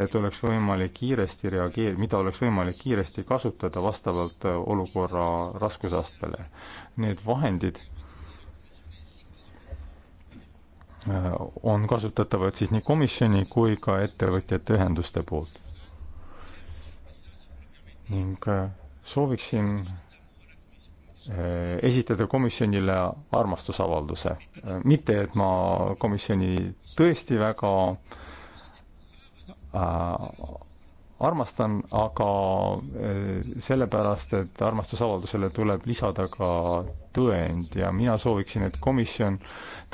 et oleks võimalik kiiresti reageerida, mida oleks võimalik kiiresti kasutada vastavalt äh, olukorra raskusastmele. Need vahendid Äh, on kasutatavad siis nii komisjoni kui ka ettevõtjate ühenduste poolt. ning äh, sooviksin äh, esitada komisjonile armastusavalduse. mitte, et ma komisjoni tõesti väga armastan, aga eh, sellepärast, et armastusavaldusele tuleb lisada ka tõend ja mina sooviksin, et komisjon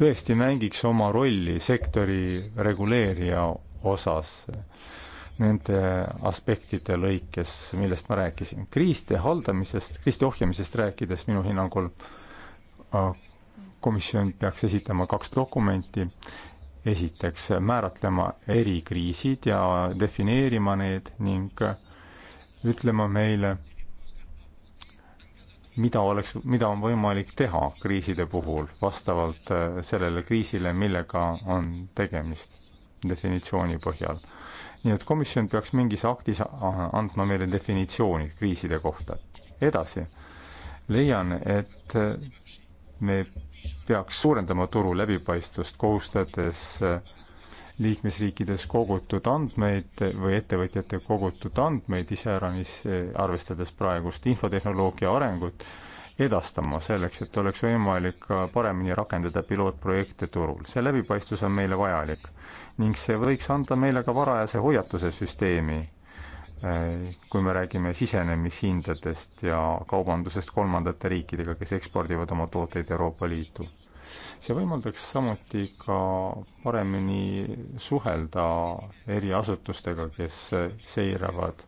tõesti mängiks oma rolli sektori reguleerija osas nende aspektide lõikes, millest ma rääkisin. kriiside haldamisest, kriiside ohjamisest rääkides minu hinnangul äh, komisjon peaks esitama kaks dokumenti esiteks määratlema erikriisid ja defineerima need ning ütlema meile, mida oleks, mida on võimalik teha kriiside puhul vastavalt äh, sellele kriisile, millega on tegemist definitsiooni põhjal. nii et komisjon peaks mingis aktis andma meile definitsioonid kriiside kohta. edasi, leian, et me peaks suurendama turu läbipaistvust, kohustades äh, liikmesriikides kogutud andmeid või ettevõtjate kogutud andmeid iseäranis, äh, arvestades praegust infotehnoloogia arengut, edastama selleks, et oleks võimalik paremini rakendada pilootprojekte turul. see läbipaistvus on meile vajalik ning see võiks anda meile ka varajase hoiatuse süsteemi Äh, kui me räägime sisenemishindadest ja kaubandusest kolmandate riikidega, kes ekspordivad oma tooteid Euroopa Liitu. see võimaldaks samuti ka paremini suhelda eri asutustega, kes seiravad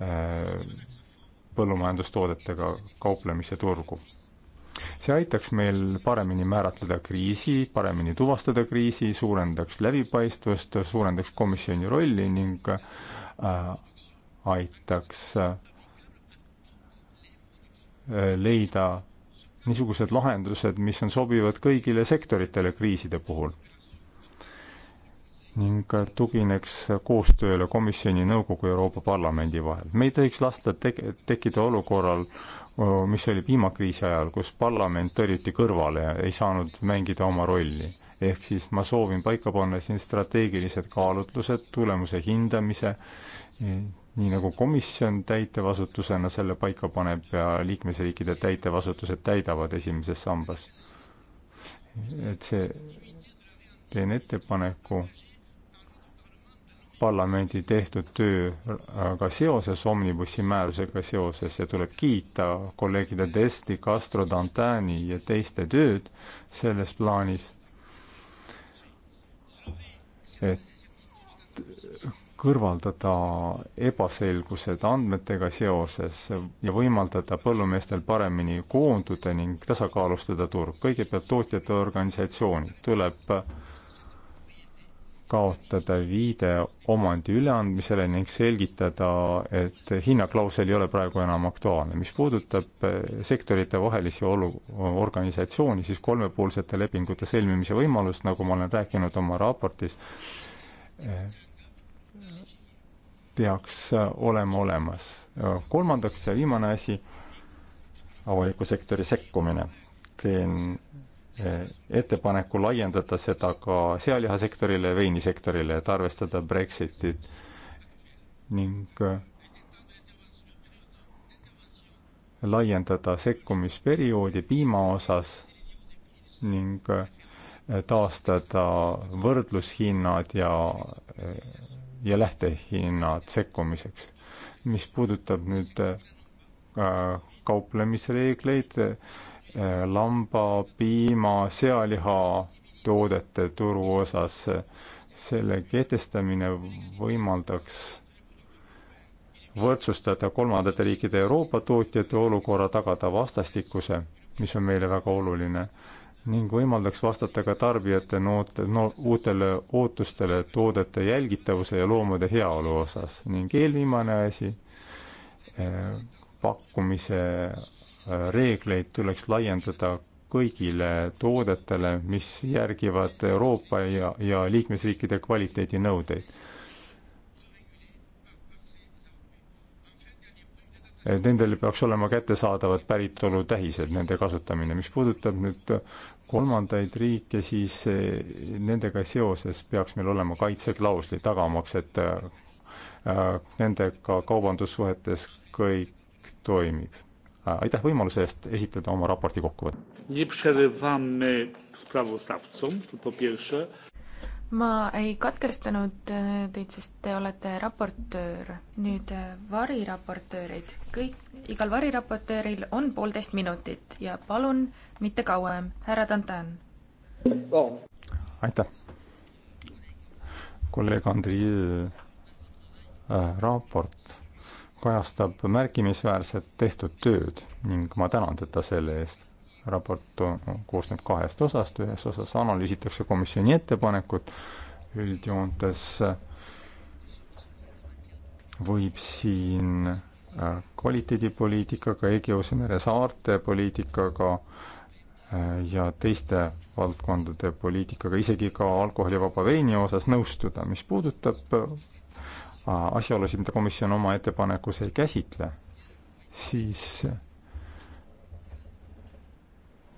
äh, põllumajandustoodetega kauplemise turgu. see aitaks meil paremini määratleda kriisi, paremini tuvastada kriisi, suurendaks läbipaistvust, suurendaks komisjoni rolli ning äh, aitaks äh, leida niisugused lahendused, mis on sobivad kõigile sektoritele kriiside puhul ning äh, tugineks koostööle komisjoni, nõukogu ja Euroopa Parlamendi vahel. me ei tohiks lasta tek-, tekkida olukorral, mis oli piimakriisi ajal, kus parlament tõrjuti kõrvale ja ei saanud mängida oma rolli. ehk siis ma soovin paika panna siin strateegilised kaalutlused, tulemuse hindamise nii nagu komisjon täitevasutusena selle paika paneb ja liikmesriikide täitevasutused täidavad esimeses sambas. et see, teen ettepaneku parlamendi tehtud tööga seoses, omnibussi määrusega seoses ja tuleb kiita kolleegide Desti, Castro, Dantani ja teiste tööd selles plaanis. et kõrvaldada ebaselgused andmetega seoses ja võimaldada põllumeestel paremini koonduda ning tasakaalustada turg. kõigepealt tootjate organisatsioonid tuleb kaotada viide omandi üleandmisele ning selgitada, et hinnaklausel ei ole praegu enam aktuaalne. mis puudutab eh, sektoritevahelisi olu-, organisatsiooni, siis kolmepoolsete lepingute sõlmimise võimalust, nagu ma olen rääkinud oma raportis, eh, peaks äh, olema olemas. Äh, kolmandaks ja viimane asi, avaliku sektori sekkumine. teen äh, ettepaneku laiendada seda ka sealihasektorile ja veinisektorile, et arvestada Brexitit ning laiendada sekkumisperioodi piima osas ning taastada võrdlushinnad ja ja lähtehinnad sekkumiseks. mis puudutab nüüd äh, kauplemisreegleid, äh, lamba, piima, sealiha toodete turu osas, selle kehtestamine võimaldaks võrdsustada kolmandate riikide Euroopa tootjate olukorra, tagada vastastikuse, mis on meile väga oluline ning võimaldaks vastata ka tarbijate noote, no uutele ootustele toodete jälgitavuse ja loomade heaolu osas ning eelviimane asi, eh, pakkumise eh, reegleid tuleks laiendada kõigile toodetele, mis järgivad Euroopa ja, ja liikmesriikide kvaliteedinõudeid et nendel peaks olema kättesaadavad päritolutähised, nende kasutamine. mis puudutab nüüd kolmandaid riike, siis eh, nendega seoses peaks meil olema kaitseklausli tagamaks, et eh, nendega kaubandussuhetes kõik toimib. aitäh võimaluse eest esitada oma raporti kokkuvõte ma ei katkestanud äh, teid, sest te olete raportöör. nüüd äh, variraportöörid, kõik, igal variraportööril on poolteist minutit ja palun mitte kauem, härra Tantan oh.. aitäh. kolleeg Andrei äh, äh, raport kajastab märkimisväärset tehtud tööd ning ma tänan teda selle eest raport koosneb kahest osast, ühes osas analüüsitakse komisjoni ettepanekut, üldjoontes äh, võib siin äh, kvaliteedipoliitikaga, Egeuse mere saarte poliitikaga äh, ja teiste valdkondade poliitikaga, isegi ka alkoholivaba veini osas nõustuda, mis puudutab asjaolusid, mida komisjon oma ettepanekus ei käsitle, siis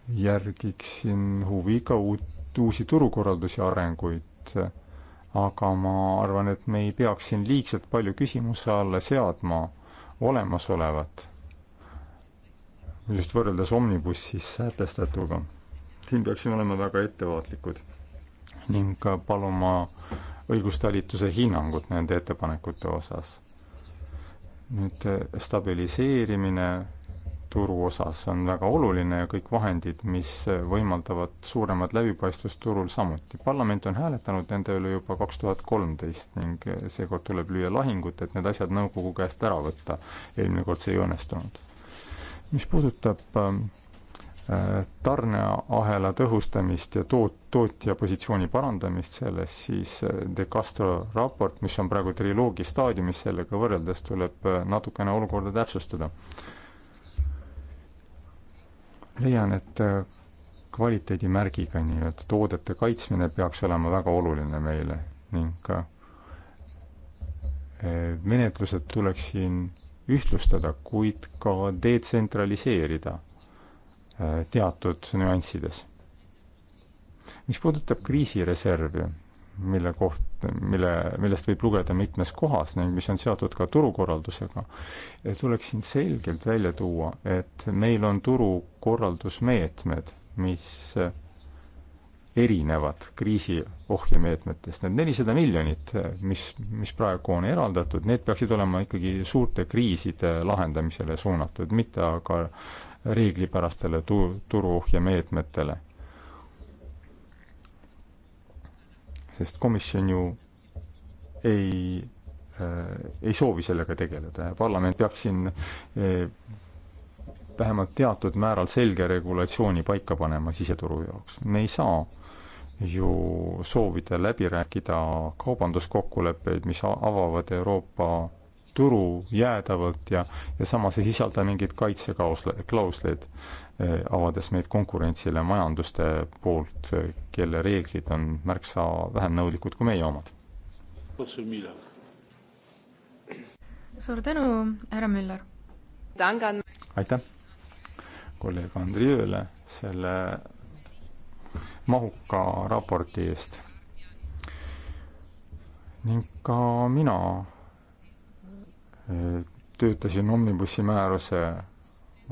järgiksin huviga uut, uusi turukorraldusi arenguid, aga ma arvan, et me ei peaks siin liigselt palju küsimuse alla seadma olemasolevat, just võrreldes Omnibussis sätestatuga. siin peaksime olema väga ettevaatlikud ning paluma õigustalituse hinnangut nende ettepanekute osas. nüüd stabiliseerimine turu osas on väga oluline ja kõik vahendid, mis võimaldavad suuremat läbipaistvust turul samuti. parlament on hääletanud nende üle juba kaks tuhat kolmteist ning seekord tuleb lüüa lahingut, et need asjad nõukogu käest ära võtta. eelmine kord see ei õnnestunud. mis puudutab ähm, äh, tarneahela tõhustamist ja toot-, tootja positsiooni parandamist selles, siis äh, De Castro raport, mis on praegu triloogi staadiumis, sellega võrreldes tuleb äh, natukene olukorda täpsustada leian, et äh, kvaliteedimärgiga nii-öelda toodete kaitsmine peaks olema väga oluline meile ning ka äh, menetlused tuleks siin ühtlustada, kuid ka detsentraliseerida äh, teatud nüanssides. mis puudutab kriisireservi, mille koht, mille, millest võib lugeda mitmes kohas ning mis on seotud ka turukorraldusega, tuleks siin selgelt välja tuua, et meil on turukorraldusmeetmed, mis erinevad kriisi ohjemeetmetest. Need nelisada miljonit, mis, mis praegu on eraldatud, need peaksid olema ikkagi suurte kriiside lahendamisele suunatud, mitte aga reeglipärastele tu-, turu ohjemeetmetele sest komisjon ju ei äh,, ei soovi sellega tegeleda ja parlament peaks siin äh, vähemalt teatud määral selge regulatsiooni paika panema siseturu jaoks. me ei saa ju soovida läbi rääkida kaubanduskokkuleppeid, mis avavad Euroopa turu jäädavalt ja, ja samas ei sisalda mingeid kaitseklausleid. Äh, avades meid konkurentsile majanduste poolt, äh, kelle reeglid on märksa vähem nõudlikud kui meie omad. suur tänu, härra Müller! aitäh kolleeg Andriööle selle mahuka raporti eest. ning ka mina äh, töötasin Omnibussi määruse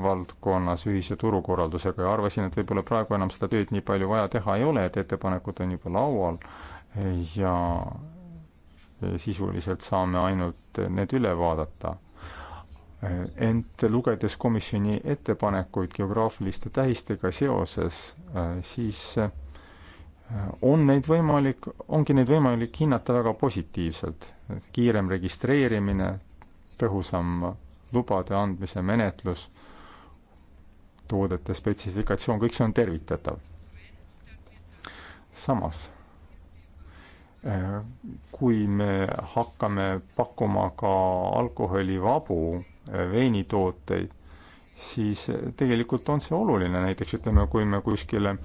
valdkonnas ühise turukorraldusega ja arvasin, et võib-olla praegu enam seda tööd nii palju vaja teha ei ole, et ettepanekud on juba laual ja sisuliselt saame ainult need üle vaadata. ent lugedes komisjoni ettepanekuid geograafiliste tähistega seoses, siis on neid võimalik, ongi neid võimalik hinnata väga positiivselt, et kiirem registreerimine, tõhusam lubade andmise menetlus toodete spetsifikatsioon, kõik see on tervitatav. samas, eh, kui me hakkame pakkuma ka alkoholivabu eh, veinitooteid, siis eh, tegelikult on see oluline, näiteks ütleme, kui me kuskile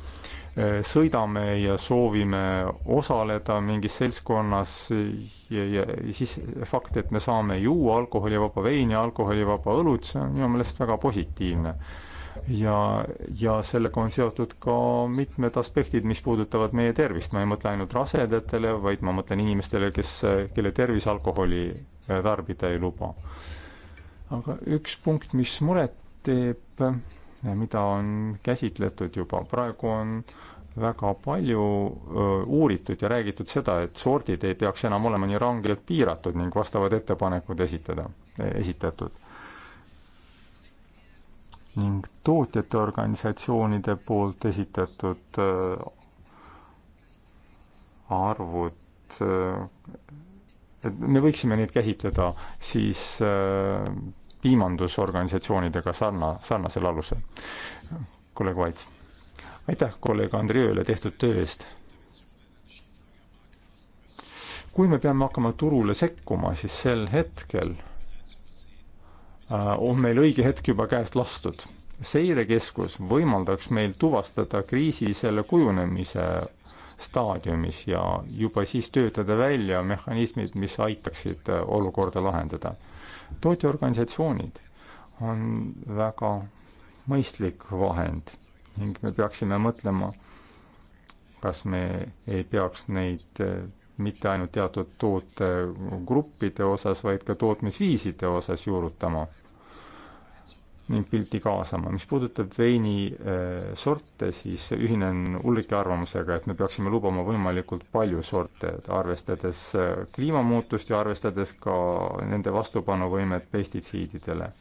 sõidame ja soovime osaleda mingis seltskonnas ja, ja siis fakt, et me saame juua alkoholivaba veini, alkoholivaba õlut, see on minu meelest väga positiivne ja, ja sellega on seotud ka mitmed aspektid, mis puudutavad meie tervist, ma ei mõtle ainult rasedatele, vaid ma mõtlen inimestele, kes, kelle tervis alkoholi äh, tarbida ei luba. aga üks punkt, mis muret teeb, mida on käsitletud juba, praegu on väga palju äh, uuritud ja räägitud seda, et sordid ei peaks enam olema nii rangelt piiratud ning vastavad ettepanekud esitada, esitatud ning tootjate organisatsioonide poolt esitatud äh, arvud, äh, et me võiksime neid käsitleda siis äh, piimandusorganisatsioonidega sarna, sarnasel alusel. kolleeg Vaits. aitäh kolleeg Andreele tehtud töö eest kui me peame hakkama turule sekkuma, siis sel hetkel Äh, on meil õige hetk juba käest lastud. seirekeskus võimaldaks meil tuvastada kriisi selle kujunemise staadiumis ja juba siis töötada välja mehhanismid, mis aitaksid äh, olukorda lahendada. tootjaorganisatsioonid on väga mõistlik vahend ning me peaksime mõtlema, kas me ei peaks neid äh, mitte ainult teatud tootegruppide osas, vaid ka tootmisviiside osas juurutama ning pilti kaasama. mis puudutab veini eh, sorte, siis ühinen Ulriki arvamusega, et me peaksime lubama võimalikult palju sorte, arvestades eh, kliimamuutust ja arvestades ka nende vastupanuvõimet pestitsiididele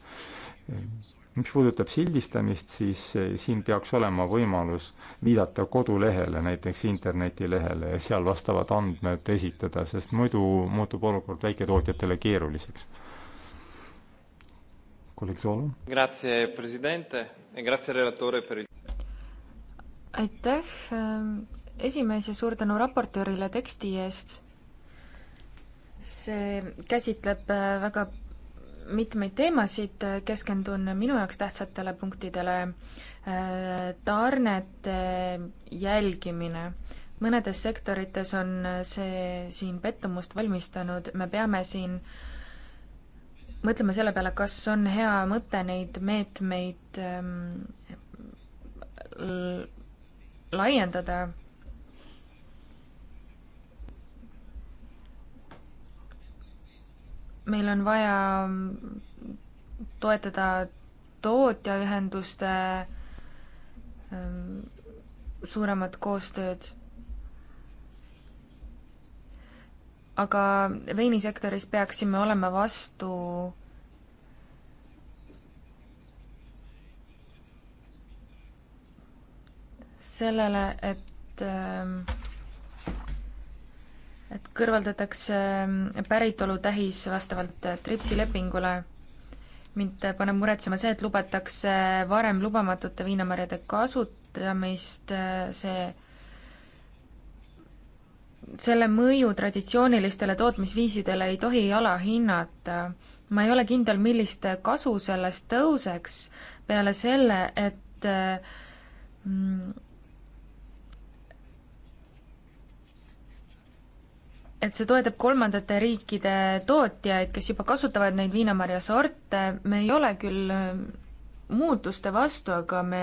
mis puudutab sildistamist, siis eh, siin peaks olema võimalus viidata kodulehele, näiteks internetilehele ja seal vastavad andmed esitada, sest muidu muutub olukord väiketootjatele keeruliseks. kolleeg Soolo. E aitäh, ähm, esimees ja suur tänu raportöörile teksti eest. see käsitleb äh, väga mitmeid teemasid, keskendun minu jaoks tähtsatele punktidele. Äh, tarnete jälgimine. mõnedes sektorites on see siin pettumust valmistanud, me peame siin mõtlema selle peale, kas on hea mõte neid meetmeid ähm, laiendada meil on vaja toetada tootjaühenduste ähm, suuremat koostööd. aga veinisektoris peaksime olema vastu sellele, et äh, et kõrvaldatakse mm, päritolutähis vastavalt äh, TRIPS-i lepingule. mind äh, paneb muretsema see, et lubatakse äh, varem lubamatute viinamarjade kasutamist, see selle mõju traditsioonilistele tootmisviisidele ei tohi alahinnata. ma ei ole kindel, millist kasu sellest tõuseks peale selle, et mm, et see toetab kolmandate riikide tootjaid, kes juba kasutavad neid viinamarja sorte, me ei ole küll äh, muutuste vastu, aga me,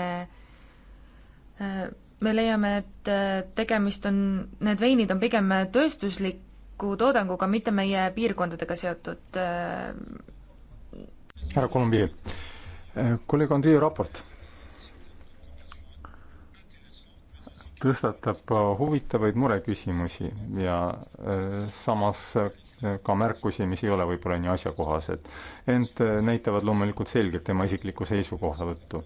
äh, me leiame, et äh, tegemist on, need veinid on pigem tööstusliku toodanguga, mitte meie piirkondadega seotud. härra Kolumbi, kolleeg Andrei raport tõstatab äh, huvitavaid mureküsimusi ja äh, samas äh, ka märkusi, mis ei ole võib-olla nii asjakohased, ent näitavad loomulikult selgelt tema isiklikku seisukohavõttu.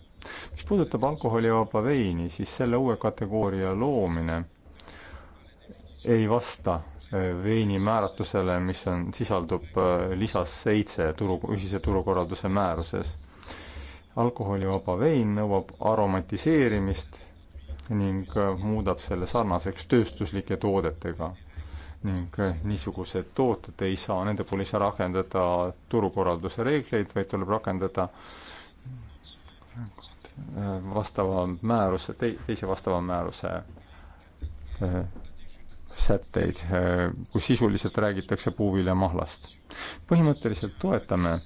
mis puudutab alkoholivaba veini, siis selle uue kategooria loomine ei vasta veini määratlusele, mis on, sisaldub lisas seitse turu, ühise turukorralduse määruses. alkoholivaba vein nõuab aromatiseerimist ning äh, muudab selle sarnaseks tööstuslike toodetega. ning äh, niisugused tooted ei saa, nende puhul ei saa rakendada turukorralduse reegleid, vaid tuleb rakendada äh, vastava määruse, teise vastava määruse sätteid, kus sisuliselt räägitakse puuviljamahlast. põhimõtteliselt toetame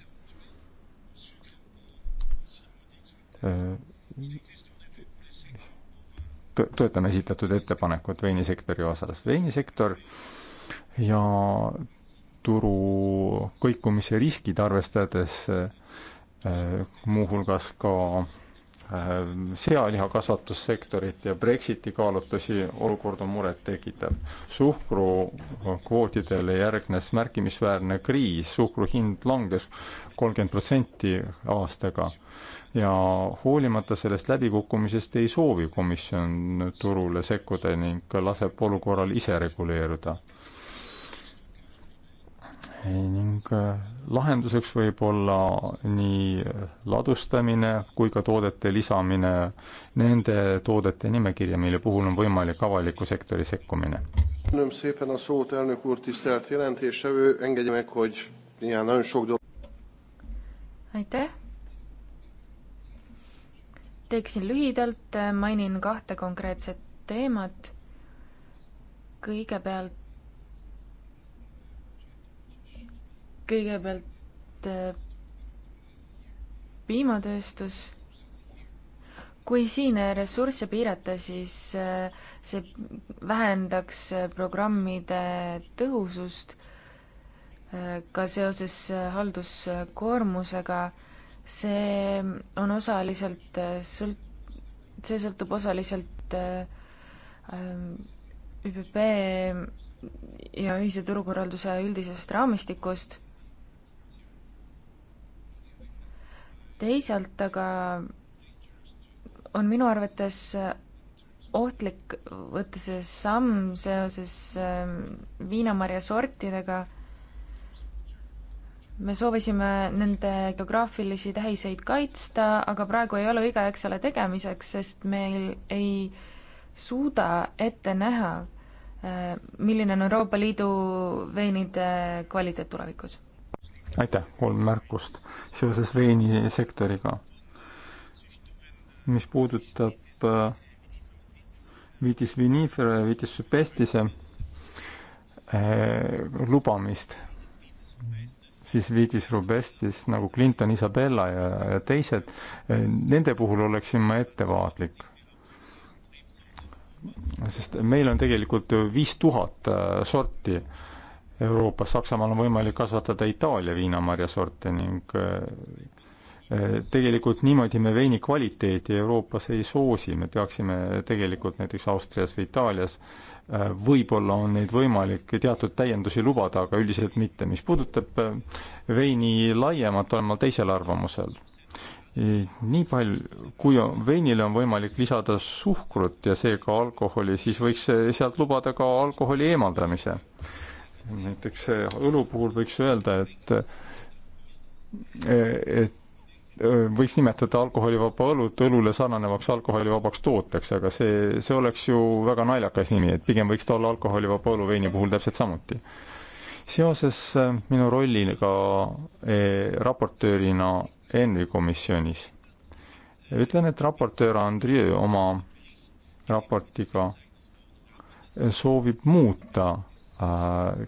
toetame esitatud ettepanekut veinisektori osas. veinisektor ja turu kõikumise riskid arvestades eh, muuhulgas ka eh, sealiha kasvatussektorit ja Brexiti kaalutlusi olukord on murettekitav. suhkrukvootidele järgnes märkimisväärne kriis, suhkru hind langes kolmkümmend protsenti aastaga ja hoolimata sellest läbikukkumisest ei soovi komisjon turule sekkuda ning laseb olukorral ise reguleeruda. ning äh, lahenduseks võib olla nii ladustamine kui ka toodete lisamine nende toodete nimekirja, mille puhul on võimalik avaliku sektori sekkumine. Köszönöm szépen a szót, elnök úr, tisztelt jelentéstevő, engedje meg, hogy néhány nagyon sok dolog. Aitäh teeksin lühidalt, mainin kahte konkreetset teemat. kõigepealt, kõigepealt äh, piimatööstus. kui siin ressursse piirata, siis äh, see vähendaks äh, programmide tõhusust ka seoses halduskoormusega see on osaliselt äh, sõlt-, see sõltub osaliselt äh, ähm, ÜPP ja ühise turukorralduse üldisest raamistikust, teisalt aga on minu arvates ohtlik võtta see samm seoses ähm, viinamarja sortidega me soovisime nende geograafilisi tähiseid kaitsta, aga praegu ei ole õige aeg selle tegemiseks, sest meil ei suuda ette näha, äh, milline on Euroopa Liidu veinide kvaliteet tulevikus. aitäh, kolm märkust seoses veinisektoriga. mis puudutab äh, vitis vinifera ja vitis supestise eh, äh, lubamist, siis Vitis Rubestis nagu Clinton Isabella ja, ja teised, nende puhul oleksin ma ettevaatlik. sest meil on tegelikult viis tuhat äh, sorti Euroopas, Saksamaal on võimalik kasvatada Itaalia viinamarja sorte ning äh, äh, tegelikult niimoodi me veini kvaliteeti Euroopas ei soosi, me peaksime tegelikult näiteks Austrias või Itaalias äh, Äh, võib-olla on neid võimalik teatud täiendusi lubada, aga üldiselt mitte. mis puudutab äh, veini laiemalt, olen ma teisel arvamusel. E, nii palju, kui on, veinile on võimalik lisada suhkrut ja seega alkoholi, siis võiks sealt lubada ka alkoholi eemaldamise. näiteks äh, õlu puhul võiks öelda, et et võiks nimetada alkoholivaba õlut õlule sarnanevaks alkoholivabaks tooteks, aga see, see oleks ju väga naljakas nimi, et pigem võiks ta olla alkoholivaba õlu veini puhul täpselt samuti. seoses äh, minu rolliga äh, raportöörina ENVI komisjonis ütlen, et raportöör Andrei oma raportiga äh, soovib muuta äh,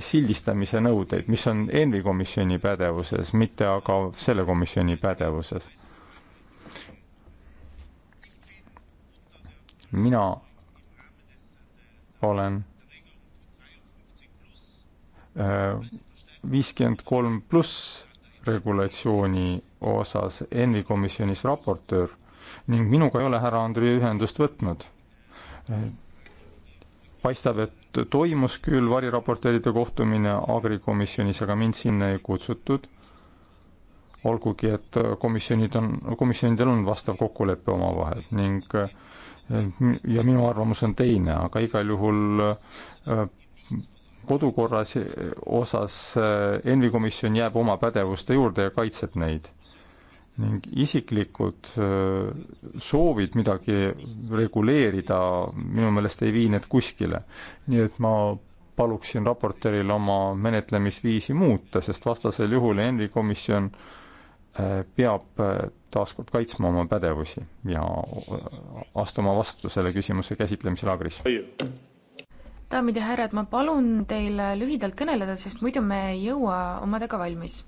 sildistamise nõudeid, mis on ENVI komisjoni pädevuses, mitte aga selle komisjoni pädevuses. mina olen äh, viiskümmend kolm pluss regulatsiooni osas ENVI komisjonis raportöör ning minuga ei ole härra Andrei ühendust võtnud paistab, et toimus küll variraportööride kohtumine agrikomisjonis, aga mind sinna ei kutsutud. olgugi, et komisjonid on, komisjonidel on vastav kokkulepe omavahel ning eh, ja minu arvamus on teine, aga igal juhul eh, kodukorras eh, osas ENVI komisjon jääb oma pädevuste juurde ja kaitseb neid ning isiklikud äh, soovid midagi reguleerida minu meelest ei vii need kuskile. nii et ma paluksin raportööril oma menetlemisviisi muuta, sest vastasel juhul ENVI komisjon äh, peab äh, taaskord kaitsma oma pädevusi ja astuma vastu selle küsimuse käsitlemisel Agris. daamid ja härrad, ma palun teil lühidalt kõneleda, sest muidu me ei jõua omadega valmis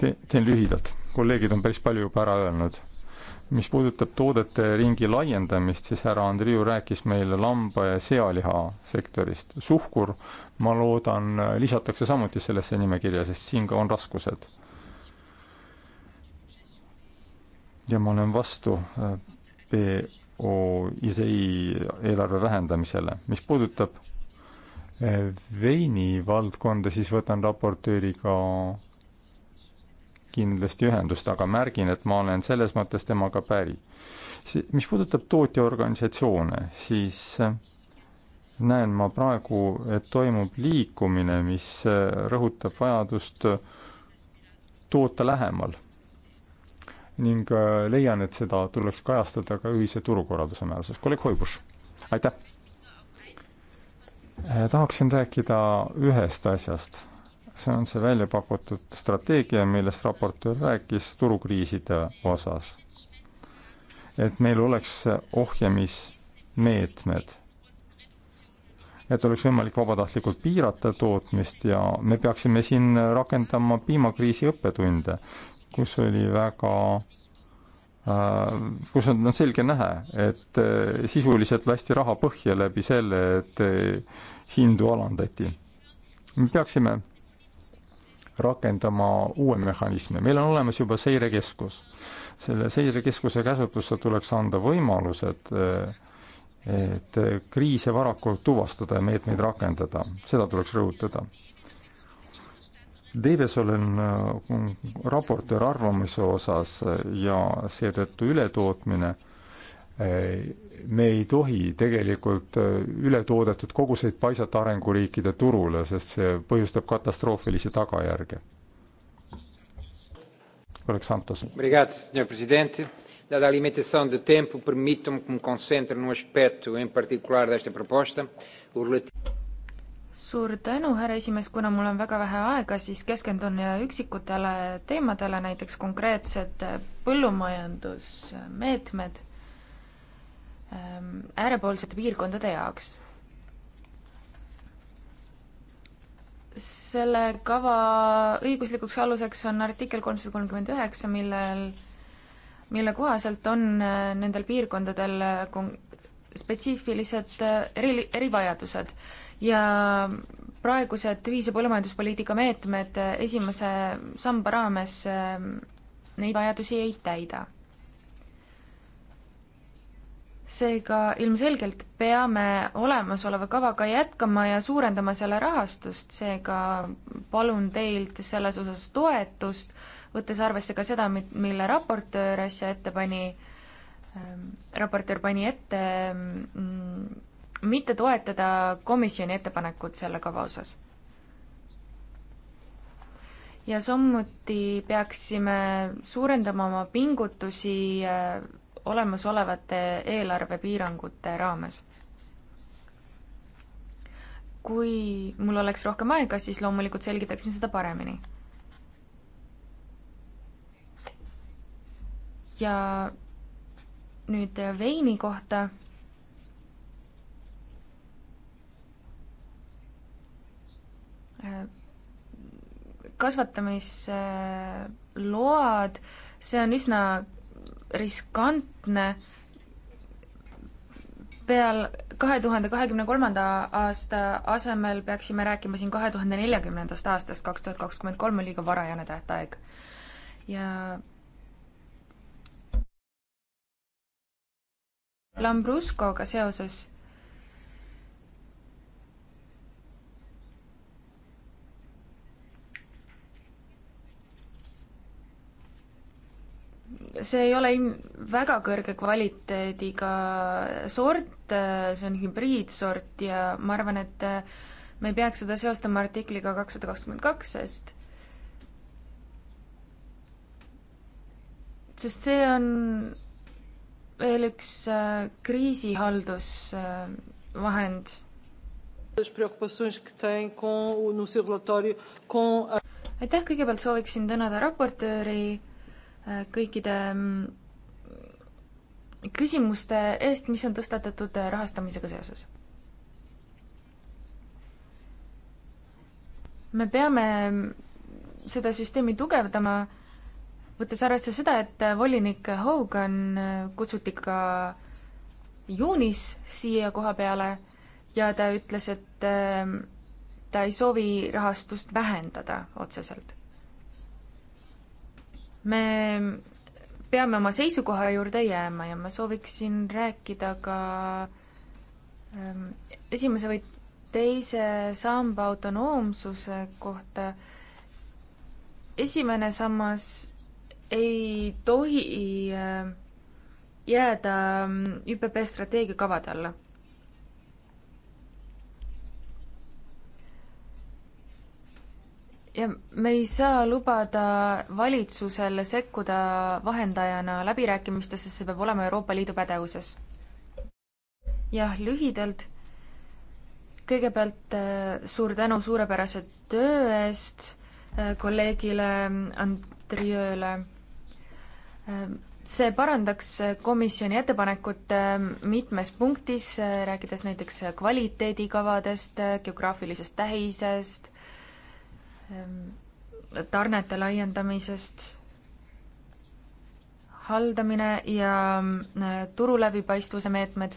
Te, teen lühidalt, kolleegid on päris palju juba ära öelnud. mis puudutab toodete ringi laiendamist, siis härra Andriu rääkis meile lamba- ja sealiha sektorist. suhkur, ma loodan, lisatakse samuti sellesse nimekirja, sest siin ka on raskused. ja ma olen vastu äh, PO isei eelarve vähendamisele. mis puudutab äh, veini valdkonda, siis võtan raportööriga kindlasti ühendust, aga märgin, et ma olen selles mõttes temaga päri. mis puudutab tootjaorganisatsioone, siis äh, näen ma praegu, et toimub liikumine, mis äh, rõhutab vajadust äh, toota lähemal. ning leian, et seda tuleks kajastada ka ühise turukorralduse määruses. kolleeg Hoibus, aitäh! tahaksin rääkida ühest asjast see on see välja pakutud strateegia, millest raportöör rääkis turukriiside osas. et meil oleks ohjamismeetmed et oleks võimalik vabatahtlikult piirata tootmist ja me peaksime siin rakendama piimakriisi õppetunde, kus oli väga äh, kus on, on selge nähe, et äh, sisuliselt lasti raha põhja läbi selle, et äh, hindu alandati. me peaksime rakendama uue mehhanismi. meil on olemas juba seirekeskus. selle seirekeskuse käsutusse tuleks anda võimalused, eh, et kriise varakult tuvastada ja meetmeid rakendada, seda tuleks rõhutada. Deives olen eh, raportöör arvamuse osas ja seetõttu ületootmine me ei tohi tegelikult äh, ületoodetud koguseid paisata arenguriikide turule, sest see põhjustab katastroofilisi tagajärgi. kolleeg Santos. Dada a limitação de tempo, permitam-me que me concentre num aspecto em particular desta proposta, o relativo suur tänu, härra esimees, kuna mul on väga vähe aega, siis keskendun üksikutele teemadele, näiteks konkreetsed põllumajandusmeetmed Ähm, äärepoolsete piirkondade jaoks. selle kava õiguslikuks aluseks on artikkel kolmsada kolmkümmend üheksa, millel, mille kohaselt on äh, nendel piirkondadel äh, spetsiifilised äh, eri, erivajadused ja praegused ühise põllumajanduspoliitika meetmed esimese samba raames neid vajadusi ei täida seega ilmselgelt peame olemasoleva kavaga jätkama ja suurendama selle rahastust, seega palun teilt selles osas toetust, võttes arvesse ka seda, mille raportöör äsja ette pani, ähm, raportöör pani ette mm, mitte toetada komisjoni ettepanekut selle kava osas. ja samuti peaksime suurendama oma pingutusi äh, olemasolevate eelarvepiirangute raames. kui mul oleks rohkem aega, siis loomulikult selgitaksin seda paremini. ja nüüd veini kohta kasvatamisload, see on üsna riskantne. peal kahe tuhande kahekümne kolmanda aasta asemel peaksime rääkima siin kahe tuhande neljakümnendast aastast, kaks tuhat kakskümmend kolm on liiga varajane tähtaeg. ja Lambruskoga seoses see ei ole väga kõrge kvaliteediga sort, see on hübriidsort ja ma arvan, et me ei peaks seda seostama artikliga kakssada kakskümmend kaks, sest sest see on veel üks äh, kriisihaldusvahend. aitäh, kõigepealt sooviksin tänada raportööri kõikide mm, küsimuste eest, mis on tõstatatud äh, rahastamisega seoses. me peame mm, seda süsteemi tugevdama, võttes arvesse seda, et äh, volinik Hogan äh, kutsuti ka juunis siia koha peale ja ta ütles, et ta ei soovi rahastust vähendada otseselt me peame oma seisukoha juurde jääma ja ma sooviksin rääkida ka ähm, esimese või teise samba autonoomsuse kohta. esimene sammas ei tohi äh, jääda ähm, ÜPP strateegiakavade alla. ja me ei saa lubada valitsusel sekkuda vahendajana läbirääkimistesse, see peab olema Euroopa Liidu pädevuses. jah, lühidalt, kõigepealt äh, suur tänu suurepärase töö eest äh, kolleegile Andriööle. Äh, see parandaks komisjoni ettepanekut mitmes punktis, rääkides näiteks kvaliteedikavadest, geograafilisest tähisest, Ehm, tarnete laiendamisest, haldamine ja mm, äh, turu läbipaistvuse meetmed.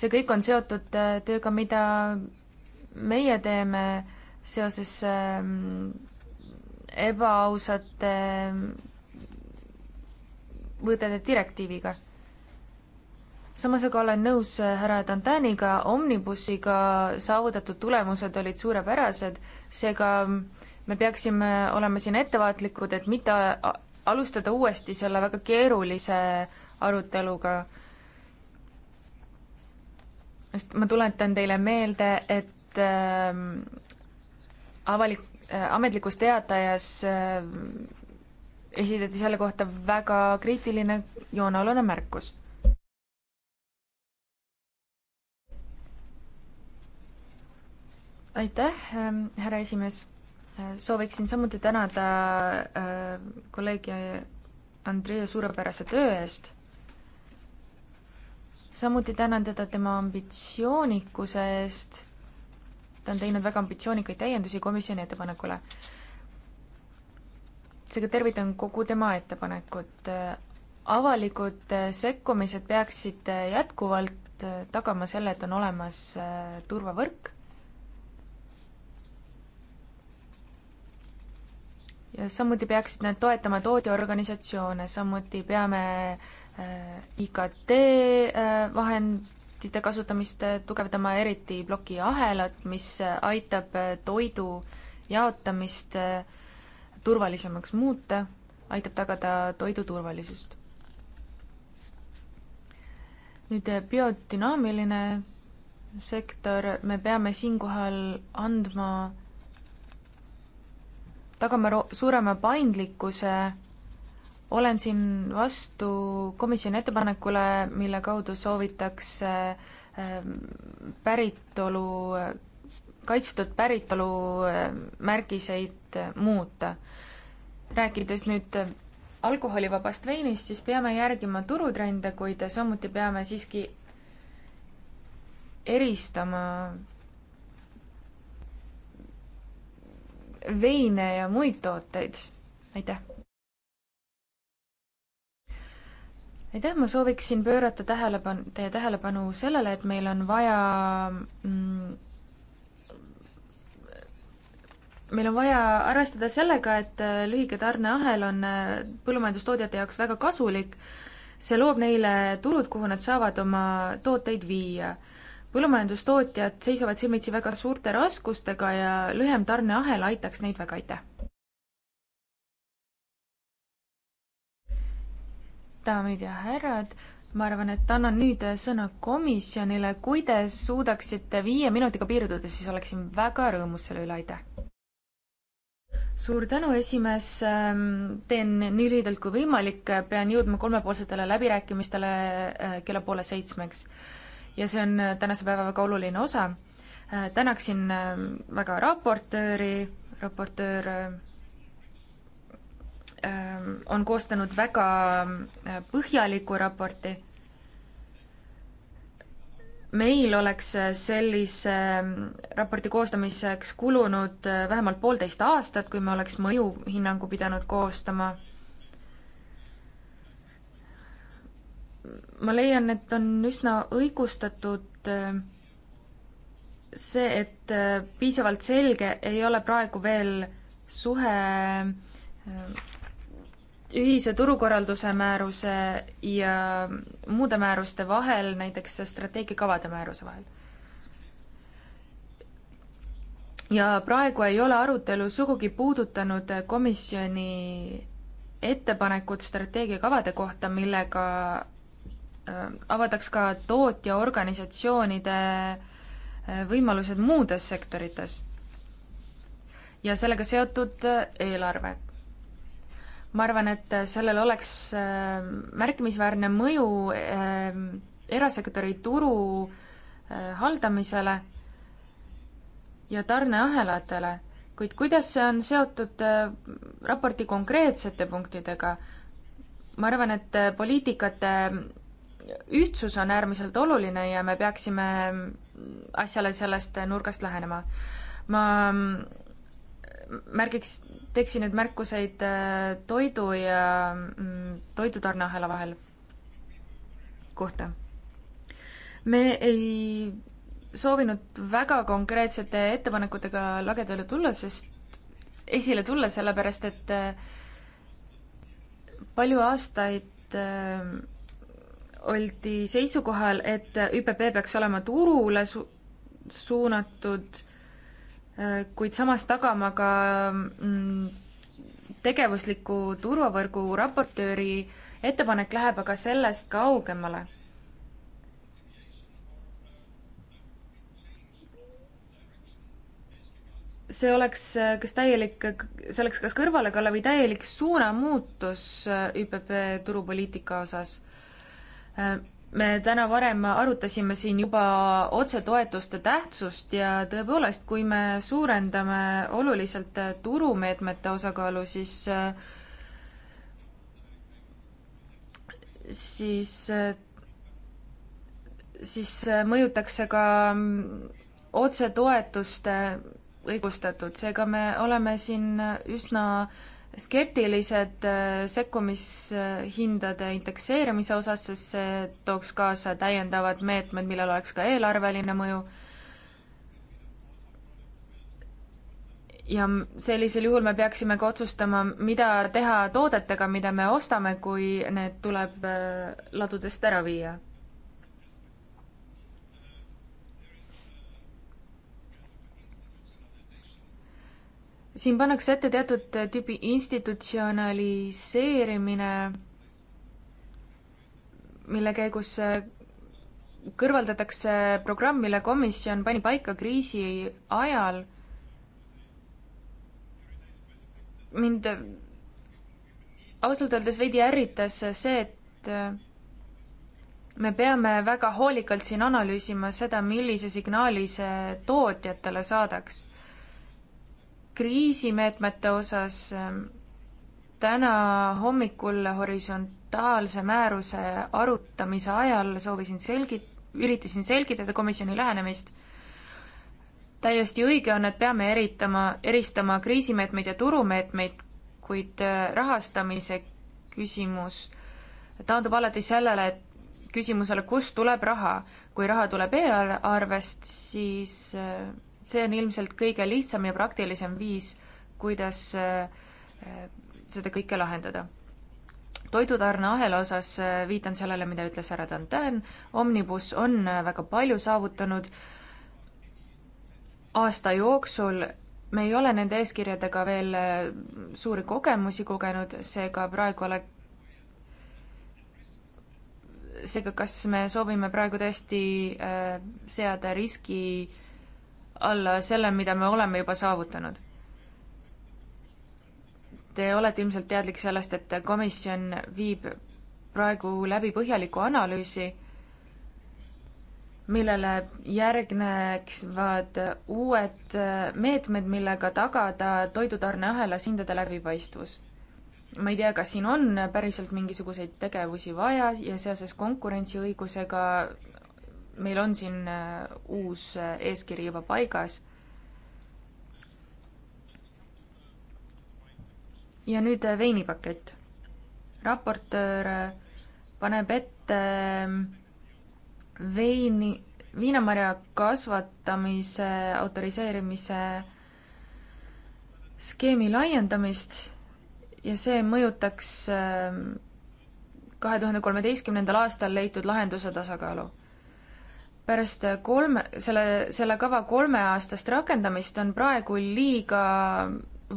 see kõik on seotud äh, tööga, mida meie teeme seoses ehm, ebaausate mm, võtete direktiiviga. samas aga olen nõus äh, härra Dantaniga, Omnibussiga saavutatud tulemused olid suurepärased, seega mm, me peaksime olema siin ettevaatlikud, et mitte alustada uuesti selle väga keerulise aruteluga. sest ma tuletan teile meelde, et äh, avalik äh,, ametlikus teatajas äh, esitati selle kohta väga kriitiline joonealune märkus aitäh, ähm, härra esimees sooviksin samuti tänada äh, kolleeg Andrea suurepärase töö eest. samuti tänan teda tema ambitsioonikuse eest. ta on teinud väga ambitsioonikaid täiendusi komisjoni ettepanekule. seega tervitan kogu tema ettepanekut. avalikud sekkumised peaksid jätkuvalt tagama selle, et on olemas äh, turvavõrk ja samuti peaksid need toetama tootjaorganisatsioone, samuti peame äh, IKT äh, vahendite kasutamist äh, tugevdama, eriti plokiahelat, mis aitab toidu jaotamist turvalisemaks muuta, aitab tagada toidu turvalisust. nüüd biodünaamiline sektor, me peame siinkohal andma tagama suurema paindlikkuse. olen siin vastu komisjoni ettepanekule, mille kaudu soovitakse ähm, päritolu, kaitstud päritolu ähm, märgiseid äh, muuta. rääkides nüüd äh, alkoholivabast veinist, siis peame järgima turutrende, kuid samuti peame siiski eristama veine ja muid tooteid. aitäh! aitäh, ma sooviksin pöörata tähelepanu, teie tähelepanu sellele, et meil on vaja mm, meil on vaja arvestada sellega, et äh, lühike tarneahel on äh, põllumajandustoodjate jaoks väga kasulik. see loob neile turud, kuhu nad saavad oma tooteid viia põllumajandustootjad seisavad silmitsi väga suurte raskustega ja lühem tarneahel aitaks neid väga, aitäh! daamid ja härrad, ma arvan, et annan nüüd sõna komisjonile, kui te suudaksite viie minutiga piirduda, siis oleksin väga rõõmus selle üle, aitäh! suur tänu, esimees, ehm, teen nii lühidalt kui võimalik, pean jõudma kolmepoolsetele läbirääkimistele eh, kella poole seitsmeks ja see on äh, tänase päeva väga oluline osa. Äh, tänaksin äh, väga raportööri, raportöör ähm, on koostanud väga põhjaliku raporti. meil oleks sellise ähm, raporti koostamiseks kulunud vähemalt poolteist aastat, kui me oleks mõjuhinnangu pidanud koostama ma leian, et on üsna õigustatud äh, see, et äh, piisavalt selge ei ole praegu veel suhe äh, ühise turukorralduse määruse ja muude määruste vahel, näiteks strateegiakavade määruse vahel. ja praegu ei ole arutelu sugugi puudutanud komisjoni ettepanekut strateegiakavade kohta, millega Äh, avataks ka tootjaorganisatsioonide äh, võimalused muudes sektorites ja sellega seotud äh, eelarve. ma arvan, et sellel oleks märkimisväärne mõju erasektori turu haldamisele ja tarneahelatele, kuid kuidas see on seotud raporti konkreetsete punktidega? ma arvan, et poliitikate ühtsus on äärmiselt oluline ja me peaksime asjale sellest nurgast lähenema. ma mm, märgiks, teeksin nüüd märkuseid äh, toidu ja mm, toidutarneahela vahel kohta. me ei soovinud väga konkreetsete ettepanekutega lagedale tulla, sest, esile tulla, sellepärast et äh, palju aastaid äh, oldi seisukohal, et ÜPP peaks olema turule su-, suunatud, kuid samas tagama ka mm, tegevusliku turvavõrgu raportööri ettepanek läheb aga sellest kaugemale. see oleks kas täielik, see oleks kas kõrvalekalle või täielik suunamuutus ÜPP turupoliitika osas me täna varem arutasime siin juba otsetoetuste tähtsust ja tõepoolest, kui me suurendame oluliselt turumeetmete osakaalu, siis siis, siis mõjutaks see ka otsetoetuste õigustatud, seega me oleme siin üsna äh, skeptilised äh, sekkumishindade indekseerimise osas, sest see tooks kaasa täiendavad meetmed, millel oleks ka eelarveline mõju. ja sellisel juhul me peaksime ka otsustama, mida teha toodetega, mida me ostame, kui need tuleb äh, ladudest ära viia siin pannakse ette teatud tüüpi institutsionaliseerimine, mille käigus äh, kõrvaldatakse programm, mille komisjon pani paika kriisi ajal. mind äh, ausalt öeldes veidi ärritas see, et äh, me peame väga hoolikalt siin analüüsima seda, millise signaali see tootjatele saadaks kriisimeetmete osas ähm, täna hommikul horisontaalse määruse arutamise ajal soovisin selgi-, üritasin selgitada komisjoni lähenemist. täiesti õige on, et peame eritama, eristama kriisimeetmeid ja turumeetmeid, kuid äh, rahastamise küsimus taandub alati sellele, et küsimusele, kust tuleb raha. kui raha tuleb eelarvest, siis äh, see on ilmselt kõige lihtsam ja praktilisem viis, kuidas äh, äh, seda kõike lahendada. toidutarneahela osas äh, viitan sellele, mida ütles härra Dantin, Omnibus on väga palju saavutanud aasta jooksul me ei ole nende eeskirjadega veel suuri kogemusi kogenud, seega praegu ole, seega kas me soovime praegu tõesti äh, seada riski äh, alla selle, mida me oleme juba saavutanud. Te olete ilmselt teadlik sellest, et komisjon viib praegu läbi põhjaliku analüüsi, millele järgnevad uued meetmed, millega tagada toidutarneahelas hindade läbipaistvus ma ei tea, kas siin on päriselt mingisuguseid tegevusi vaja ja seoses konkurentsiõigusega meil on siin äh, uus äh, eeskiri juba paigas. ja nüüd äh, veinipakett. raportöör paneb ette veini, viinamarja kasvatamise autoriseerimise skeemi laiendamist ja see mõjutaks kahe tuhande kolmeteistkümnendal aastal leitud lahenduse tasakaalu pärast kolme, selle, selle kava kolmeaastast rakendamist on praegu liiga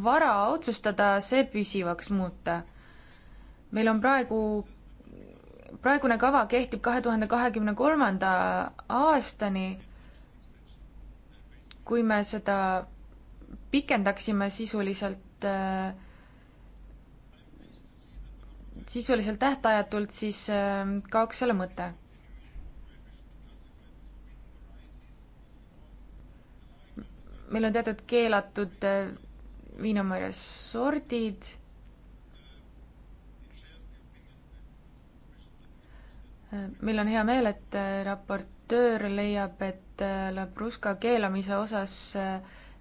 vara otsustada see püsivaks muuta. meil on praegu, praegune kava kehtib kahe tuhande kahekümne kolmanda aastani. kui me seda pikendaksime sisuliselt äh, sisuliselt tähtajatult, siis äh, kaoks selle mõte meil on teatud keelatud äh, viinamarja sordid. meil on hea meel, et äh, raportöör leiab, et äh, labruska keelamise osas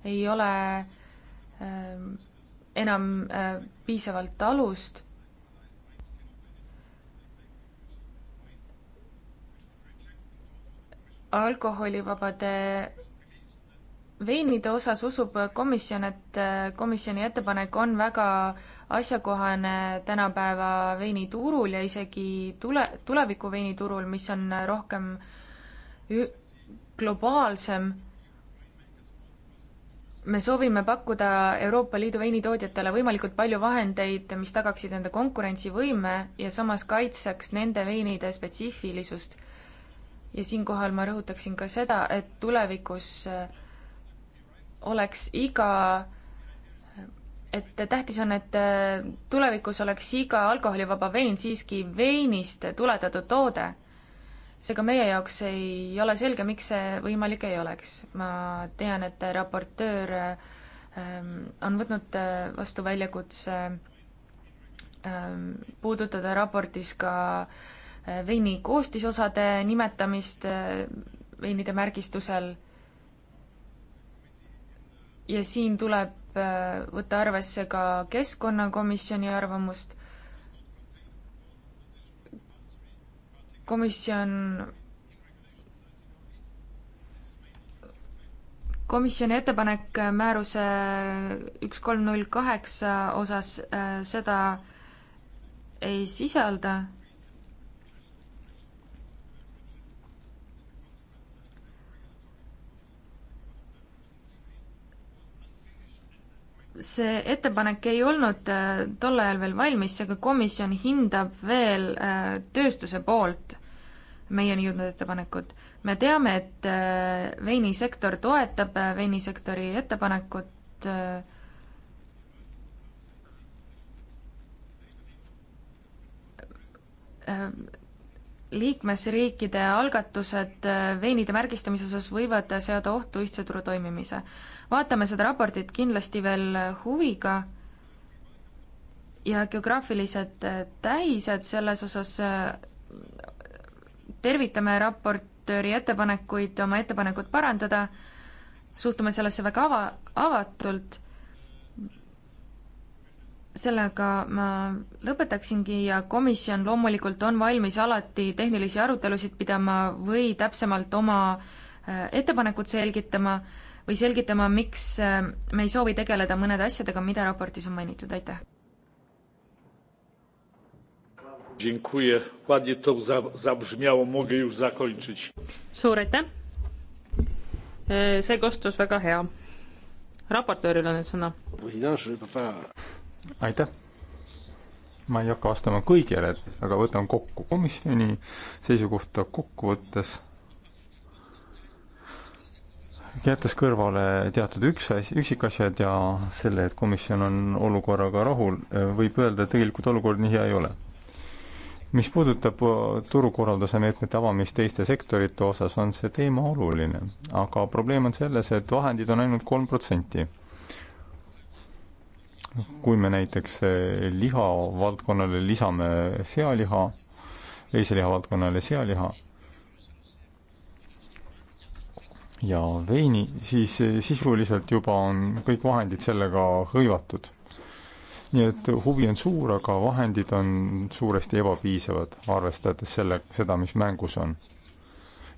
ei ole enam piisavalt alust. alkoholivabade veinide osas usub komisjon, et äh, komisjoni ettepanek on väga asjakohane tänapäeva veiniturul ja isegi tule, tuleviku veiniturul, mis on rohkem globaalsem. me soovime pakkuda Euroopa Liidu veinitootjatele võimalikult palju vahendeid, mis tagaksid nende konkurentsivõime ja samas kaitseks nende veinide spetsiifilisust. ja siinkohal ma rõhutaksin ka seda, et tulevikus äh, oleks iga, et tähtis on, et äh, tulevikus oleks iga alkoholivaba vein siiski veinist tuletatud toode. seega meie jaoks ei ole selge, miks see võimalik ei oleks. ma tean, et raportöör ähm, on võtnud äh, vastu väljakutse ähm, puudutada raportis ka äh, veini koostisosade nimetamist veinide märgistusel ja siin tuleb äh, võtta arvesse ka keskkonnakomisjoni arvamust. komisjon, komisjoni ettepanek määruse üks kolm null kaheksa osas äh, seda ei sisalda see ettepanek ei olnud äh, tol ajal veel valmis, seega komisjon hindab veel äh, tööstuse poolt meieni jõudnud ettepanekut. me teame, et äh, veinisektor toetab veinisektori ettepanekut liikmesriikide algatused veinide märgistamise osas võivad seada ohtu ühtse turu toimimise vaatame seda raportit kindlasti veel huviga ja geograafilised äh, tähised selles osas äh, tervitame raportööri ettepanekuid, oma ettepanekut parandada, suhtume sellesse väga ava, avatult. sellega ma lõpetaksingi ja komisjon loomulikult on valmis alati tehnilisi arutelusid pidama või täpsemalt oma äh, ettepanekut selgitama või selgitama, miks äh, me ei soovi tegeleda mõnede asjadega, mida raportis on mainitud, aitäh. suur aitäh! see kostus väga hea. raportööril on nüüd sõna. aitäh! ma ei hakka vastama kõigile, aga võtan kokku komisjoni seisukohta kokkuvõttes jättes kõrvale teatud üks asi, üksikasjad ja selle, et komisjon on olukorraga rahul, võib öelda, et tegelikult olukord nii hea ei ole. mis puudutab äh, turukorralduse meetmete avamist teiste sektorite osas, on see teema oluline, aga probleem on selles, et vahendid on ainult kolm protsenti. kui me näiteks äh, liha valdkonnale lisame sealiha, veiseliha valdkonnale sealiha ja veini, siis eh, sisuliselt juba on kõik vahendid sellega hõivatud. nii et huvi on suur, aga vahendid on suuresti ebapiisavad, arvestades selle, seda, mis mängus on.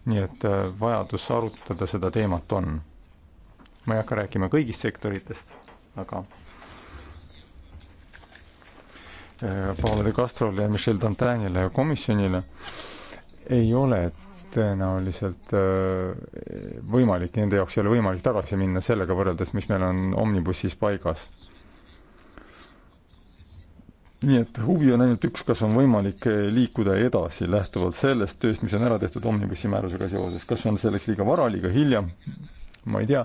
nii et eh, vajadus arutada seda teemat on. ma ei hakka rääkima kõigist sektoritest, aga eh, Paolo de Castrole ja Michel Dantanile ja komisjonile ei ole tõenäoliselt äh, võimalik, nende jaoks ei ole võimalik tagasi minna sellega võrreldes, mis meil on Omnibussis paigas. nii et huvi on ainult üks, kas on võimalik äh, liikuda edasi lähtuvalt sellest tööst, mis on ära tehtud Omnibussi määrusega seoses, kas on selleks liiga vara, liiga hilja, ma ei tea,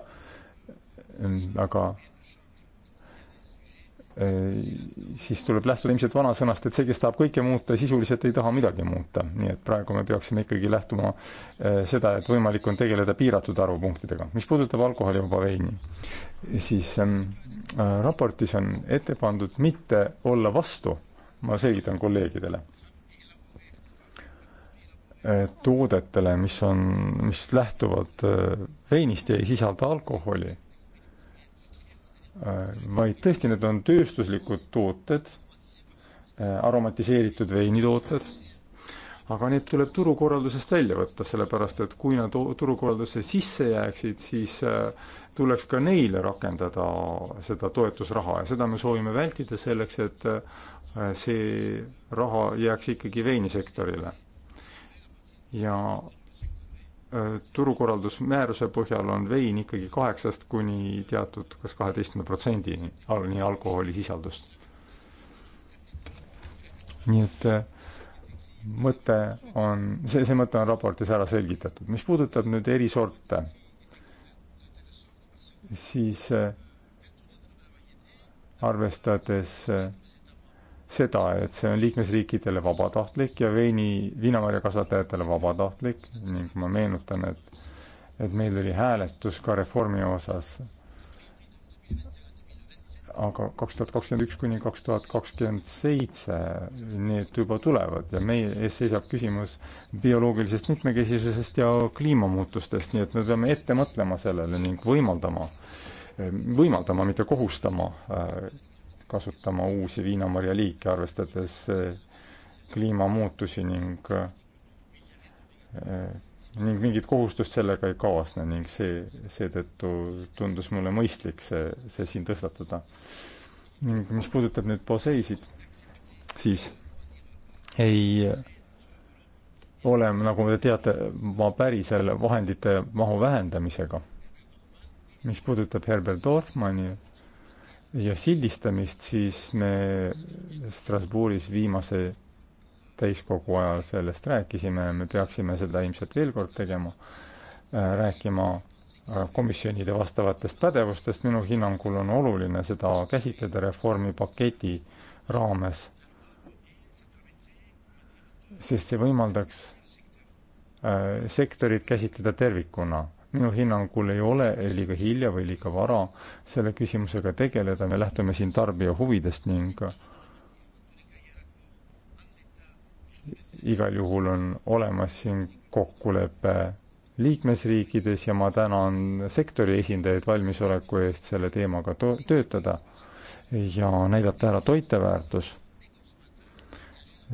aga Äh, siis tuleb lähtuda ilmselt vanasõnast, et see, kes tahab kõike muuta, sisuliselt ei taha midagi muuta. nii et praegu me peaksime ikkagi lähtuma äh, seda, et võimalik on tegeleda piiratud arvu punktidega. mis puudutab alkoholivaba veini, siis ähm, äh, raportis on ette pandud mitte olla vastu, ma selgitan kolleegidele, äh, toodetele, mis on, mis lähtuvad veinist ja ei sisalda alkoholi Äh, vaid tõesti, need on tööstuslikud tooted, äh, aromatiseeritud veinitooted, aga need tuleb turukorraldusest välja võtta, sellepärast et kui nad turukorraldusse sisse jääksid, siis äh, tuleks ka neile rakendada seda toetusraha ja seda me soovime vältida selleks, et see raha jääks ikkagi veinisektorile. ja turukorraldusmääruse põhjal on vein ikkagi kaheksast kuni teatud kas kaheteistkümne protsendini all, nii alkoholisisaldust. nii et äh, mõte on, see, see mõte on raportis ära selgitatud. mis puudutab nüüd eri sorte, siis äh, arvestades äh, seda, et see on liikmesriikidele vabatahtlik ja veini, viinamarjakasvatajatele vabatahtlik ning ma meenutan, et et meil oli hääletus ka reformi osas. aga kaks tuhat kakskümmend üks kuni kaks tuhat kakskümmend seitse need juba tulevad ja meie ees seisab küsimus bioloogilisest mitmekesisusest ja kliimamuutustest, nii et me peame ette mõtlema sellele ning võimaldama, võimaldama, mitte kohustama äh, kasutama uusi viinamarja liike, arvestades eh, kliimamuutusi ning eh, ning mingit kohustust sellega ei kaasne ning see, seetõttu tundus mulle mõistlik see, see siin tõstatada. ning mis puudutab nüüd poseisid, siis ei ole, nagu te teate, ma päri selle vahendite mahu vähendamisega. mis puudutab Herbert Dorfmanni ja sildistamist, siis me Strasbourgis viimase täiskogu ajal sellest rääkisime ja me peaksime seda ilmselt veel kord tegema, äh, rääkima äh, komisjonide vastavatest pädevustest, minu hinnangul on oluline seda käsitleda reformipaketi raames, sest see võimaldaks äh, sektorit käsitleda tervikuna minu hinnangul ei ole liiga hilja või liiga vara selle küsimusega tegeleda, me lähtume siin tarbija huvidest ning igal juhul on olemas siin kokkulepe liikmesriikides ja ma tänan sektori esindajaid valmisoleku eest selle teemaga töötada ja näidata ära toiteväärtus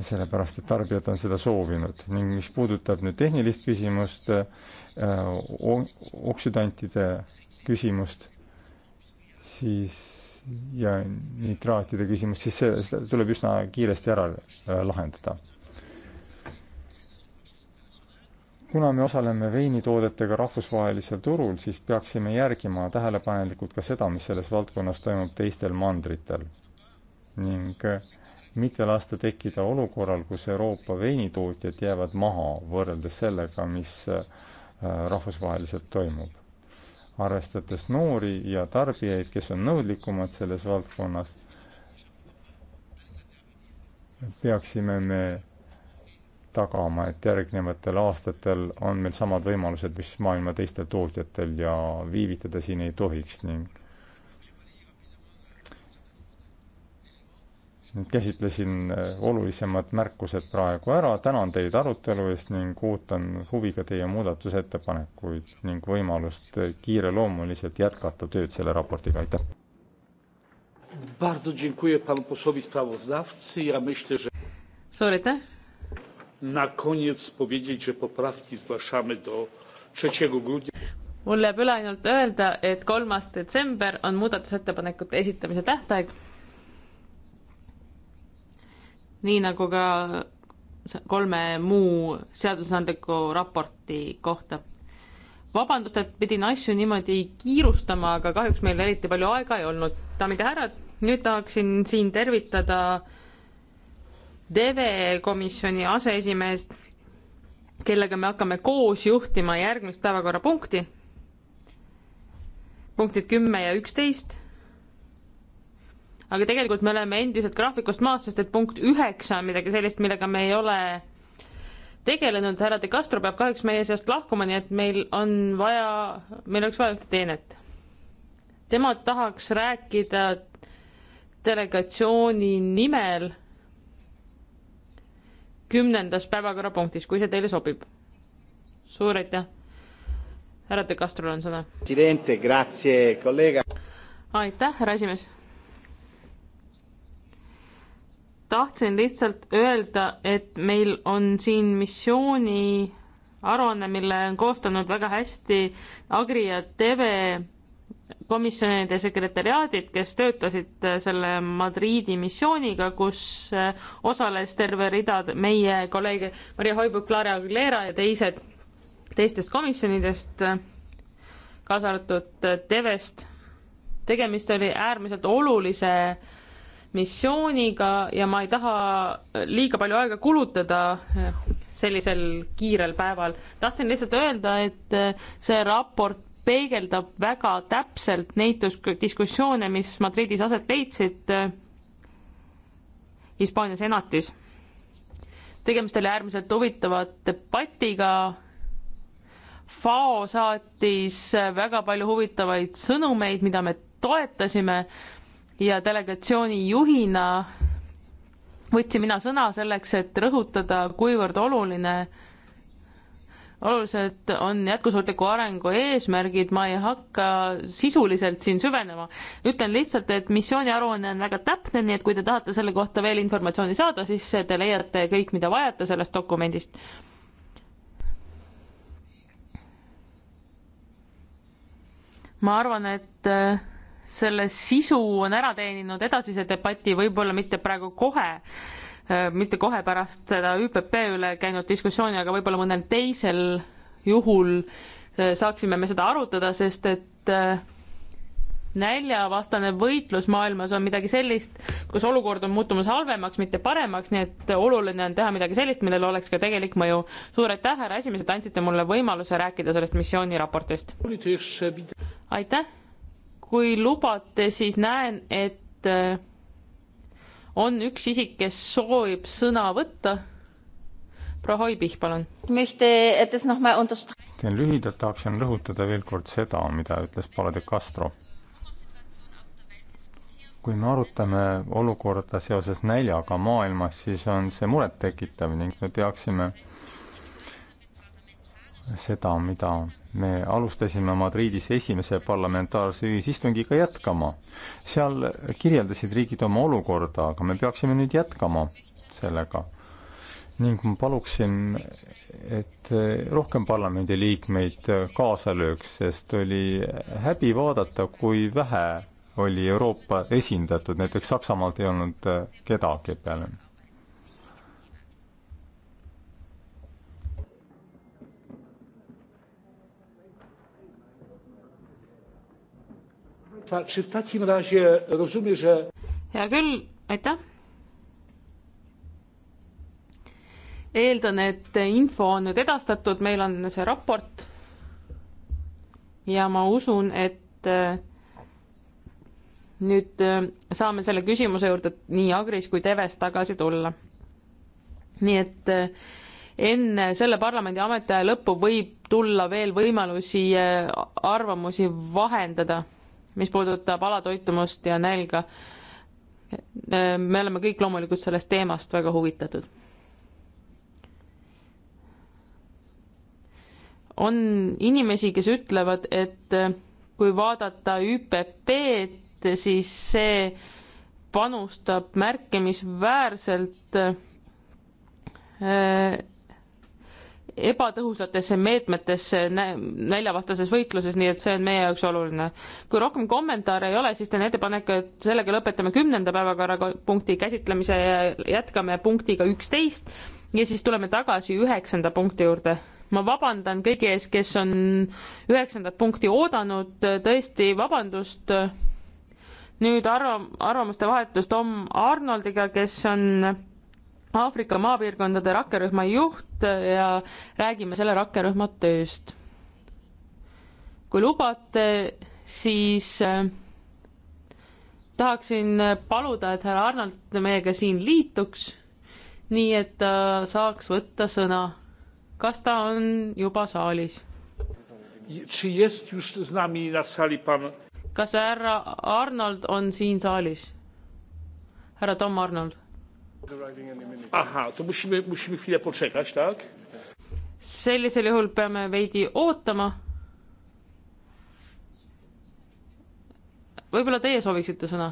sellepärast et tarbijad on seda soovinud ning mis puudutab nüüd tehnilist küsimust, äh, oksüdantide küsimust, siis ja nitraatide küsimust, siis see, seda tuleb üsna kiiresti ära äh, lahendada. kuna me osaleme veinitoodetega rahvusvahelisel turul, siis peaksime järgima tähelepanelikult ka seda, mis selles valdkonnas toimub teistel mandritel ning äh, mitte lasta tekkida olukorral, kus Euroopa veinitootjad jäävad maha võrreldes sellega, mis äh, rahvusvaheliselt toimub. arvestades noori ja tarbijaid, kes on nõudlikumad selles valdkonnas, peaksime me tagama, et järgnevatel aastatel on meil samad võimalused, mis maailma teistel tootjatel ja viivitada siin ei tohiks ning käsitlesin äh, olulisemad märkused praegu ära, tänan teid arutelu eest ning ootan huviga teie muudatusettepanekuid ning võimalust äh, kiireloomuliselt jätkata tööd selle raportiga, aitäh! suur aitäh! mul jääb üle ainult öelda, et kolmas detsember on muudatusettepanekute esitamise tähtaeg nii nagu ka kolme muu seadusandliku raporti kohta. vabandust, et pidin asju niimoodi kiirustama, aga kahjuks meil eriti palju aega ei olnud. daamid ja härrad, nüüd tahaksin siin tervitada DEVE komisjoni aseesimeest, kellega me hakkame koos juhtima järgmist päevakorrapunkti. punktid kümme ja üksteist aga tegelikult me oleme endiselt graafikust maas, sest et punkt üheksa on midagi sellist, millega me ei ole tegelenud, härra De Castro peab kahjuks meie seast lahkuma, nii et meil on vaja, meil oleks vaja ühte teenet. tema tahaks rääkida delegatsiooni nimel kümnendas päevakorrapunktis, kui see teile sobib. suur aitäh. härra De Castrol on sõna. aitäh, härra esimees tahtsin lihtsalt öelda, et meil on siin missiooni aruanne, mille on koostanud väga hästi Agri ja Teve komisjonide sekretäriaadid, kes töötasid selle Madriidi missiooniga, kus äh, osales terve rida meie kolleege Maria Hoibu, Clara Aguilera ja teised teistest komisjonidest, kaasa arvatud Tevest. tegemist oli äärmiselt olulise äh, missiooniga ja ma ei taha liiga palju aega kulutada eh, sellisel kiirel päeval. tahtsin lihtsalt öelda, et eh, see raport peegeldab väga täpselt neid diskussioone, mis Madridis aset leidsid eh, Hispaania senatis. tegemist oli äärmiselt huvitava debatiga FAO saatis väga palju huvitavaid sõnumeid, mida me toetasime, ja delegatsiooni juhina võtsin mina sõna selleks, et rõhutada, kuivõrd oluline, olulised on jätkusuutliku arengu eesmärgid, ma ei hakka sisuliselt siin süvenema. ütlen lihtsalt, et missiooni aruanne on väga täpne, nii et kui te tahate selle kohta veel informatsiooni saada, siis te leiate kõik, mida vajate sellest dokumendist ma arvan, et selle sisu on ära teeninud edasise debati, võib-olla mitte praegu kohe, äh, mitte kohe pärast seda ÜPP üle käinud diskussiooni, aga võib-olla mõnel teisel juhul äh, saaksime me seda arutada, sest et äh, näljavastane võitlus maailmas on midagi sellist, kus olukord on muutumas halvemaks, mitte paremaks, nii et oluline on teha midagi sellist, millel oleks ka tegelik mõju. suur aitäh, härra esimees, et andsite mulle võimaluse rääkida sellest missiooniraportist. aitäh kui lubate, siis näen, et äh, on üks isik, kes soovib sõna võtta. proua Hoibih, palun. teen lühidalt, tahaksin rõhutada veel kord seda, mida ütles Paula de Castro. kui me arutame olukorda seoses näljaga maailmas, siis on see murettekitav ning me peaksime seda, mida me alustasime Madridis esimese parlamentaarse ühisistungiga jätkama. seal kirjeldasid riigid oma olukorda, aga me peaksime nüüd jätkama sellega. ning ma paluksin, et rohkem parlamendiliikmeid kaasa lööks, sest oli häbi vaadata, kui vähe oli Euroopa esindatud, näiteks Saksamaalt ei olnud kedagi peale hea küll, aitäh. eeldan, et info on nüüd edastatud, meil on see raport. ja ma usun, et äh, nüüd äh, saame selle küsimuse juurde nii Agris kui Teves tagasi tulla. nii et äh, enne selle parlamendi ametiaja lõppu võib tulla veel võimalusi arvamusi vahendada mis puudutab alatoitumust ja nälga. me oleme kõik loomulikult sellest teemast väga huvitatud. on inimesi, kes ütlevad, et kui vaadata ÜPP-d, siis see panustab märkimisväärselt äh, ebatõhusatesse meetmetesse näljavastases võitluses, nii et see on meie jaoks oluline. kui rohkem kommentaare ei ole, siis teen ettepaneku, et sellega lõpetame kümnenda päevakorrapunkti käsitlemise ja jätkame punktiga üksteist ja siis tuleme tagasi üheksanda punkti juurde. ma vabandan kõigi ees, kes on üheksandat punkti oodanud, tõesti vabandust. nüüd arv-, arvamuste vahetus Tom Arnoldiga, kes on Aafrika maapiirkondade rakkerühma juht ja räägime selle rakkerühma tööst. kui lubate, siis äh, tahaksin paluda, et härra Arnold meiega siin liituks, nii et ta saaks võtta sõna. kas ta on juba saalis? kas härra Arnold on siin saalis? härra Tom Arnold ahhaa, to musimy, musimy chwilę poczekać, tak? sellisel juhul peame veidi ootama. võib-olla teie sooviksite sõna?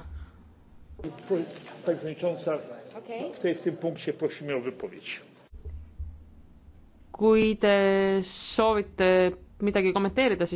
kui te soovite midagi kommenteerida, siis